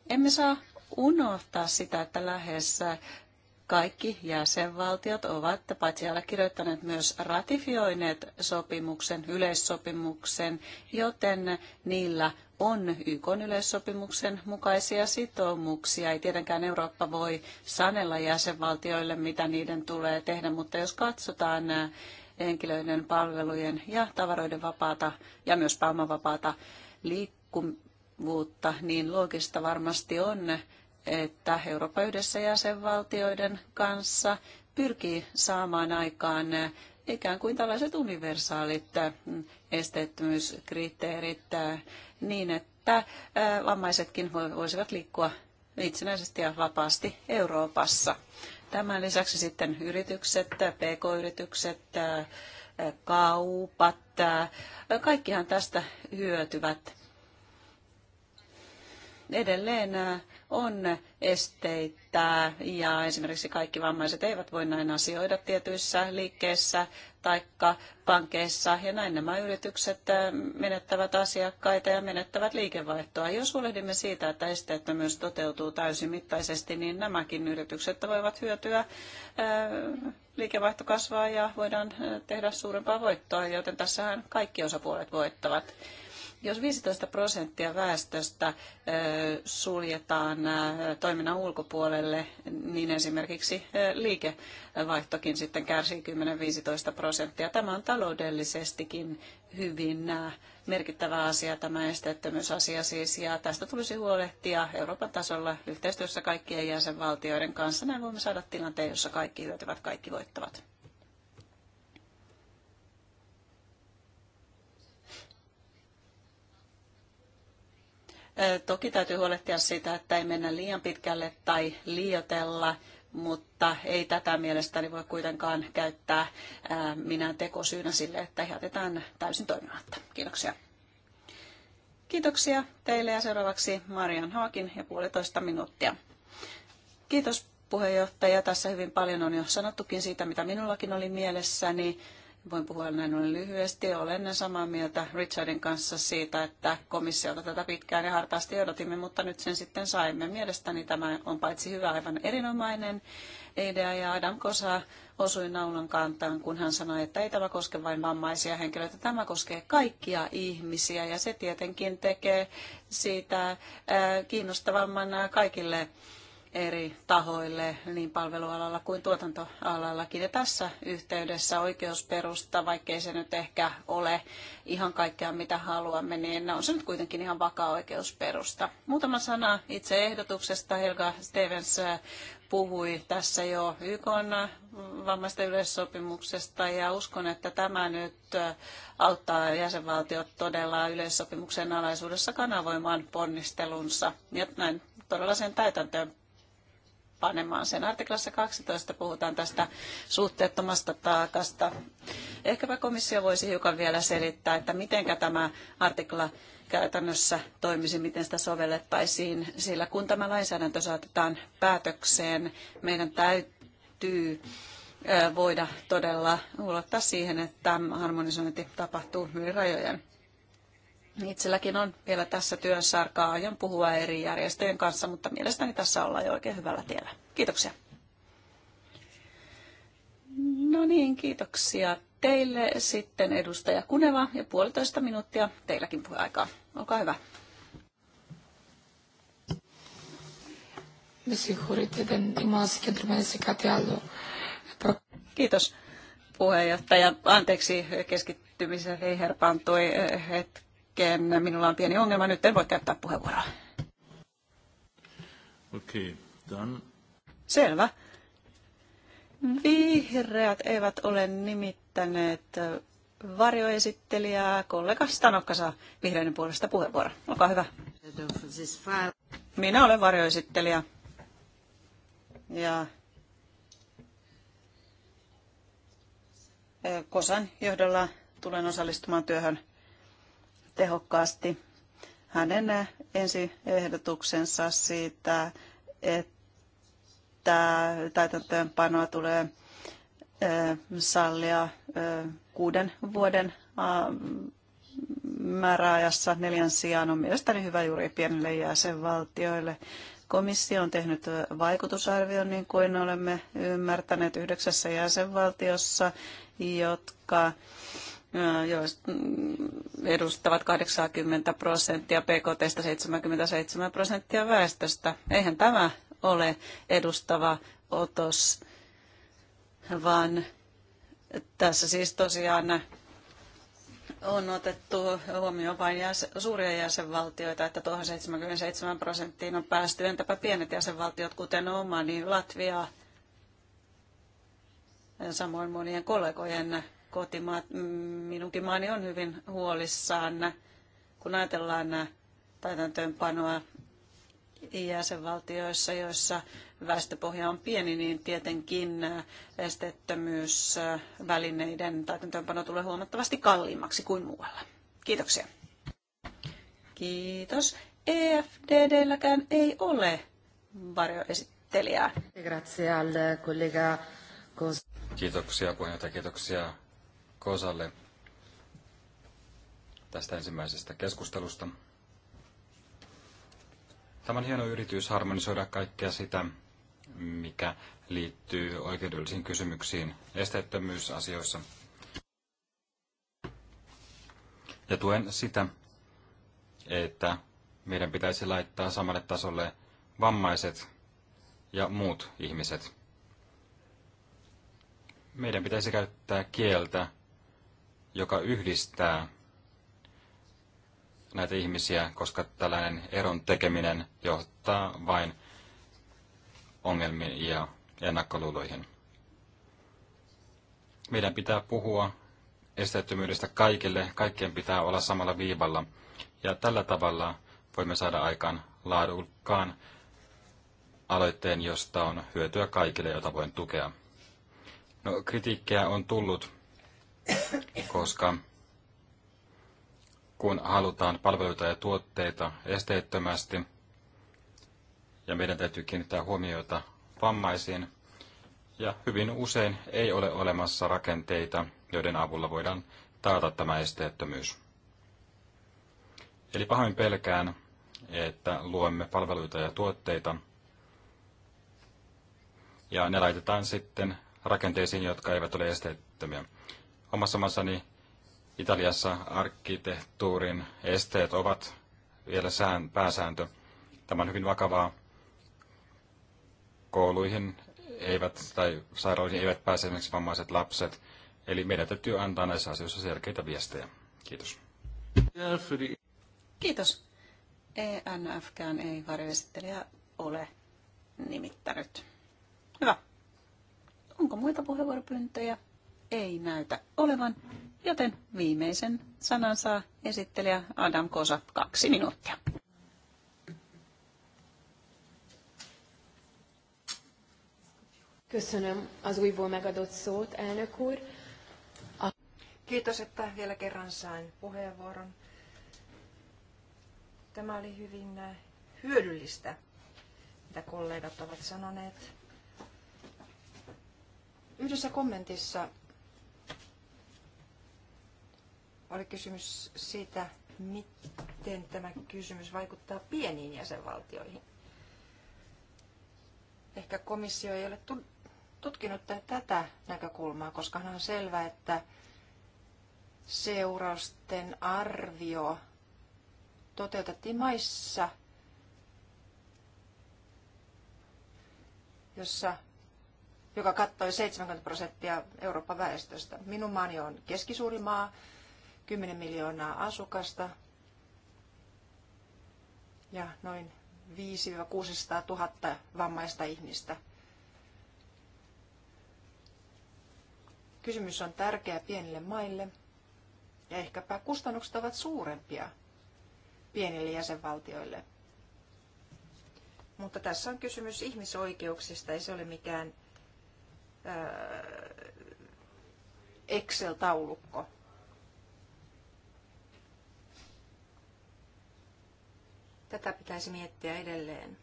emme saa unohtaa sitä, että lähes kaikki jäsenvaltiot ovat paitsi allekirjoittaneet myös ratifioineet sopimuksen, yleissopimuksen, joten niillä on YK yleissopimuksen mukaisia sitoumuksia. Ei tietenkään Eurooppa voi sanella jäsenvaltioille, mitä niiden tulee tehdä, mutta jos katsotaan äh, henkilöiden palvelujen ja tavaroiden vapaata ja myös pääomavapaata liikkuvuutta, niin loogista varmasti on että Eurooppa yhdessä jäsenvaltioiden kanssa pyrkii saamaan aikaan ikään kuin tällaiset universaalit mm, esteettömyyskriteerit äh, niin, että äh, vammaisetkin voisivat liikkua itsenäisesti ja vapaasti Euroopassa. Tämän lisäksi sitten yritykset, pk-yritykset, äh, kaupat, kaikkihan tästä hyötyvät. Edelleen on esteitä ja esimerkiksi kaikki vammaiset eivät voi näin asioida tietyissä liikkeissä tai pankeissa ja näin nämä yritykset menettävät asiakkaita ja menettävät liikevaihtoa. Jos huolehdimme siitä, että esteettömyys toteutuu täysimittaisesti, niin nämäkin yritykset voivat hyötyä liikevaihto kasvaa ja voidaan tehdä suurempaa voittoa, joten tässähän kaikki osapuolet voittavat. Jos 15 prosenttia väestöstä suljetaan toiminnan ulkopuolelle, niin esimerkiksi liikevaihtokin sitten kärsii 10-15 prosenttia. Tämä on taloudellisestikin hyvin merkittävä asia, tämä esteettömyysasia siis, ja tästä tulisi huolehtia Euroopan tasolla yhteistyössä kaikkien jäsenvaltioiden kanssa. Näin voimme saada tilanteen, jossa kaikki hyötyvät, kaikki voittavat. Toki täytyy huolehtia siitä, että ei mennä liian pitkälle tai liiotella, mutta ei tätä mielestäni voi kuitenkaan käyttää minä tekosyynä sille, että jätetään täysin toimimatta. Kiitoksia. Kiitoksia teille ja seuraavaksi Marian Haakin ja puolitoista minuuttia. Kiitos puheenjohtaja. Tässä hyvin paljon on jo sanottukin siitä, mitä minullakin oli mielessäni. Voin puhua näin ollen lyhyesti. Olen samaa mieltä Richardin kanssa siitä, että komissiolta tätä pitkään ja hartaasti odotimme, mutta nyt sen sitten saimme. Mielestäni tämä on paitsi hyvä, aivan erinomainen idea ja Adam Kosa osui naulan kantaan, kun hän sanoi, että ei tämä koske vain vammaisia henkilöitä, tämä koskee kaikkia ihmisiä ja se tietenkin tekee siitä äh, kiinnostavamman äh, kaikille eri tahoille niin palvelualalla kuin tuotantoalallakin. Ja tässä yhteydessä oikeusperusta, vaikkei se nyt ehkä ole ihan kaikkea mitä haluamme, niin on se nyt kuitenkin ihan vakaa oikeusperusta. Muutama sana itse ehdotuksesta. Helga Stevens puhui tässä jo YK vammaista yleissopimuksesta ja uskon, että tämä nyt auttaa jäsenvaltiot todella yleissopimuksen alaisuudessa kanavoimaan ponnistelunsa ja näin todella sen täytäntöön panemaan sen. Artiklassa 12 puhutaan tästä suhteettomasta taakasta. Ehkäpä komissio voisi hiukan vielä selittää, että miten tämä artikla käytännössä toimisi, miten sitä sovellettaisiin, sillä kun tämä lainsäädäntö saatetaan päätökseen, meidän täytyy voida todella ulottaa siihen, että harmonisointi tapahtuu yli rajojen. Itselläkin on vielä tässä työsarkaa. Aion puhua eri järjestöjen kanssa, mutta mielestäni tässä ollaan jo oikein hyvällä tiellä. Kiitoksia. No niin, kiitoksia teille. Sitten edustaja Kuneva ja puolitoista minuuttia teilläkin puheaikaa. Olkaa hyvä. Kiitos puheenjohtaja. Anteeksi, keskittymisen herpaantui eh, hetki hetken. Minulla on pieni ongelma, nyt en voi käyttää puheenvuoroa. Okei, okay, done. Selvä. Vihreät eivät ole nimittäneet varjoesittelijää. Kollega Stanokka saa vihreiden puolesta puheenvuoro. Olkaa hyvä. Minä olen varjoesittelijä. Ja Kosan johdolla tulen osallistumaan työhön tehokkaasti hänen ehdotuksensa siitä, että täytäntöönpanoa tulee sallia kuuden vuoden määräajassa neljän sijaan on mielestäni hyvä juuri pienille jäsenvaltioille. Komissio on tehnyt vaikutusarvion, niin kuin olemme ymmärtäneet, yhdeksässä jäsenvaltiossa, jotka Äh, mm, edustavat 80 prosenttia PKT 77 prosenttia väestöstä. Eihän tämä ole edustava otos, vaan tässä siis tosiaan on otettu huomioon vain jäsen, suuria jäsenvaltioita, että tuohon 77 prosenttiin on päästy. Entäpä pienet jäsenvaltiot, kuten oma, niin Latvia, samoin monien kollegojen kotimaat, minunkin maani on hyvin huolissaan, kun ajatellaan täytäntöönpanoa jäsenvaltioissa, joissa väestöpohja on pieni, niin tietenkin esteettömyysvälineiden täytäntöönpano tulee huomattavasti kalliimmaksi kuin muualla. Kiitoksia. Kiitos. EFDDlläkään ei ole varjoesittelijää. Kiitoksia puheenjohtaja, kiitoksia Kosalle tästä ensimmäisestä keskustelusta. Tämä on hieno yritys harmonisoida kaikkea sitä, mikä liittyy oikeudellisiin kysymyksiin esteettömyysasioissa. Ja tuen sitä, että meidän pitäisi laittaa samalle tasolle vammaiset ja muut ihmiset. Meidän pitäisi käyttää kieltä, joka yhdistää näitä ihmisiä, koska tällainen eron tekeminen johtaa vain ongelmiin ja ennakkoluuloihin. Meidän pitää puhua esteettömyydestä kaikille, kaikkien pitää olla samalla viivalla, ja tällä tavalla voimme saada aikaan laadukkaan aloitteen, josta on hyötyä kaikille, jota voin tukea. No, kritiikkiä on tullut koska kun halutaan palveluita ja tuotteita esteettömästi, ja meidän täytyy kiinnittää huomiota vammaisiin, ja hyvin usein ei ole olemassa rakenteita, joiden avulla voidaan taata tämä esteettömyys. Eli pahoin pelkään, että luomme palveluita ja tuotteita, ja ne laitetaan sitten rakenteisiin, jotka eivät ole esteettömiä omassa maassani Italiassa arkkitehtuurin esteet ovat vielä sään, pääsääntö. Tämä on hyvin vakavaa. Kouluihin eivät, tai sairaaloihin eivät pääse esimerkiksi vammaiset lapset. Eli meidän täytyy antaa näissä asioissa selkeitä viestejä. Kiitos. Kiitos. ENFkään ei varjoesittelijä ole nimittänyt. Hyvä. Onko muita puheenvuoropyyntöjä? ei näytä olevan, joten viimeisen sanan saa esittelijä Adam Kosa kaksi minuuttia. Köszönöm az újból megadott szót, elnök úr. A... Kiitos, että vielä kerran sain puheenvuoron. Tämä oli hyvin äh, hyödyllistä, mitä kollegat ovat sanoneet. Yhdessä kommentissa oli kysymys siitä, miten tämä kysymys vaikuttaa pieniin jäsenvaltioihin. Ehkä komissio ei ole tutkinut tätä näkökulmaa, koska on selvää, että seurausten arvio toteutettiin maissa, jossa, joka kattoi 70 prosenttia Euroopan väestöstä. Minun maani on keskisuuri maa, 10 miljoonaa asukasta ja noin 5-600 000 vammaista ihmistä. Kysymys on tärkeä pienille maille ja ehkäpä kustannukset ovat suurempia pienille jäsenvaltioille. Mutta tässä on kysymys ihmisoikeuksista, ei se ole mikään Excel-taulukko. Tätä pitäisi miettiä edelleen.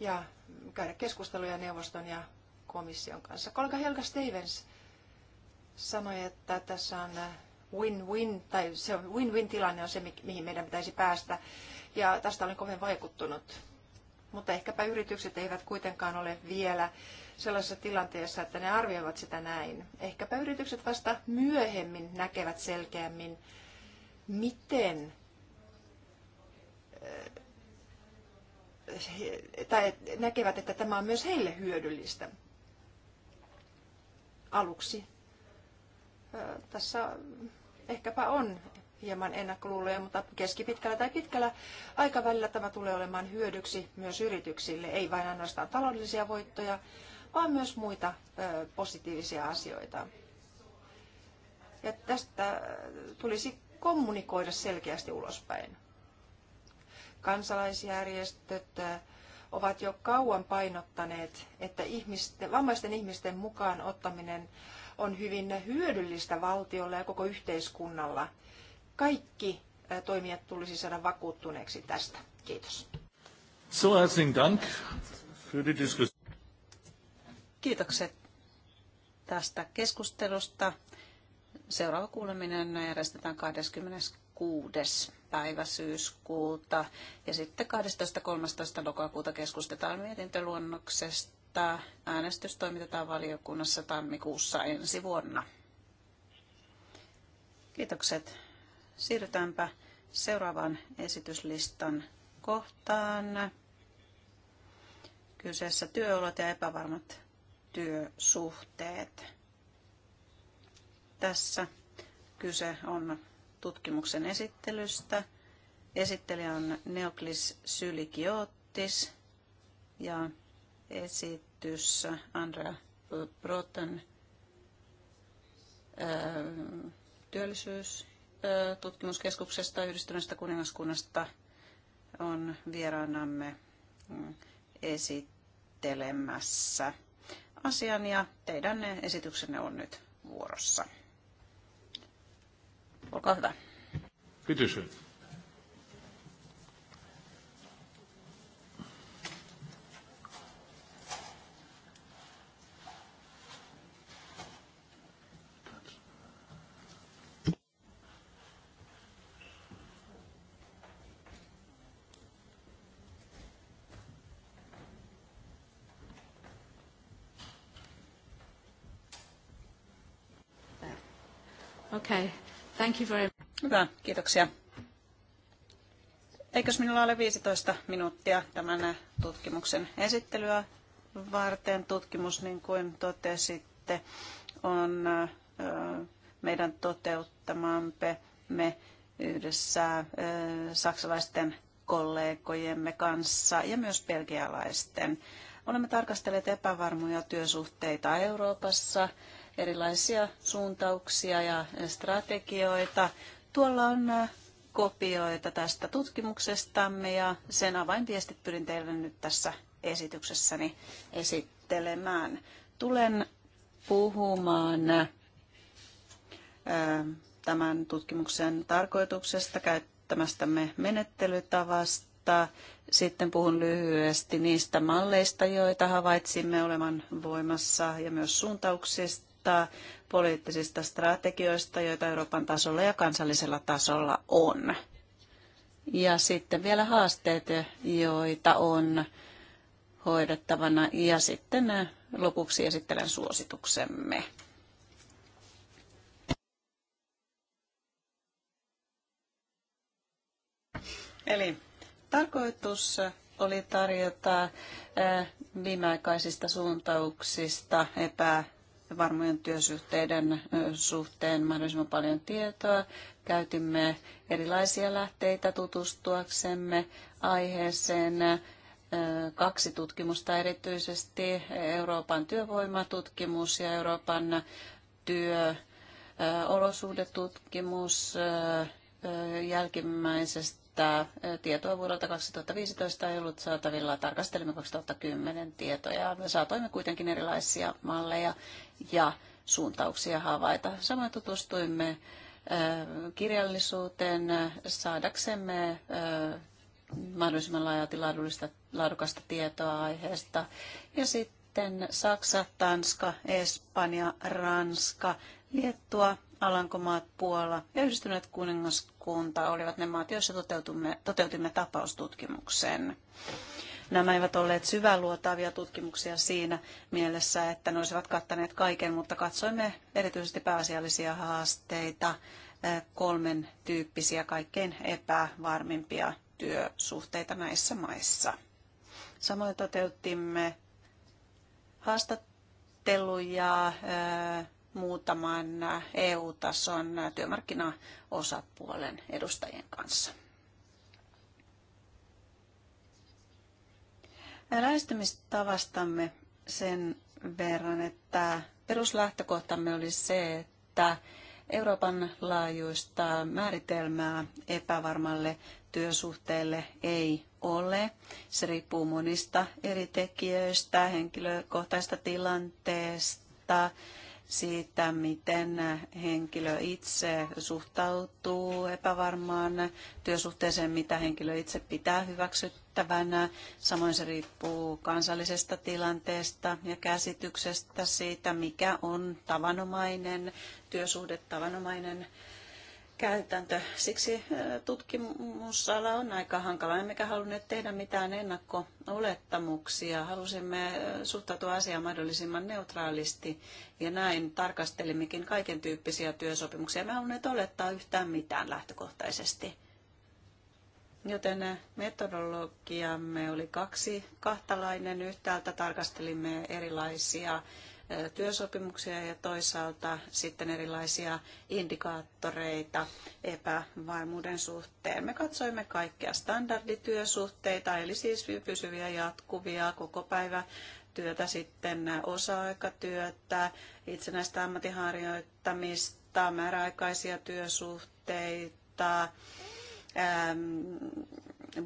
Ja käydä keskusteluja neuvoston ja komission kanssa. Kolka Helga Stevens sanoi, että tässä on äh, win-win, tai se win-win tilanne on se, mihin meidän pitäisi päästä. Ja tästä olen kovin vaikuttunut. Mutta ehkäpä yritykset eivät kuitenkaan ole vielä sellaisessa tilanteessa, että ne arvioivat sitä näin. Ehkäpä yritykset vasta myöhemmin näkevät selkeämmin, miten eh, tai näkevät, että tämä on myös heille hyödyllistä aluksi. Eh, tässä ehkäpä on hieman ennakkoluuloja, mutta keskipitkällä tai pitkällä aikavälillä tämä tulee olemaan hyödyksi myös yrityksille, ei vain ainoastaan taloudellisia voittoja, vaan myös muita eh, positiivisia asioita. Ja tästä tulisi kommunikoida selkeästi ulospäin. Kansalaisjärjestöt äh, ovat jo kauan painottaneet, että ihmisten, vammaisten ihmisten mukaan ottaminen on hyvin hyödyllistä valtiolle ja koko yhteiskunnalla. Kaikki äh, toimijat tulisi saada vakuuttuneeksi tästä. Kiitos. So, Dank für die Kiitokset tästä keskustelusta. Seuraava kuuleminen järjestetään 26 päivä syyskuuta. Ja sitten 12.13. lokakuuta keskustetaan mietintöluonnoksesta. Äänestys toimitetaan valiokunnassa tammikuussa ensi vuonna. Kiitokset. Siirrytäänpä seuraavaan esityslistan kohtaan. Kyseessä työolot ja epävarmat työsuhteet tässä. Kyse on tutkimuksen esittelystä. Esittelijä on Neoklis Sylikiottis ja esitys Andrea Broten työllisyystutkimuskeskuksesta yhdistyneestä kuningaskunnasta on vieraanamme mm, esittelemässä asian ja teidän esityksenne on nyt vuorossa. Olkaa hyvä. Kiitos. you very much. Hyvä, kiitoksia. Eikös minulla ole 15 minuuttia tämän eh, tutkimuksen esittelyä varten? Tutkimus, niin kuin totesitte, on eh, meidän toteuttamamme me yhdessä eh, saksalaisten kollegojemme kanssa ja myös belgialaisten. Olemme tarkastelleet epävarmoja työsuhteita Euroopassa erilaisia suuntauksia ja strategioita. Tuolla on äh, kopioita tästä tutkimuksestamme ja sen avainviestit pyrin teille nyt tässä esityksessäni esittelemään. Tulen puhumaan äh, tämän tutkimuksen tarkoituksesta, käyttämästämme menettelytavasta. Sitten puhun lyhyesti niistä malleista, joita havaitsimme olevan voimassa ja myös suuntauksista vaikuttaa poliittisista strategioista, joita Euroopan tasolla ja kansallisella tasolla on. Ja sitten vielä haasteet, joita on hoidettavana. Ja sitten lopuksi esittelen suosituksemme. Eli tarkoitus oli tarjota eh, viimeaikaisista suuntauksista epä varmojen työsuhteiden suhteen mahdollisimman paljon tietoa. Käytimme erilaisia lähteitä tutustuaksemme aiheeseen. Kaksi tutkimusta erityisesti, Euroopan työvoimatutkimus ja Euroopan työolosuhdetutkimus jälkimmäisestä että tietoa vuodelta 2015 ei ollut saatavilla. Tarkastelimme 2010 tietoja. Me saatoimme kuitenkin erilaisia malleja ja suuntauksia havaita. Samoin tutustuimme kirjallisuuteen saadaksemme mahdollisimman laajalti laadukasta tietoa aiheesta. Ja sitten Saksa, Tanska, Espanja, Ranska, Liettua, Alankomaat, Puola ja Yhdistyneet kuningaskunta olivat ne maat, joissa toteutimme tapaustutkimuksen. Nämä eivät olleet syväluotaavia tutkimuksia siinä mielessä, että ne olisivat kattaneet kaiken, mutta katsoimme erityisesti pääasiallisia haasteita, eh, kolmen tyyppisiä kaikkein epävarmimpia työsuhteita näissä maissa. Samoin toteutimme haastatteluja eh, muutaman EU-tason työmarkkinaosapuolen edustajien kanssa. Lähestymistavastamme sen verran, että peruslähtökohtamme oli se, että Euroopan laajuista määritelmää epävarmalle työsuhteelle ei ole. Se riippuu monista eri tekijöistä, henkilökohtaisesta tilanteesta, siitä, miten henkilö itse suhtautuu epävarmaan työsuhteeseen, mitä henkilö itse pitää hyväksyttävänä merkittävänä. Samoin se riippuu kansallisesta tilanteesta ja käsityksestä siitä, mikä on tavanomainen työsuhde, tavanomainen käytäntö. Siksi tutkimusala on aika hankala. Emmekä halunneet tehdä mitään ennakko-olettamuksia. Halusimme suhtautua asiaan mahdollisimman neutraalisti ja näin tarkastelimmekin kaiken tyyppisiä työsopimuksia. Me halunneet olettaa yhtään mitään lähtökohtaisesti. Joten eh, metodologiamme oli kaksi kahtalainen. Yhtäältä tarkastelimme erilaisia eh, työsopimuksia ja toisaalta sitten erilaisia indikaattoreita epävarmuuden suhteen. Me katsoimme kaikkia standardityösuhteita, eli siis pysyviä jatkuvia koko päivä työtä, sitten eh, osa-aikatyötä, itsenäistä ammatinharjoittamista, määräaikaisia työsuhteita, Ähm,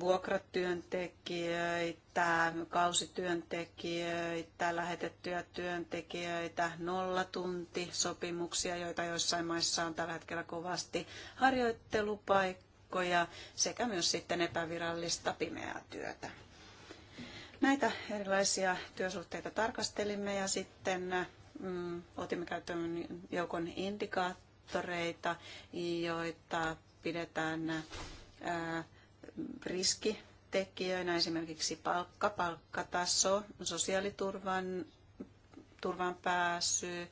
vuokratyöntekijöitä, kausityöntekijöitä, lähetettyjä työntekijöitä, nollatuntisopimuksia, joita joissain maissa on tällä hetkellä kovasti, harjoittelupaikkoja sekä myös sitten epävirallista pimeää työtä. Näitä erilaisia työsuhteita tarkastelimme ja sitten mm, otimme käyttöön joukon indikaattoreita, joita pidetään riskitekijöinä esimerkiksi palkka, palkkataso, sosiaaliturvan turvan pääsy,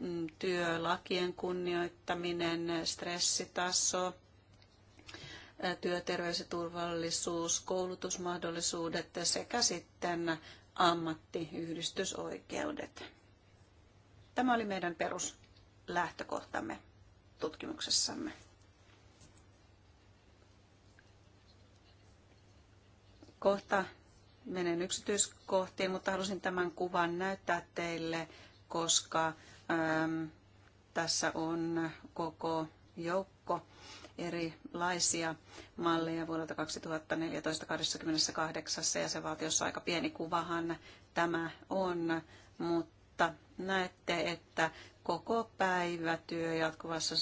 mm, työlakien kunnioittaminen, stressitaso, työterveys ja turvallisuus, koulutusmahdollisuudet sekä sitten ammattiyhdistysoikeudet. Tämä oli meidän peruslähtökohtamme tutkimuksessamme. Kohta menen yksityiskohtiin, mutta halusin tämän kuvan näyttää teille, koska äm, tässä on koko joukko erilaisia malleja vuodelta 2014 28 se ja valtiossa Aika pieni kuvahan tämä on, mutta näette, että koko päivä työ jatkuvassa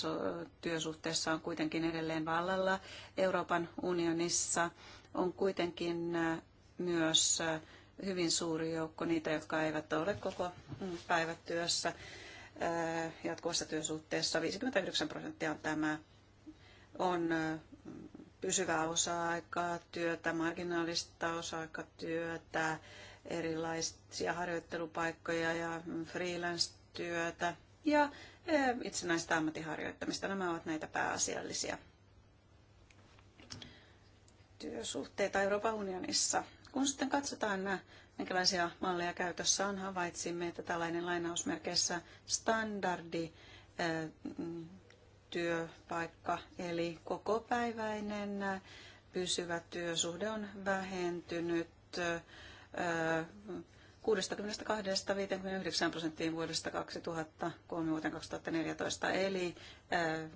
työsuhteessa on kuitenkin edelleen vallalla Euroopan unionissa – on kuitenkin äh, myös äh, hyvin suuri joukko niitä, jotka eivät ole koko mm, päivätyössä äh, jatkuvassa työsuhteessa. 59 prosenttia on tämä on pysyvää osa-aikaa työtä, marginaalista osa-aikatyötä, erilaisia harjoittelupaikkoja ja mm, freelance-työtä ja itsenäistä ammattiharjoittamista. Nämä ovat näitä pääasiallisia työsuhteita Euroopan unionissa. Kun sitten katsotaan nämä, minkälaisia malleja käytössä on, havaitsimme, että tällainen lainausmerkeissä standardi mm, työpaikka, eli kokopäiväinen pysyvä työsuhde on vähentynyt 62-59 prosenttiin vuodesta 2003 vuoteen 2014, eli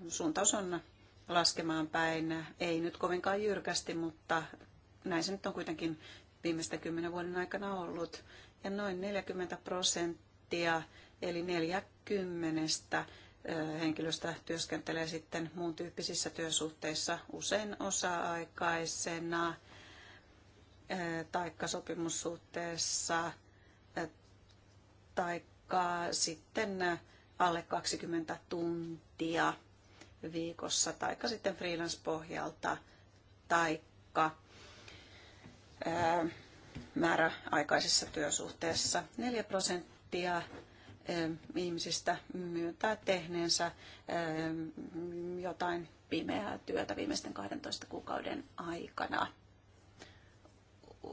suuntaus on laskemaan päin. Ei nyt kovinkaan jyrkästi, mutta näin se nyt on kuitenkin viimeisten kymmenen vuoden aikana ollut. Ja noin 40 prosenttia, eli 40 henkilöstä työskentelee sitten muun tyyppisissä työsuhteissa usein osa-aikaisena taikka sopimussuhteessa taikka sitten alle 20 tuntia viikossa, tai sitten freelance-pohjalta, tai määräaikaisessa työsuhteessa. 4 prosenttia ihmisistä myöntää tehneensä jotain pimeää työtä viimeisten 12 kuukauden aikana.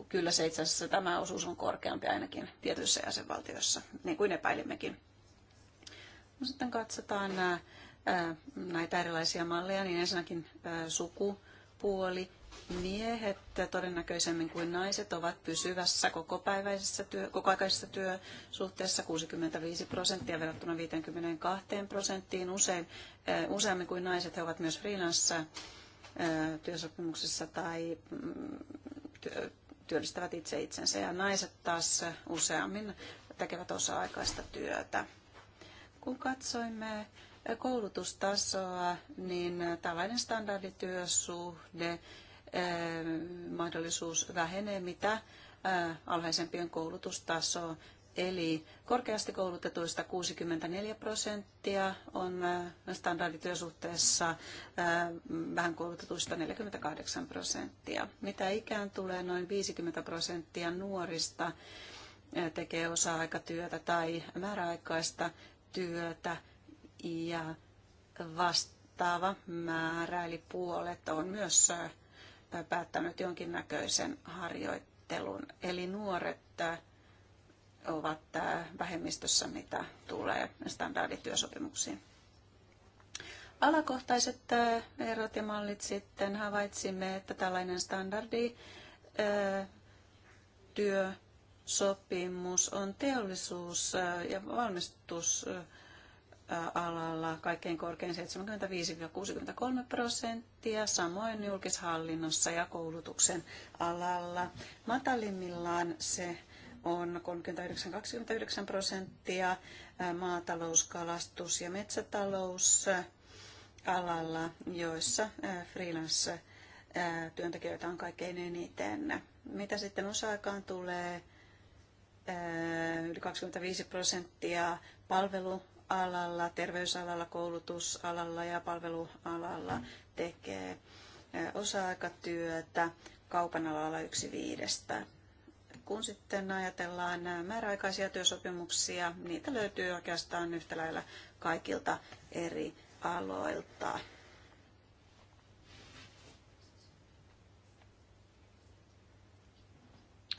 Kyllä se itse asiassa tämä osuus on korkeampi ainakin tietyissä jäsenvaltioissa, niin kuin epäilimmekin. No sitten katsotaan nämä näitä erilaisia malleja, niin ensinnäkin sukupuoli. Miehet todennäköisemmin kuin naiset ovat pysyvässä kokopäiväisessä työ, kokoaikaisessa työsuhteessa 65 prosenttia verrattuna 52 prosenttiin. Usein, useammin kuin naiset he ovat myös freelance työsopimuksessa tai mm, työllistävät itse itsensä ja naiset taas useammin tekevät osa-aikaista työtä. Kun katsoimme koulutustasoa, niin tällainen standardityösuhde, eh, mahdollisuus vähenee, mitä eh, alhaisempien koulutustaso. Eli korkeasti koulutetuista 64 prosenttia on eh, standardityösuhteessa, vähän koulutetuista 48 prosenttia. Mitä ikään tulee, noin 50 prosenttia nuorista tekee osa-aikatyötä tai määräaikaista työtä ja vastaava määrä, eli puolet, on myös päättänyt jonkinnäköisen harjoittelun. Eli nuoret ovat vähemmistössä, mitä tulee standardityösopimuksiin. Alakohtaiset erot ja mallit sitten havaitsimme, että tällainen standardi työsopimus on teollisuus- ja valmistus alalla kaikkein korkein 75-63 prosenttia, samoin julkishallinnossa ja koulutuksen alalla. Matalimmillaan se on 39-29 prosenttia maatalous, kalastus ja metsätalous alalla, joissa freelance työntekijöitä on kaikkein eniten. Mitä sitten osa-aikaan tulee, yli 25 prosenttia palvelu alalla, terveysalalla, koulutusalalla ja palvelualalla tekee osa-aikatyötä, kaupan alalla yksi viidestä. Kun sitten ajatellaan määräaikaisia työsopimuksia, niitä löytyy oikeastaan yhtä lailla kaikilta eri aloilta.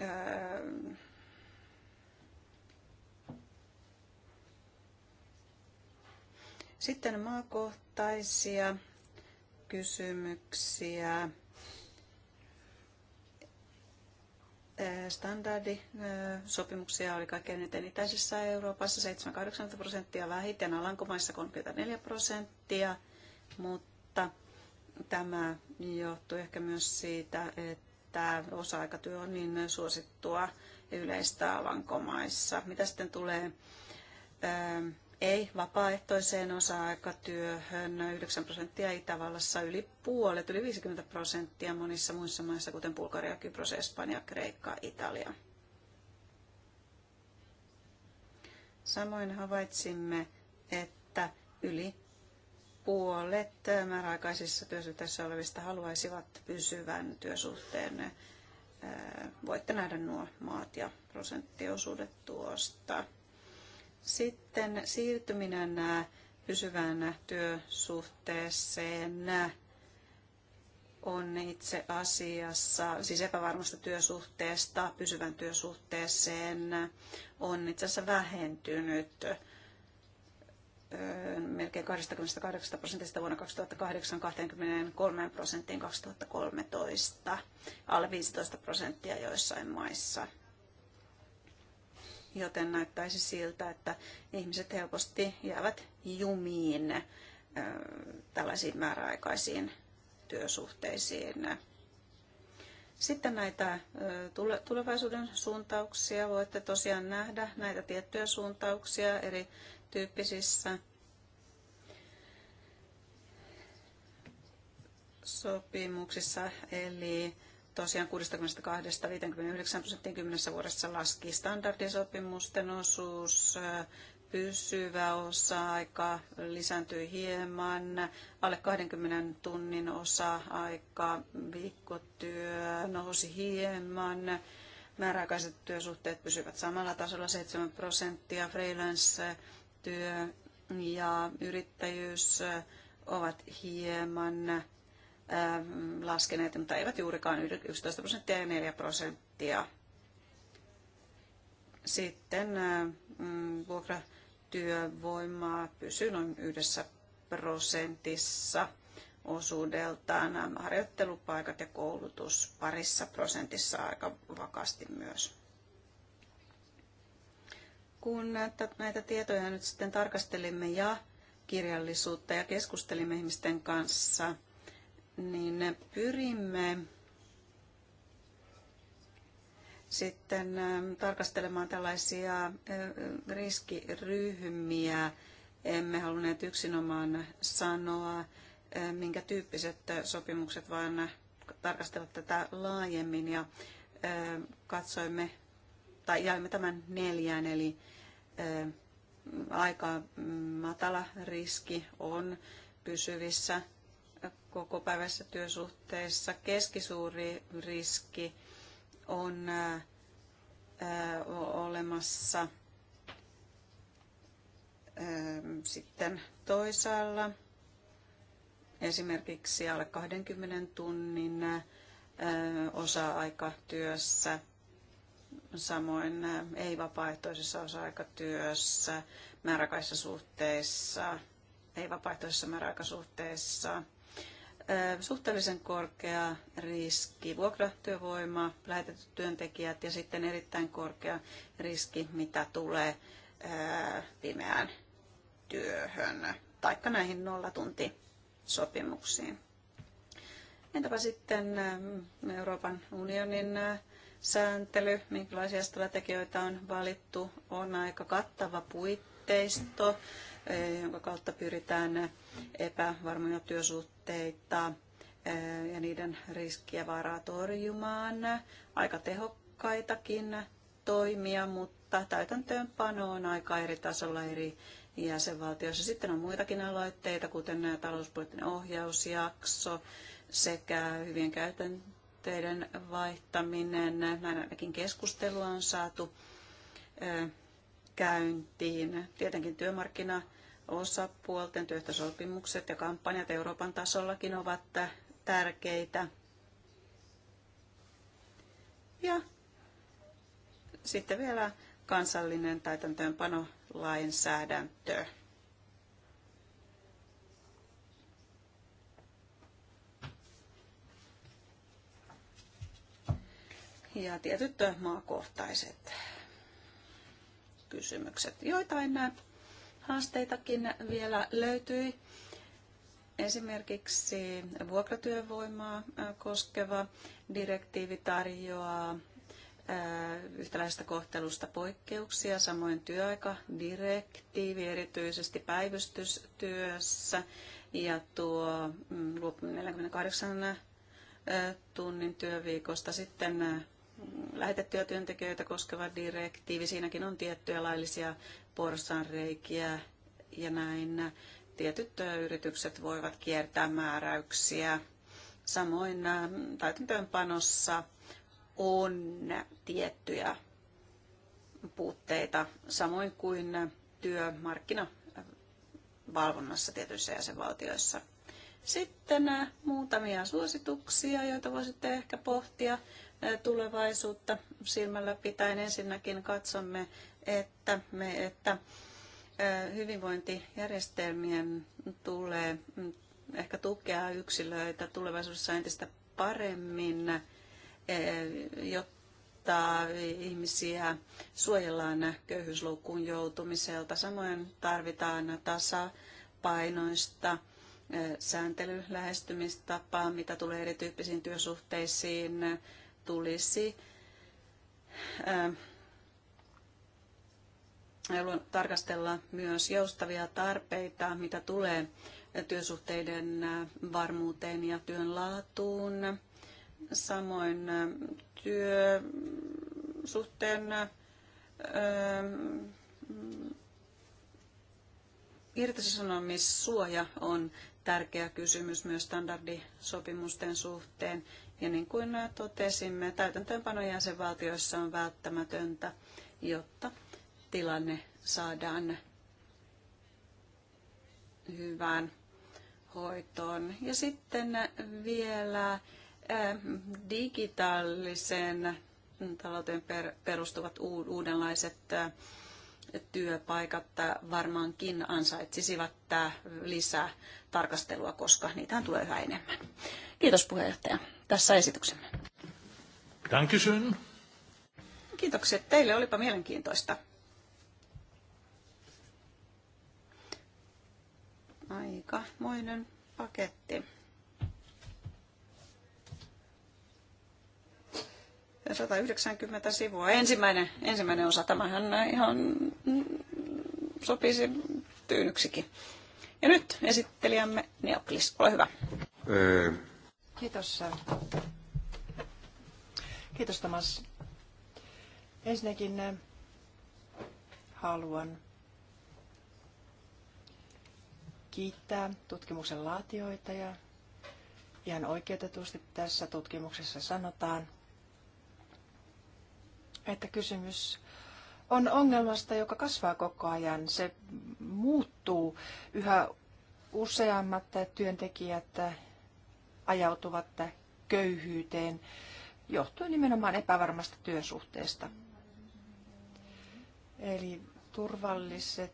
Öö, Sitten maakohtaisia kysymyksiä. standardisopimuksia oli kaikkein eniten itäisessä Euroopassa 7-80 prosenttia, vähiten Alankomaissa 34 prosenttia, mutta tämä johtuu ehkä myös siitä, että osa-aikatyö on niin suosittua yleistä Alankomaissa. Mitä sitten tulee ei vapaaehtoiseen osa-aikatyöhön, 9 prosenttia Itävallassa, yli puolet, yli 50 prosenttia monissa muissa maissa, kuten Bulgaria, Kypros, Espanja, Kreikka, Italia. Samoin havaitsimme, että yli puolet määräaikaisissa työsuhteissa olevista haluaisivat pysyvän työsuhteen. Voitte nähdä nuo maat ja prosenttiosuudet tuosta. Sitten siirtyminen äh, pysyvään työsuhteeseen äh, on itse asiassa, siis epävarmasta työsuhteesta pysyvän työsuhteeseen äh, on itse asiassa vähentynyt melkein 28 prosentista vuonna 2008 23 prosenttiin 2013, alle 15 prosenttia joissain maissa joten näyttäisi siltä, että ihmiset helposti jäävät jumiin tällaisiin määräaikaisiin työsuhteisiin. Sitten näitä tulevaisuuden suuntauksia voitte tosiaan nähdä, näitä tiettyjä suuntauksia eri tyyppisissä sopimuksissa, eli tosiaan 62-59 prosenttiin 10 vuodessa laski standardisopimusten osuus, pysyvä osa-aika lisääntyi hieman, alle 20 tunnin osa-aika, viikkotyö nousi hieman, määräaikaiset työsuhteet pysyvät samalla tasolla 7 prosenttia, freelance-työ ja yrittäjyys ovat hieman Ähm, laskeneet, mutta eivät juurikaan 11 prosenttia ja 4 prosenttia. Sitten ähm, vuokratyövoimaa pysyy noin yhdessä prosentissa osuudeltaan. Harjoittelupaikat ja koulutus parissa prosentissa aika vakaasti myös. Kun näitä tietoja nyt sitten tarkastelimme ja kirjallisuutta ja keskustelimme ihmisten kanssa – niin pyrimme sitten ähm, tarkastelemaan tällaisia äh, äh, riskiryhmiä. Emme halunneet yksinomaan sanoa, äh, minkä tyyppiset sopimukset, vaan tarkastella tätä laajemmin ja katsoimme tai jaimme tämän neljään, eli aika matala riski on pysyvissä koko päivässä työsuhteessa. Keskisuuri riski on äh, äh, olemassa ähm, sitten toisaalla. Esimerkiksi alle 20 tunnin äh, osa-aikatyössä, samoin ei-vapaaehtoisessa osa-aikatyössä, määräaikaisissa suhteissa, ei-vapaaehtoisessa määräaikasuhteissa – suhteellisen korkea riski vuokratyövoima, lähetetyt työntekijät ja sitten erittäin korkea riski, mitä tulee pimeään työhön taikka näihin nollatuntisopimuksiin. Entäpä sitten Euroopan unionin sääntely, minkälaisia strategioita on valittu, on aika kattava puitteisto jonka kautta pyritään epävarmoja työsuhteita ja niiden riskiä varaa torjumaan. Aika tehokkaitakin toimia, mutta täytäntöönpano on aika eri tasolla eri jäsenvaltioissa. Sitten on muitakin aloitteita, kuten talouspoliittinen ohjausjakso sekä hyvien käytänteiden vaihtaminen. Näin ainakin keskustelua on saatu käyntiin. Tietenkin työmarkkina osapuolten työehtosopimukset ja kampanjat Euroopan tasollakin ovat tärkeitä. Ja sitten vielä kansallinen täytäntöönpanolainsäädäntö. Ja tietyt maakohtaiset kysymykset. Joitain äh, haasteitakin vielä löytyi. Esimerkiksi vuokratyövoimaa äh, koskeva direktiivi tarjoaa äh, yhtäläisestä kohtelusta poikkeuksia, samoin työaikadirektiivi erityisesti päivystystyössä ja tuo 48 mm, tunnin työviikosta sitten lähetettyjä työntekijöitä koskeva direktiivi. Siinäkin on tiettyjä laillisia porsanreikiä ja näin. Tietyt yritykset voivat kiertää määräyksiä. Samoin ähm, täytäntöönpanossa on tiettyjä puutteita, samoin kuin työmarkkinavalvonnassa tietyissä jäsenvaltioissa. Sitten äh, muutamia suosituksia, joita voisitte ehkä pohtia tulevaisuutta silmällä pitäen. Ensinnäkin katsomme, että, me, että hyvinvointijärjestelmien tulee mm, ehkä tukea yksilöitä tulevaisuudessa entistä paremmin, jotta ihmisiä suojellaan köyhyysloukkuun joutumiselta. Samoin tarvitaan tasapainoista sääntelylähestymistapaa, mitä tulee erityyppisiin työsuhteisiin, tulisi tarkastella myös joustavia tarpeita, mitä tulee työsuhteiden varmuuteen ja työn laatuun. Samoin työsuhteen irtisanomissuoja on tärkeä kysymys myös standardisopimusten suhteen ja niin kuin totesimme, täytäntöönpano jäsenvaltioissa on välttämätöntä, jotta tilanne saadaan hyvään hoitoon. Ja sitten vielä eh, digitaalisen talouteen perustuvat uudenlaiset eh, työpaikat varmaankin ansaitsisivat lisää tarkastelua, koska niitä tulee yhä enemmän. Kiitos puheenjohtaja. Tässä esityksemme. Dankeschön. Kiitoksia teille. Olipa mielenkiintoista. Aikamoinen paketti. 190 sivua. Ensimmäinen, ensimmäinen osa, tämähän ihan sopisi tyynyksikin. Ja nyt esittelijämme Neoklis, ole hyvä. Öö. Kiitos. Kiitos Tomas. Ensinnäkin äh, haluan kiittää tutkimuksen laatioita ja ihan oikeutetusti tässä tutkimuksessa sanotaan, että kysymys on ongelmasta, joka kasvaa koko ajan. Se muuttuu. Yhä useammat työntekijät ajautuvat köyhyyteen johtuen nimenomaan epävarmasta työsuhteesta. Eli turvalliset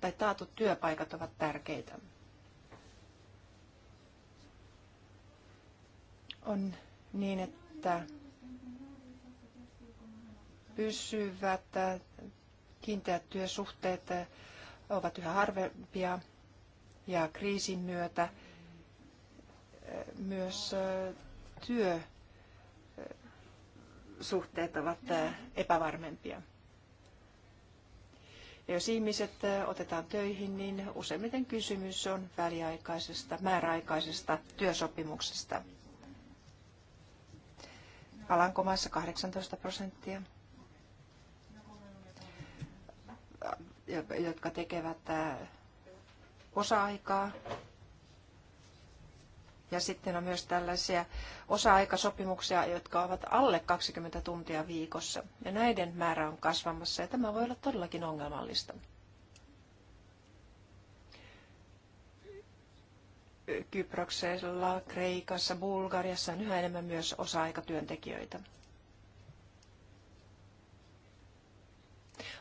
tai taatut työpaikat ovat tärkeitä. On niin, että pysyvät äh, kiinteät työsuhteet äh, ovat yhä harvempia ja kriisin myötä äh, myös työsuhteet ovat epävarmempia. Ja jos ihmiset otetaan töihin, niin useimmiten kysymys on väliaikaisesta, määräaikaisesta työsopimuksesta. Alankomaissa 18 prosenttia. jotka tekevät osa-aikaa. Ja sitten on myös tällaisia osa-aikasopimuksia, jotka ovat alle 20 tuntia viikossa. Ja näiden määrä on kasvamassa ja tämä voi olla todellakin ongelmallista. Kyproksella, Kreikassa, Bulgariassa on yhä enemmän myös osa-aikatyöntekijöitä.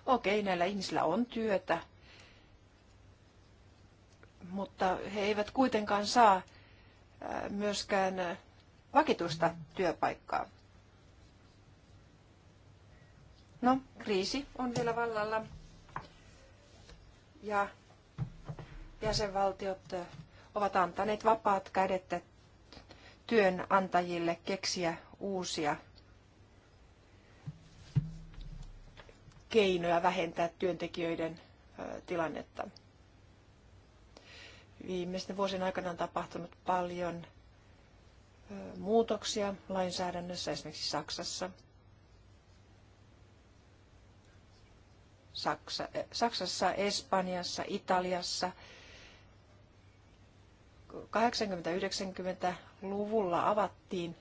Okei, näillä ihmisillä on työtä, mutta he eivät kuitenkaan saa myöskään vakituista työpaikkaa. No, kriisi on vielä vallalla ja jäsenvaltiot ovat antaneet vapaat kädet työnantajille keksiä uusia keinoja vähentää työntekijöiden tilannetta. Viimeisten vuosien aikana on tapahtunut paljon muutoksia lainsäädännössä, esimerkiksi Saksassa. Saksa, Saksassa, Espanjassa, Italiassa. 80-90-luvulla avattiin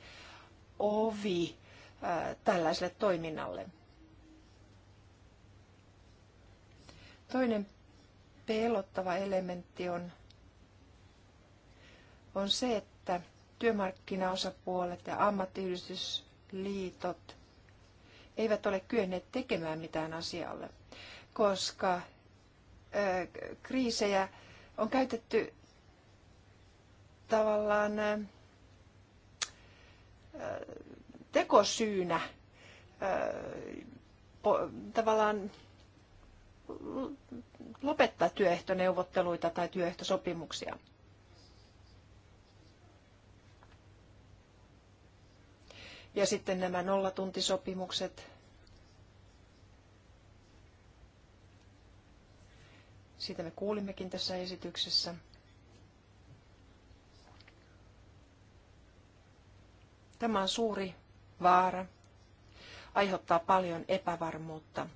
ovi tällaiselle toiminnalle. Toinen pelottava elementti on, on se, että työmarkkinaosapuolet ja ammattiyhdistysliitot eivät ole kyenneet tekemään mitään asialle, koska ö, kriisejä on käytetty tavallaan ö, tekosyynä ö, po, tavallaan lopettaa työehtoneuvotteluita tai työehtosopimuksia. Ja sitten nämä nollatuntisopimukset. Siitä me kuulimmekin tässä esityksessä. Tämä on suuri vaara, aiheuttaa paljon epävarmuutta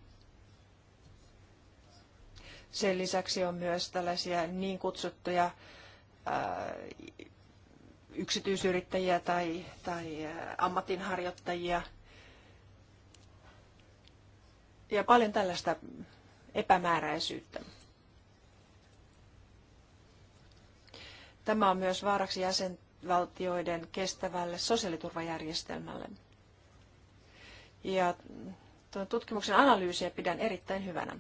sen lisäksi on myös tällaisia niin kutsuttuja yksityisyrittäjiä tai, tai ammatinharjoittajia. Ja paljon tällaista epämääräisyyttä. Tämä on myös vaaraksi jäsenvaltioiden kestävälle sosiaaliturvajärjestelmälle. Ja tutkimuksen analyysiä pidän erittäin hyvänä.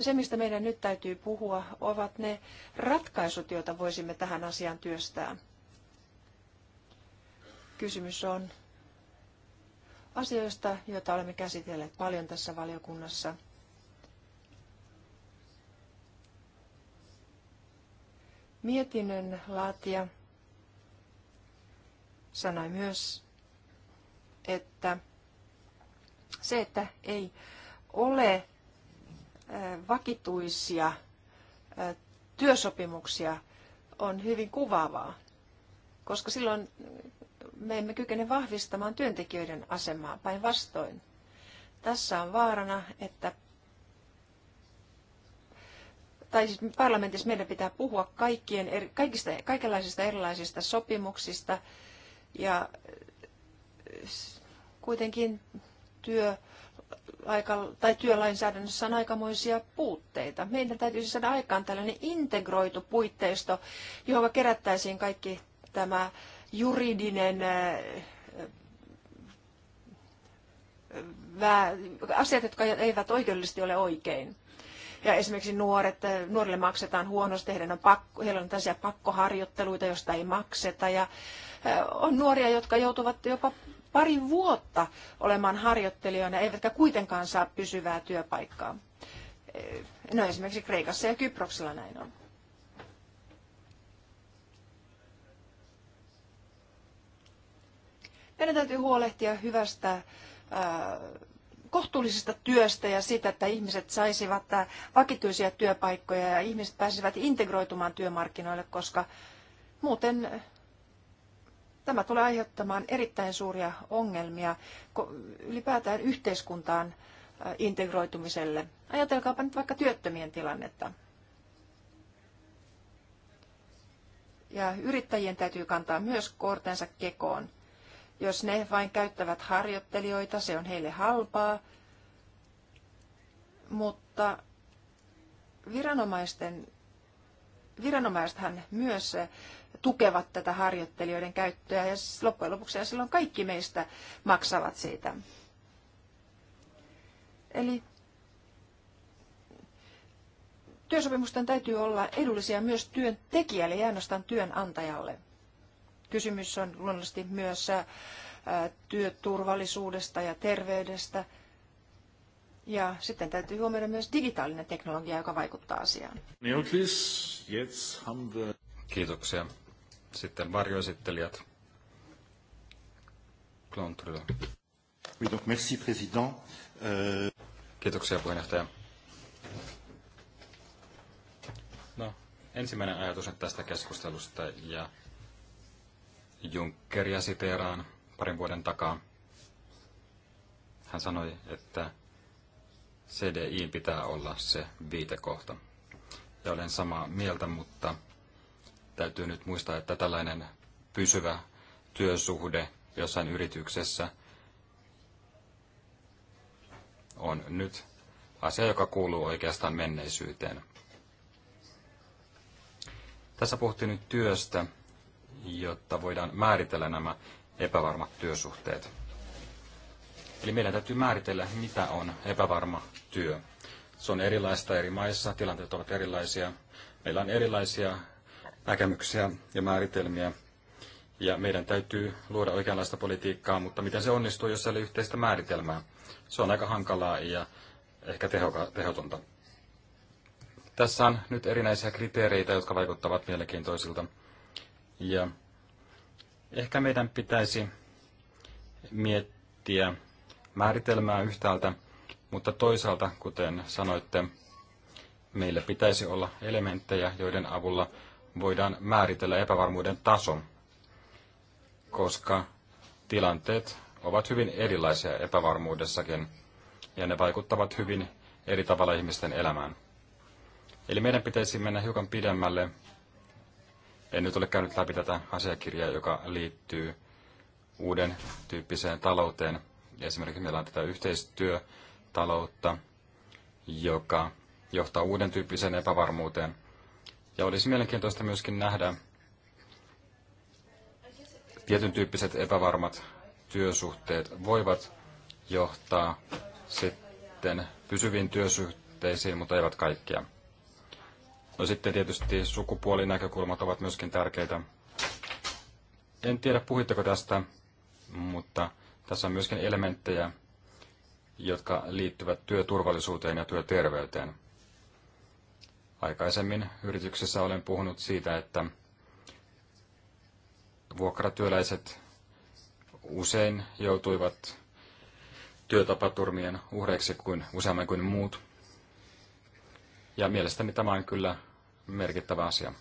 Se, mistä meidän nyt täytyy puhua, ovat ne ratkaisut, joita voisimme tähän asiaan työstää. Kysymys on asioista, joita olemme käsitelleet paljon tässä valiokunnassa. Mietinnön laatija sanoi myös, että se, että ei ole vakituisia työsopimuksia on hyvin kuvaavaa, koska silloin me emme kykene vahvistamaan työntekijöiden asemaa päinvastoin. Tässä on vaarana, että tai siis parlamentissa meidän pitää puhua kaikkien, kaikista, kaikenlaisista erilaisista sopimuksista ja kuitenkin työ aika, tai työlainsäädännössä on aikamoisia puutteita. Meidän täytyisi siis saada aikaan tällainen integroitu puitteisto, johon kerättäisiin kaikki tämä juridinen asiat, jotka eivät oikeudellisesti ole oikein. Ja esimerkiksi nuoret, nuorille maksetaan huonosti, heillä on pakko, heillä on tällaisia pakkoharjoitteluita, joista ei makseta. Ja on nuoria, jotka joutuvat jopa pari vuotta olemaan harjoittelijoina, eivätkä kuitenkaan saa pysyvää työpaikkaa. No esimerkiksi Kreikassa ja Kyproksella näin on. Meidän täytyy huolehtia hyvästä kohtuullisesta työstä ja siitä, että ihmiset saisivat vakituisia työpaikkoja ja ihmiset pääsisivät integroitumaan työmarkkinoille, koska muuten Tämä tulee aiheuttamaan erittäin suuria ongelmia ylipäätään yhteiskuntaan äh, integroitumiselle. Ajatelkaapa nyt vaikka työttömien tilannetta. Ja yrittäjien täytyy kantaa myös kortensa kekoon. Jos ne vain käyttävät harjoittelijoita, se on heille halpaa. Mutta viranomaisten, viranomaisethan myös tukevat tätä harjoittelijoiden käyttöä ja loppujen lopuksi ja silloin kaikki meistä maksavat siitä. Eli työsopimusten täytyy olla edullisia myös työntekijälle ja ainoastaan työnantajalle. Kysymys on luonnollisesti myös äh, työturvallisuudesta ja terveydestä. Ja sitten täytyy huomioida myös digitaalinen teknologia, joka vaikuttaa asiaan. Kiitoksia. Sitten varjoesittelijät. Klontryllä. merci, euh, Kiitoksia, puheenjohtaja. No, ensimmäinen ajatus on tästä keskustelusta ja Junckeria siteeraan parin vuoden takaa. Hän sanoi, että CDI pitää olla se viitekohta. Ja olen samaa mieltä, mutta Täytyy nyt muistaa, että tällainen pysyvä työsuhde jossain yrityksessä on nyt asia, joka kuuluu oikeastaan menneisyyteen. Tässä puhuttiin nyt työstä, jotta voidaan määritellä nämä epävarmat työsuhteet. Eli meidän täytyy määritellä, mitä on epävarma työ. Se on erilaista eri maissa, tilanteet ovat erilaisia. Meillä on erilaisia näkemyksiä ja määritelmiä. Ja meidän täytyy luoda oikeanlaista politiikkaa, mutta miten se onnistuu, jos ei ole yhteistä määritelmää? Se on aika hankalaa ja ehkä tehoka, tehotonta. Tässä on nyt erinäisiä kriteereitä, jotka vaikuttavat mielenkiintoisilta. Ja ehkä meidän pitäisi miettiä määritelmää yhtäältä, mutta toisaalta, kuten sanoitte, meillä pitäisi olla elementtejä, joiden avulla voidaan määritellä epävarmuuden taso, koska tilanteet ovat hyvin erilaisia epävarmuudessakin ja ne vaikuttavat hyvin eri tavalla ihmisten elämään. Eli meidän pitäisi mennä hiukan pidemmälle. En nyt ole käynyt läpi tätä asiakirjaa, joka liittyy uuden tyyppiseen talouteen. Esimerkiksi meillä on tätä yhteistyötaloutta, joka johtaa uuden tyyppiseen epävarmuuteen – ja olisi mielenkiintoista myöskin nähdä tietyn tyyppiset epävarmat työsuhteet voivat johtaa sitten pysyviin työsuhteisiin, mutta eivät kaikkia. No sitten tietysti sukupuolinäkökulmat ovat myöskin tärkeitä. En tiedä, puhitteko tästä, mutta tässä on myöskin elementtejä, jotka liittyvät työturvallisuuteen ja työterveyteen. Aikaisemmin yrityksessä olen puhunut siitä, että vuokratyöläiset usein joutuivat työtapaturmien uhreiksi kuin useammin kuin muut. Ja mielestäni tämä on kyllä merkittävä asia.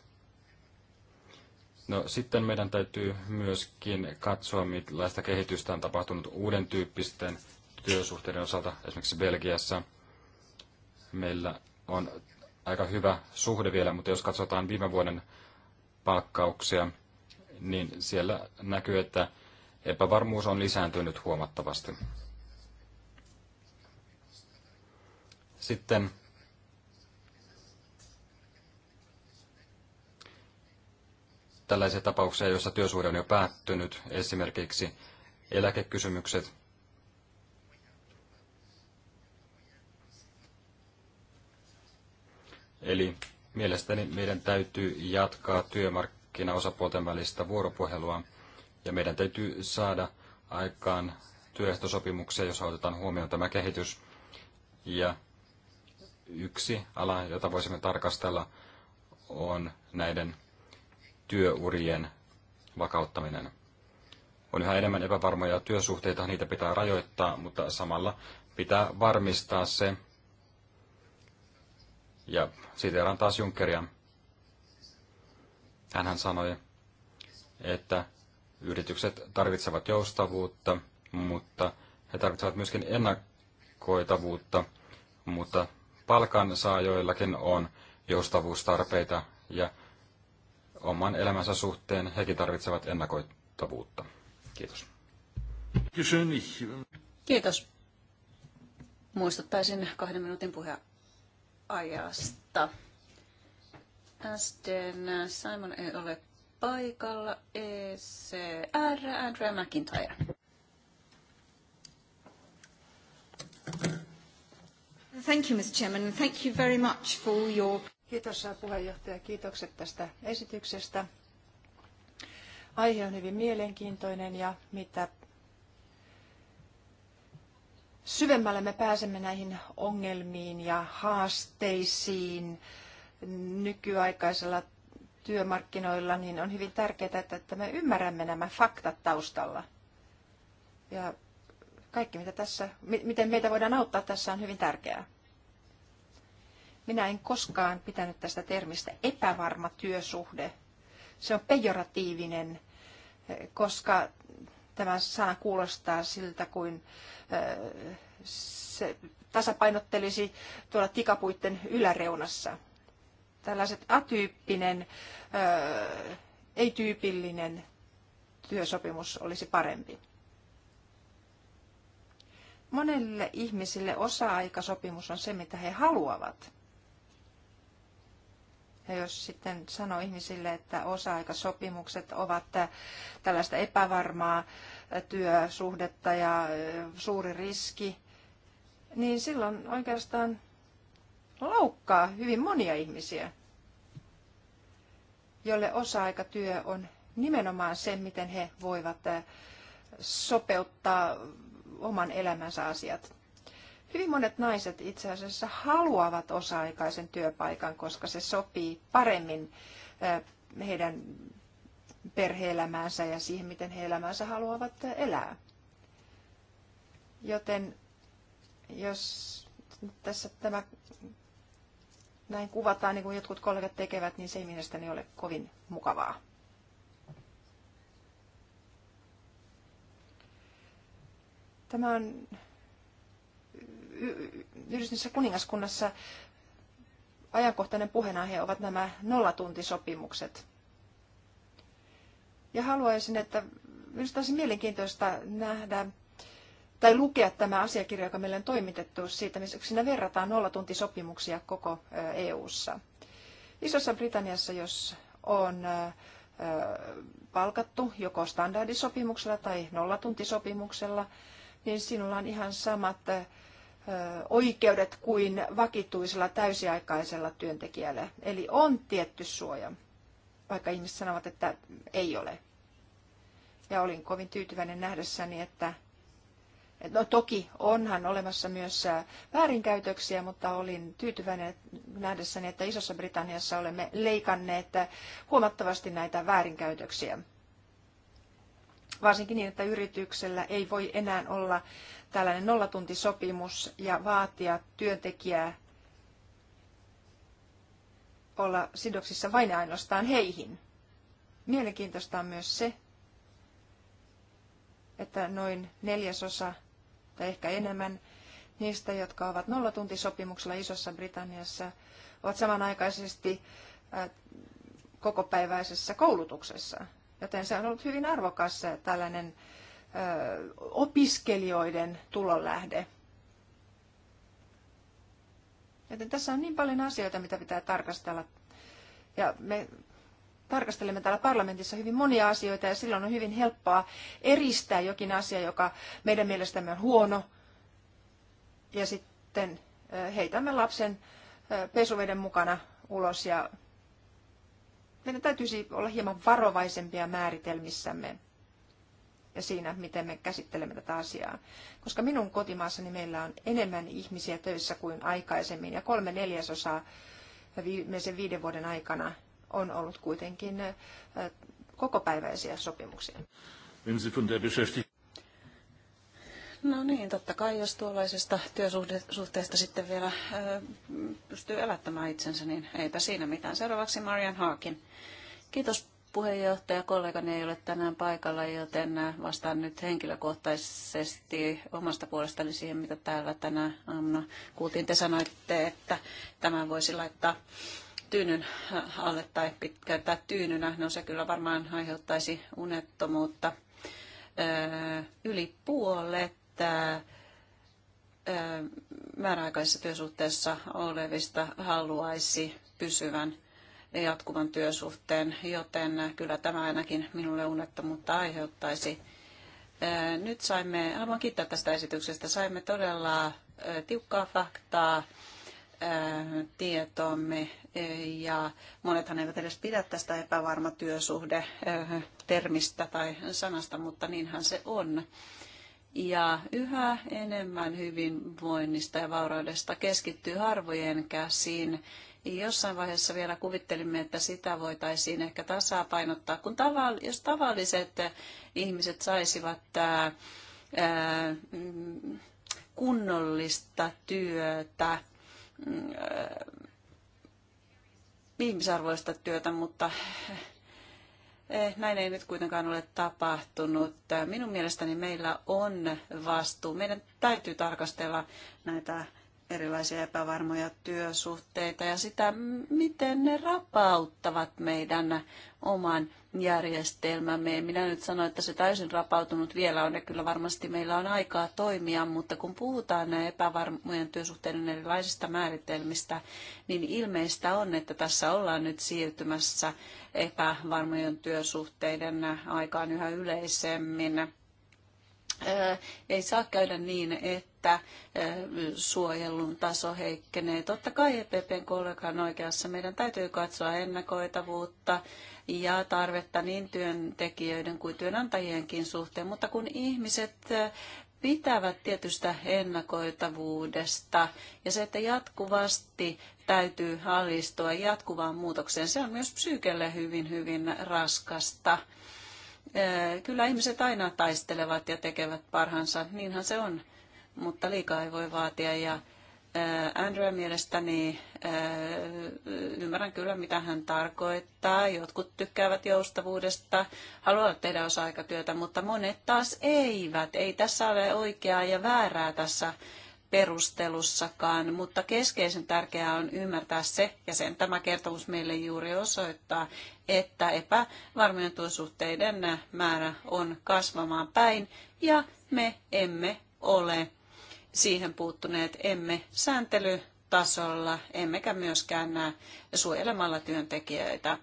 No, sitten meidän täytyy myöskin katsoa, millaista kehitystä on tapahtunut uuden tyyppisten työsuhteiden osalta. Esimerkiksi Belgiassa meillä on aika hyvä suhde vielä, mutta jos katsotaan viime vuoden palkkauksia, niin siellä näkyy, että epävarmuus on lisääntynyt huomattavasti. Sitten tällaisia tapauksia, joissa työsuhde on jo päättynyt, esimerkiksi eläkekysymykset – Eli mielestäni meidän täytyy jatkaa työmarkkinaosapuolten välistä vuoropuhelua ja meidän täytyy saada aikaan työehtosopimuksia, jos otetaan huomioon tämä kehitys. Ja yksi ala, jota voisimme tarkastella, on näiden työurien vakauttaminen. On yhä enemmän epävarmoja työsuhteita, niitä pitää rajoittaa, mutta samalla pitää varmistaa se, ja siteeran taas Junckeria. Hänhän sanoi, että yritykset tarvitsevat joustavuutta, mutta he tarvitsevat myöskin ennakoitavuutta, mutta palkansaajoillakin on joustavuustarpeita ja oman elämänsä suhteen hekin tarvitsevat ennakoitavuutta. Kiitos. Kiitos. Muistuttaisin kahden minuutin puheen ajasta. SDn Simon ei ole paikalla. ECR Andrea McIntyre. Thank you, Mr. Chairman. Thank you very much for your... Kiitos puheenjohtaja. Kiitokset tästä esityksestä. Aihe on hyvin mielenkiintoinen ja mitä syvemmälle me pääsemme näihin ongelmiin ja haasteisiin nykyaikaisella työmarkkinoilla, niin on hyvin tärkeää, että me ymmärrämme nämä faktat taustalla. Ja kaikki, mitä tässä, miten meitä voidaan auttaa tässä, on hyvin tärkeää. Minä en koskaan pitänyt tästä termistä epävarma työsuhde. Se on pejoratiivinen, koska Tämä saa kuulostaa siltä kuin se tasapainottelisi tuolla tikapuitten yläreunassa. Tällaiset atyyppinen, ei-tyypillinen työsopimus olisi parempi. Monelle ihmisille osa-aikasopimus on se, mitä he haluavat. Ja jos sitten sanoo ihmisille, että osa-aikasopimukset ovat äh, tällaista epävarmaa äh, työsuhdetta ja äh, suuri riski, niin silloin oikeastaan loukkaa hyvin monia ihmisiä, jolle osa-aikatyö on nimenomaan se, miten he voivat sopeuttaa oman elämänsä asiat. Hyvin monet naiset itse asiassa haluavat osa-aikaisen työpaikan, koska se sopii paremmin heidän perheelämäänsä ja siihen, miten he elämäänsä haluavat elää. Joten jos tässä tämä näin kuvataan, niin kuin jotkut kollegat tekevät, niin se ei mielestäni ole kovin mukavaa. Tämä on Yhdistyneessä kuningaskunnassa ajankohtainen puheenaihe ovat nämä nollatuntisopimukset. Ja haluaisin, että minusta olisi mielenkiintoista nähdä tai lukea tämä asiakirja, joka meille on toimitettu siitä, missä siinä verrataan nollatuntisopimuksia koko EU-ssa. Isossa Britanniassa, jos on palkattu joko standardisopimuksella tai nollatuntisopimuksella, niin sinulla on ihan samat oikeudet kuin vakituisella täysiaikaisella työntekijällä. Eli on tietty suoja, vaikka ihmiset sanovat, että ei ole. Ja olin kovin tyytyväinen nähdessäni, että No toki onhan olemassa myös väärinkäytöksiä, mutta olin tyytyväinen nähdessäni, että Isossa Britanniassa olemme leikanneet huomattavasti näitä väärinkäytöksiä. Varsinkin niin, että yrityksellä ei voi enää olla tällainen nollatuntisopimus ja vaatia työntekijää olla sidoksissa vain ja ainoastaan heihin. Mielenkiintoista on myös se, että noin neljäsosa tai ehkä enemmän niistä, jotka ovat nollatuntisopimuksella Isossa Britanniassa, ovat samanaikaisesti kokopäiväisessä koulutuksessa. Joten se on ollut hyvin arvokas tällainen äh, opiskelijoiden tulonlähde. Joten tässä on niin paljon asioita, mitä pitää tarkastella. Ja me tarkastelemme täällä parlamentissa hyvin monia asioita ja silloin on hyvin helppoa eristää jokin asia, joka meidän mielestämme on huono. Ja sitten heitämme lapsen pesuveden mukana ulos ja meidän täytyisi olla hieman varovaisempia määritelmissämme ja siinä, miten me käsittelemme tätä asiaa. Koska minun kotimaassani meillä on enemmän ihmisiä töissä kuin aikaisemmin ja kolme neljäsosaa viimeisen viiden vuoden aikana on ollut kuitenkin äh, kokopäiväisiä sopimuksia. No niin, totta kai jos tuollaisesta työsuhteesta sitten vielä ö, äh, pystyy elättämään itsensä, niin eipä siinä mitään. Seuraavaksi Marian Haakin. Kiitos Puheenjohtaja kollegani ei ole tänään paikalla, joten vastaan nyt henkilökohtaisesti omasta puolestani siihen, mitä täällä tänä aamuna kuultiin. Te sanoitte, että tämän voisi laittaa tyynyn alle tai käyttää tyynynä. No se kyllä varmaan aiheuttaisi unettomuutta. Yli puolet määräaikaisessa työsuhteessa olevista haluaisi pysyvän jatkuvan työsuhteen, joten kyllä tämä ainakin minulle unettomuutta aiheuttaisi. Nyt saimme, haluan kiittää tästä esityksestä, saimme todella tiukkaa faktaa tietoomme ja monethan eivät edes pidä tästä epävarma työsuhde termistä tai sanasta, mutta niinhän se on. Ja yhä enemmän hyvinvoinnista ja vauraudesta keskittyy harvojen käsiin jossain vaiheessa vielä kuvittelimme, että sitä voitaisiin ehkä tasapainottaa, kun tavall- jos tavalliset ihmiset saisivat ää, kunnollista työtä, ää, ihmisarvoista työtä, mutta näin ei nyt kuitenkaan ole tapahtunut. Minun mielestäni meillä on vastuu. Meidän täytyy tarkastella näitä erilaisia epävarmoja työsuhteita ja sitä, miten ne rapauttavat meidän oman järjestelmämme. Minä nyt sanoin, että se täysin rapautunut vielä on ja kyllä varmasti meillä on aikaa toimia, mutta kun puhutaan näin epävarmojen työsuhteiden erilaisista määritelmistä, niin ilmeistä on, että tässä ollaan nyt siirtymässä epävarmojen työsuhteiden aikaan yhä yleisemmin ei saa käydä niin, että suojelun taso heikkenee. Totta kai EPPn kollega on oikeassa. Meidän täytyy katsoa ennakoitavuutta ja tarvetta niin työntekijöiden kuin työnantajienkin suhteen, mutta kun ihmiset pitävät tietystä ennakoitavuudesta ja se, että jatkuvasti täytyy hallistua jatkuvaan muutokseen, se on myös psyykelle hyvin, hyvin raskasta. Kyllä ihmiset aina taistelevat ja tekevät parhansa, niinhän se on, mutta liikaa ei voi vaatia. Ja Andrew mielestäni ymmärrän kyllä, mitä hän tarkoittaa. Jotkut tykkäävät joustavuudesta, haluavat tehdä osa-aikatyötä, mutta monet taas eivät. Ei tässä ole oikeaa ja väärää tässä perustelussakaan, mutta keskeisen tärkeää on ymmärtää se, ja sen tämä kertomus meille juuri osoittaa, että epävarmojen tuosuhteiden määrä on kasvamaan päin, ja me emme ole siihen puuttuneet, emme sääntelytasolla, emmekä myöskään nämä suojelemalla työntekijöitä.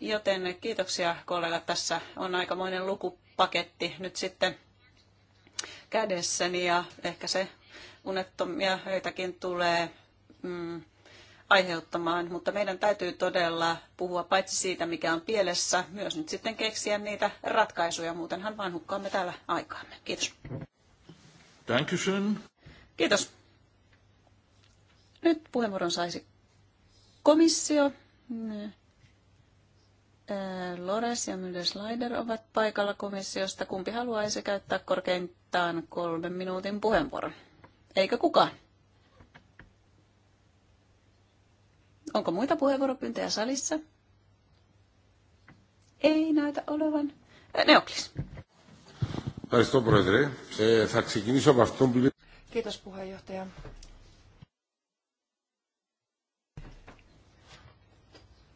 Joten kiitoksia kollega, tässä on aikamoinen lukupaketti nyt sitten kädessäni ja ehkä se unettomia heitäkin tulee mm, aiheuttamaan, mutta meidän täytyy todella puhua paitsi siitä, mikä on pielessä, myös nyt sitten keksiä niitä ratkaisuja, muutenhan vain hukkaamme täällä aikaamme. Kiitos. Kiitos. Nyt puheenvuoron saisi komissio. Äh, Lores ja myös Leider ovat paikalla komissiosta. Kumpi haluaisi käyttää korkeintaan kolmen minuutin puheenvuoron? Eikö kukaan? Onko muita puheenvuoropyyntöjä salissa? Ei näytä olevan. Neoklis. Ευχαριστώ, Πρόεδρε. puheenjohtaja.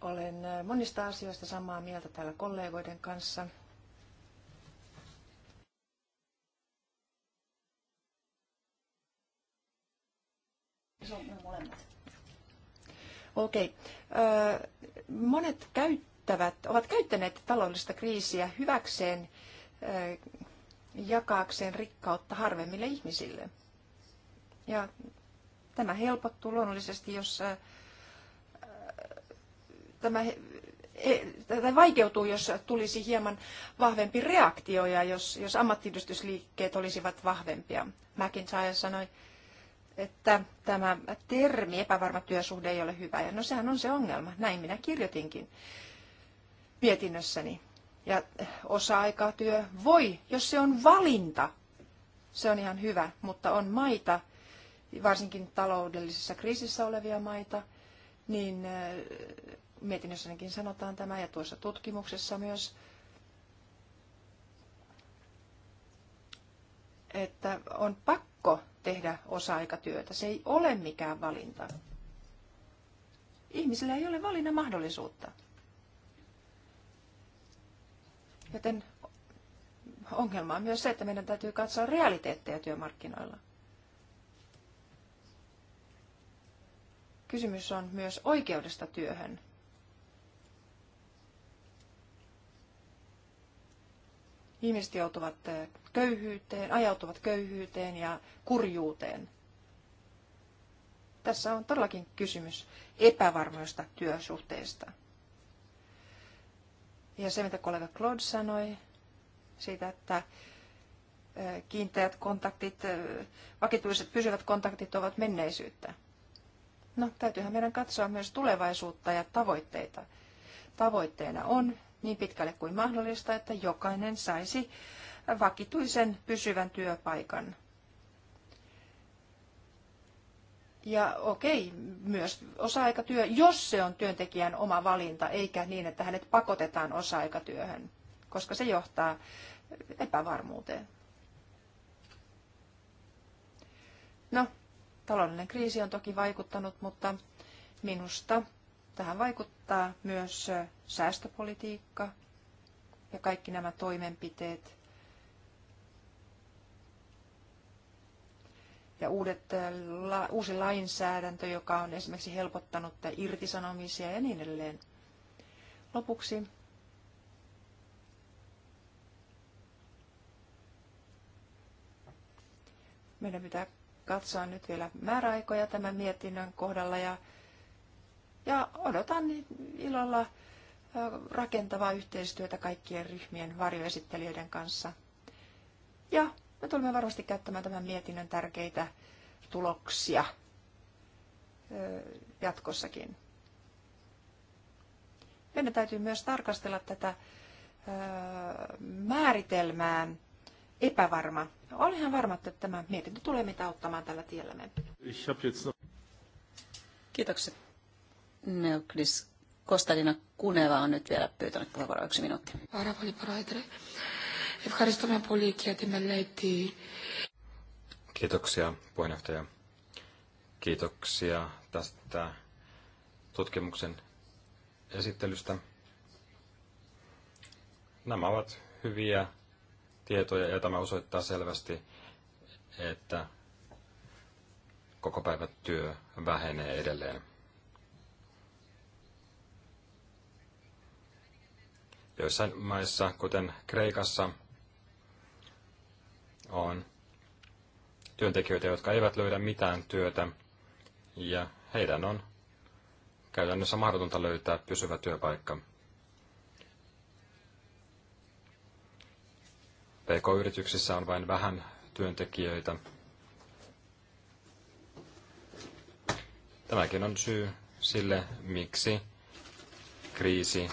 Olen monista asioista samaa mieltä täällä kollegoiden kanssa – Se on molemmat. Okei. Okay. Monet käyttävät, ovat käyttäneet taloudellista kriisiä hyväkseen jakaakseen rikkautta harvemmille ihmisille. Ja tämä helpottuu luonnollisesti, jos tämä e, Tätä vaikeutuu, jos tulisi hieman vahvempi reaktio ja jos, jos ammattiyhdistysliikkeet olisivat vahvempia. McIntyre sanoi, että tämä termi epävarma työsuhde ei ole hyvä. Ja no sehän on se ongelma. Näin minä kirjoitinkin mietinnössäni. Ja osa-aikatyö voi, jos se on valinta, se on ihan hyvä, mutta on maita, varsinkin taloudellisessa kriisissä olevia maita, niin äh, mietinnössäkin sanotaan tämä ja tuossa tutkimuksessa myös, että on pakko tehdä osa-aikatyötä. Se ei ole mikään valinta. Ihmisillä ei ole valinnan mahdollisuutta. Joten ongelma on myös se, että meidän täytyy katsoa realiteetteja työmarkkinoilla. Kysymys on myös oikeudesta työhön. Ihmiset joutuvat eh, köyhyyteen, ajautuvat köyhyyteen ja kurjuuteen. Tässä on todellakin kysymys epävarmoista työsuhteista. Ja se, mitä kollega Claude sanoi, siitä, että eh, kiinteät kontaktit, eh, vakituiset pysyvät kontaktit ovat menneisyyttä. No, täytyyhän meidän katsoa myös tulevaisuutta ja tavoitteita. Tavoitteena on niin pitkälle kuin mahdollista, että jokainen saisi vakituisen pysyvän työpaikan. Ja okei, myös osa-aikatyö, jos se on työntekijän oma valinta, eikä niin, että hänet pakotetaan osa-aikatyöhön, koska se johtaa epävarmuuteen. No, taloudellinen kriisi on toki vaikuttanut, mutta minusta Tähän vaikuttaa myös säästöpolitiikka ja kaikki nämä toimenpiteet ja uudet, la, uusi lainsäädäntö, joka on esimerkiksi helpottanut irtisanomisia ja niin edelleen. Lopuksi meidän pitää katsoa nyt vielä määräaikoja tämän mietinnön kohdalla ja ja odotan ilolla rakentavaa yhteistyötä kaikkien ryhmien varjoesittelijöiden kanssa. Ja me tulemme varmasti käyttämään tämän mietinnön tärkeitä tuloksia jatkossakin. Meidän täytyy myös tarkastella tätä määritelmää epävarma. Olen ihan varma, että tämä mietintö tulee mitä auttamaan tällä tiellä. Kiitokset Neuklis Kostadina Kuneva on nyt vielä pyytänyt puheenvuoroa yksi minuutti. Kiitoksia puheenjohtaja. Kiitoksia tästä tutkimuksen esittelystä. Nämä ovat hyviä tietoja ja tämä osoittaa selvästi, että koko päivä työ vähenee edelleen. Joissain maissa, kuten Kreikassa, on työntekijöitä, jotka eivät löydä mitään työtä, ja heidän on käytännössä mahdotonta löytää pysyvä työpaikka. PK-yrityksissä on vain vähän työntekijöitä. Tämäkin on syy sille, miksi kriisi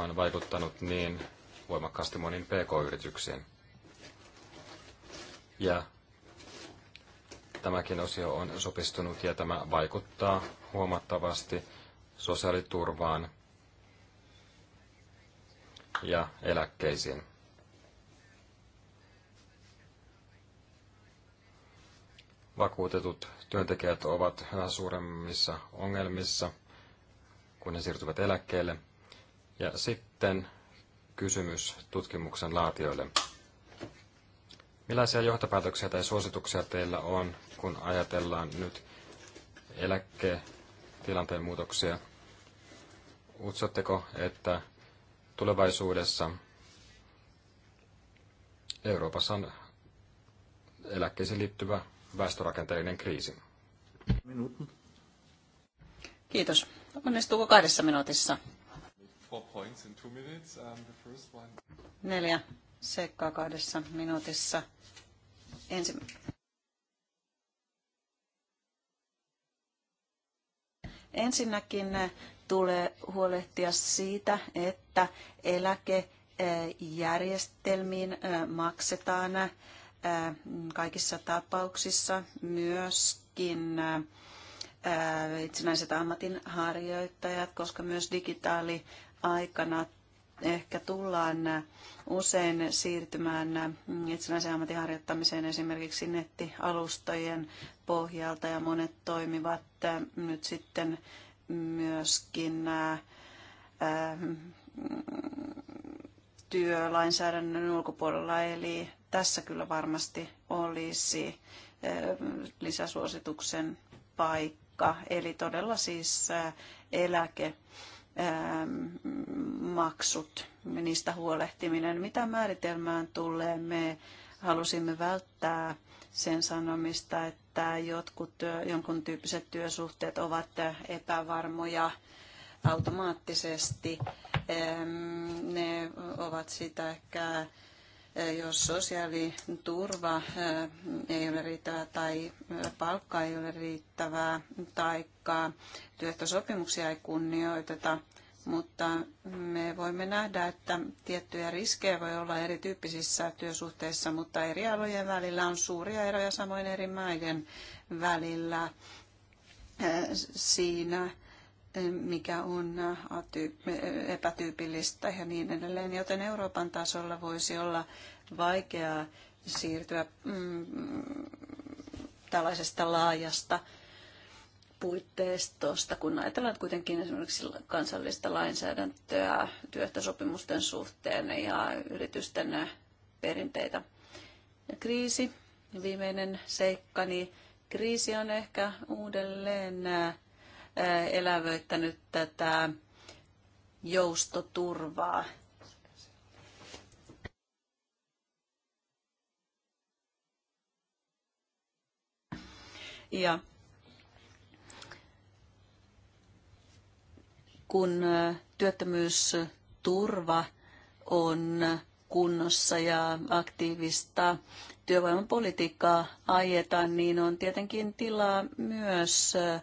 on vaikuttanut niin voimakkaasti moniin pk-yrityksiin. Ja tämäkin osio on sopistunut ja tämä vaikuttaa huomattavasti sosiaaliturvaan ja eläkkeisiin. Vakuutetut työntekijät ovat suuremmissa ongelmissa, kun ne siirtyvät eläkkeelle, ja sitten kysymys tutkimuksen laatijoille. Millaisia johtopäätöksiä tai suosituksia teillä on, kun ajatellaan nyt tilanteen muutoksia? Utsotteko, että tulevaisuudessa Euroopassa on eläkkeisiin liittyvä väestörakenteellinen kriisi? Minuutin. Kiitos. Onnistuuko kahdessa minuutissa? Um, Neljä seikkaa kahdessa minuutissa. Ensi... Ensinnäkin eh, tulee huolehtia siitä, että eläkejärjestelmiin eh, maksetaan eh, kaikissa tapauksissa myöskin itsenäiset ammatinharjoittajat, koska myös digitaali aikana ehkä tullaan usein siirtymään itsenäisen ammatinharjoittamiseen esimerkiksi nettialustojen pohjalta ja monet toimivat nyt sitten myöskin työlainsäädännön ulkopuolella, eli tässä kyllä varmasti olisi lisäsuosituksen paikka, eli todella siis eläke Ähm, maksut, niistä huolehtiminen. Mitä määritelmään tulee, me halusimme välttää sen sanomista, että jotkut, jonkun tyyppiset työsuhteet ovat epävarmoja automaattisesti. Ne ovat sitä ehkä jos sosiaaliturva eh, ei ole riittävää tai eh, palkka ei ole riittävää tai työehtosopimuksia ei kunnioiteta, mutta me voimme nähdä, että tiettyjä riskejä voi olla erityyppisissä työsuhteissa, mutta eri alojen välillä on suuria eroja samoin eri maiden välillä eh, siinä, mikä on äh, epätyypillistä ja niin edelleen, joten Euroopan tasolla voisi olla vaikeaa siirtyä mm, tällaisesta laajasta puitteistosta, kun ajatellaan kuitenkin esimerkiksi kansallista lainsäädäntöä työhtösopimusten suhteen ja yritysten perinteitä. Ja kriisi, viimeinen seikka, niin kriisi on ehkä uudelleen äh, Eh, elävöittänyt tätä joustoturvaa. Ja kun eh, työttömyysturva on kunnossa ja aktiivista työvoimapolitiikkaa ajetaan, niin on tietenkin tilaa myös eh,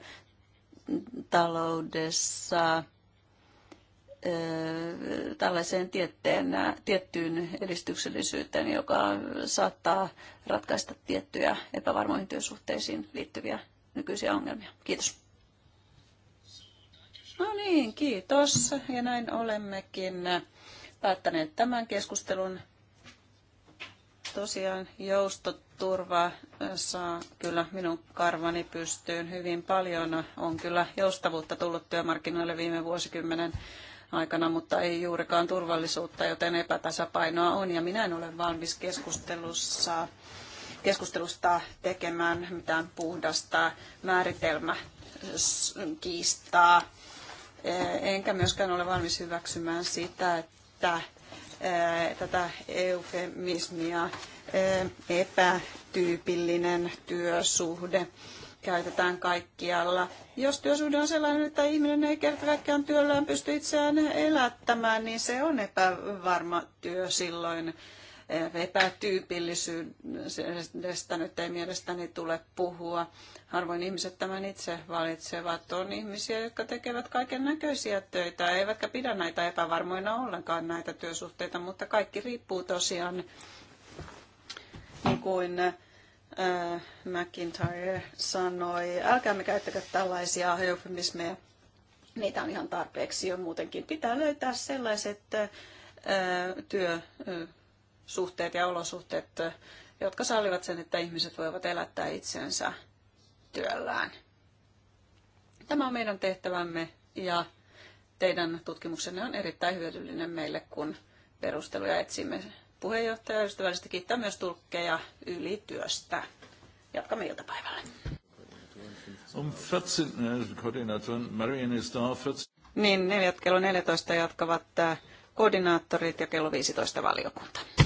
taloudessa tällaiseen tietteen, tiettyyn edistyksellisyyteen, joka saattaa ratkaista tiettyjä epävarmoihin työsuhteisiin liittyviä nykyisiä ongelmia. Kiitos. No niin, kiitos. Ja näin olemmekin päättäneet tämän keskustelun tosiaan joustoturva äh, saa kyllä minun karvani pystyyn hyvin paljon. On kyllä joustavuutta tullut työmarkkinoille viime vuosikymmenen aikana, mutta ei juurikaan turvallisuutta, joten epätasapainoa on. Ja minä en ole valmis keskustelussa, keskustelusta tekemään mitään puhdasta määritelmäkiistaa. Enkä myöskään ole valmis hyväksymään sitä, että tätä eufemismia epätyypillinen työsuhde käytetään kaikkialla. Jos työsuhde on sellainen, että ihminen ei kerta kaikkiaan työllään pysty itseään elättämään, niin se on epävarma työ silloin epätyypillisyydestä nyt ei mielestäni tule puhua. Harvoin ihmiset tämän itse valitsevat. On ihmisiä, jotka tekevät kaiken näköisiä töitä, eivätkä pidä näitä epävarmoina ollenkaan näitä työsuhteita, mutta kaikki riippuu tosiaan niin kuin äh, McIntyre sanoi, älkäämme käyttäkö tällaisia eufemismeja. Niitä on ihan tarpeeksi jo muutenkin. Pitää löytää sellaiset äh, työ, äh, suhteet ja olosuhteet, jotka sallivat sen, että ihmiset voivat elättää itsensä työllään. Tämä on meidän tehtävämme ja teidän tutkimuksenne on erittäin hyödyllinen meille, kun perusteluja etsimme. Puheenjohtaja ystävällisesti kiittää myös tulkkeja ylityöstä. Jatkamme iltapäivällä. On 14. koordinaattorin Niin, 4, kello 14 jatkavat äh, koordinaattorit ja kello 15 valiokunta.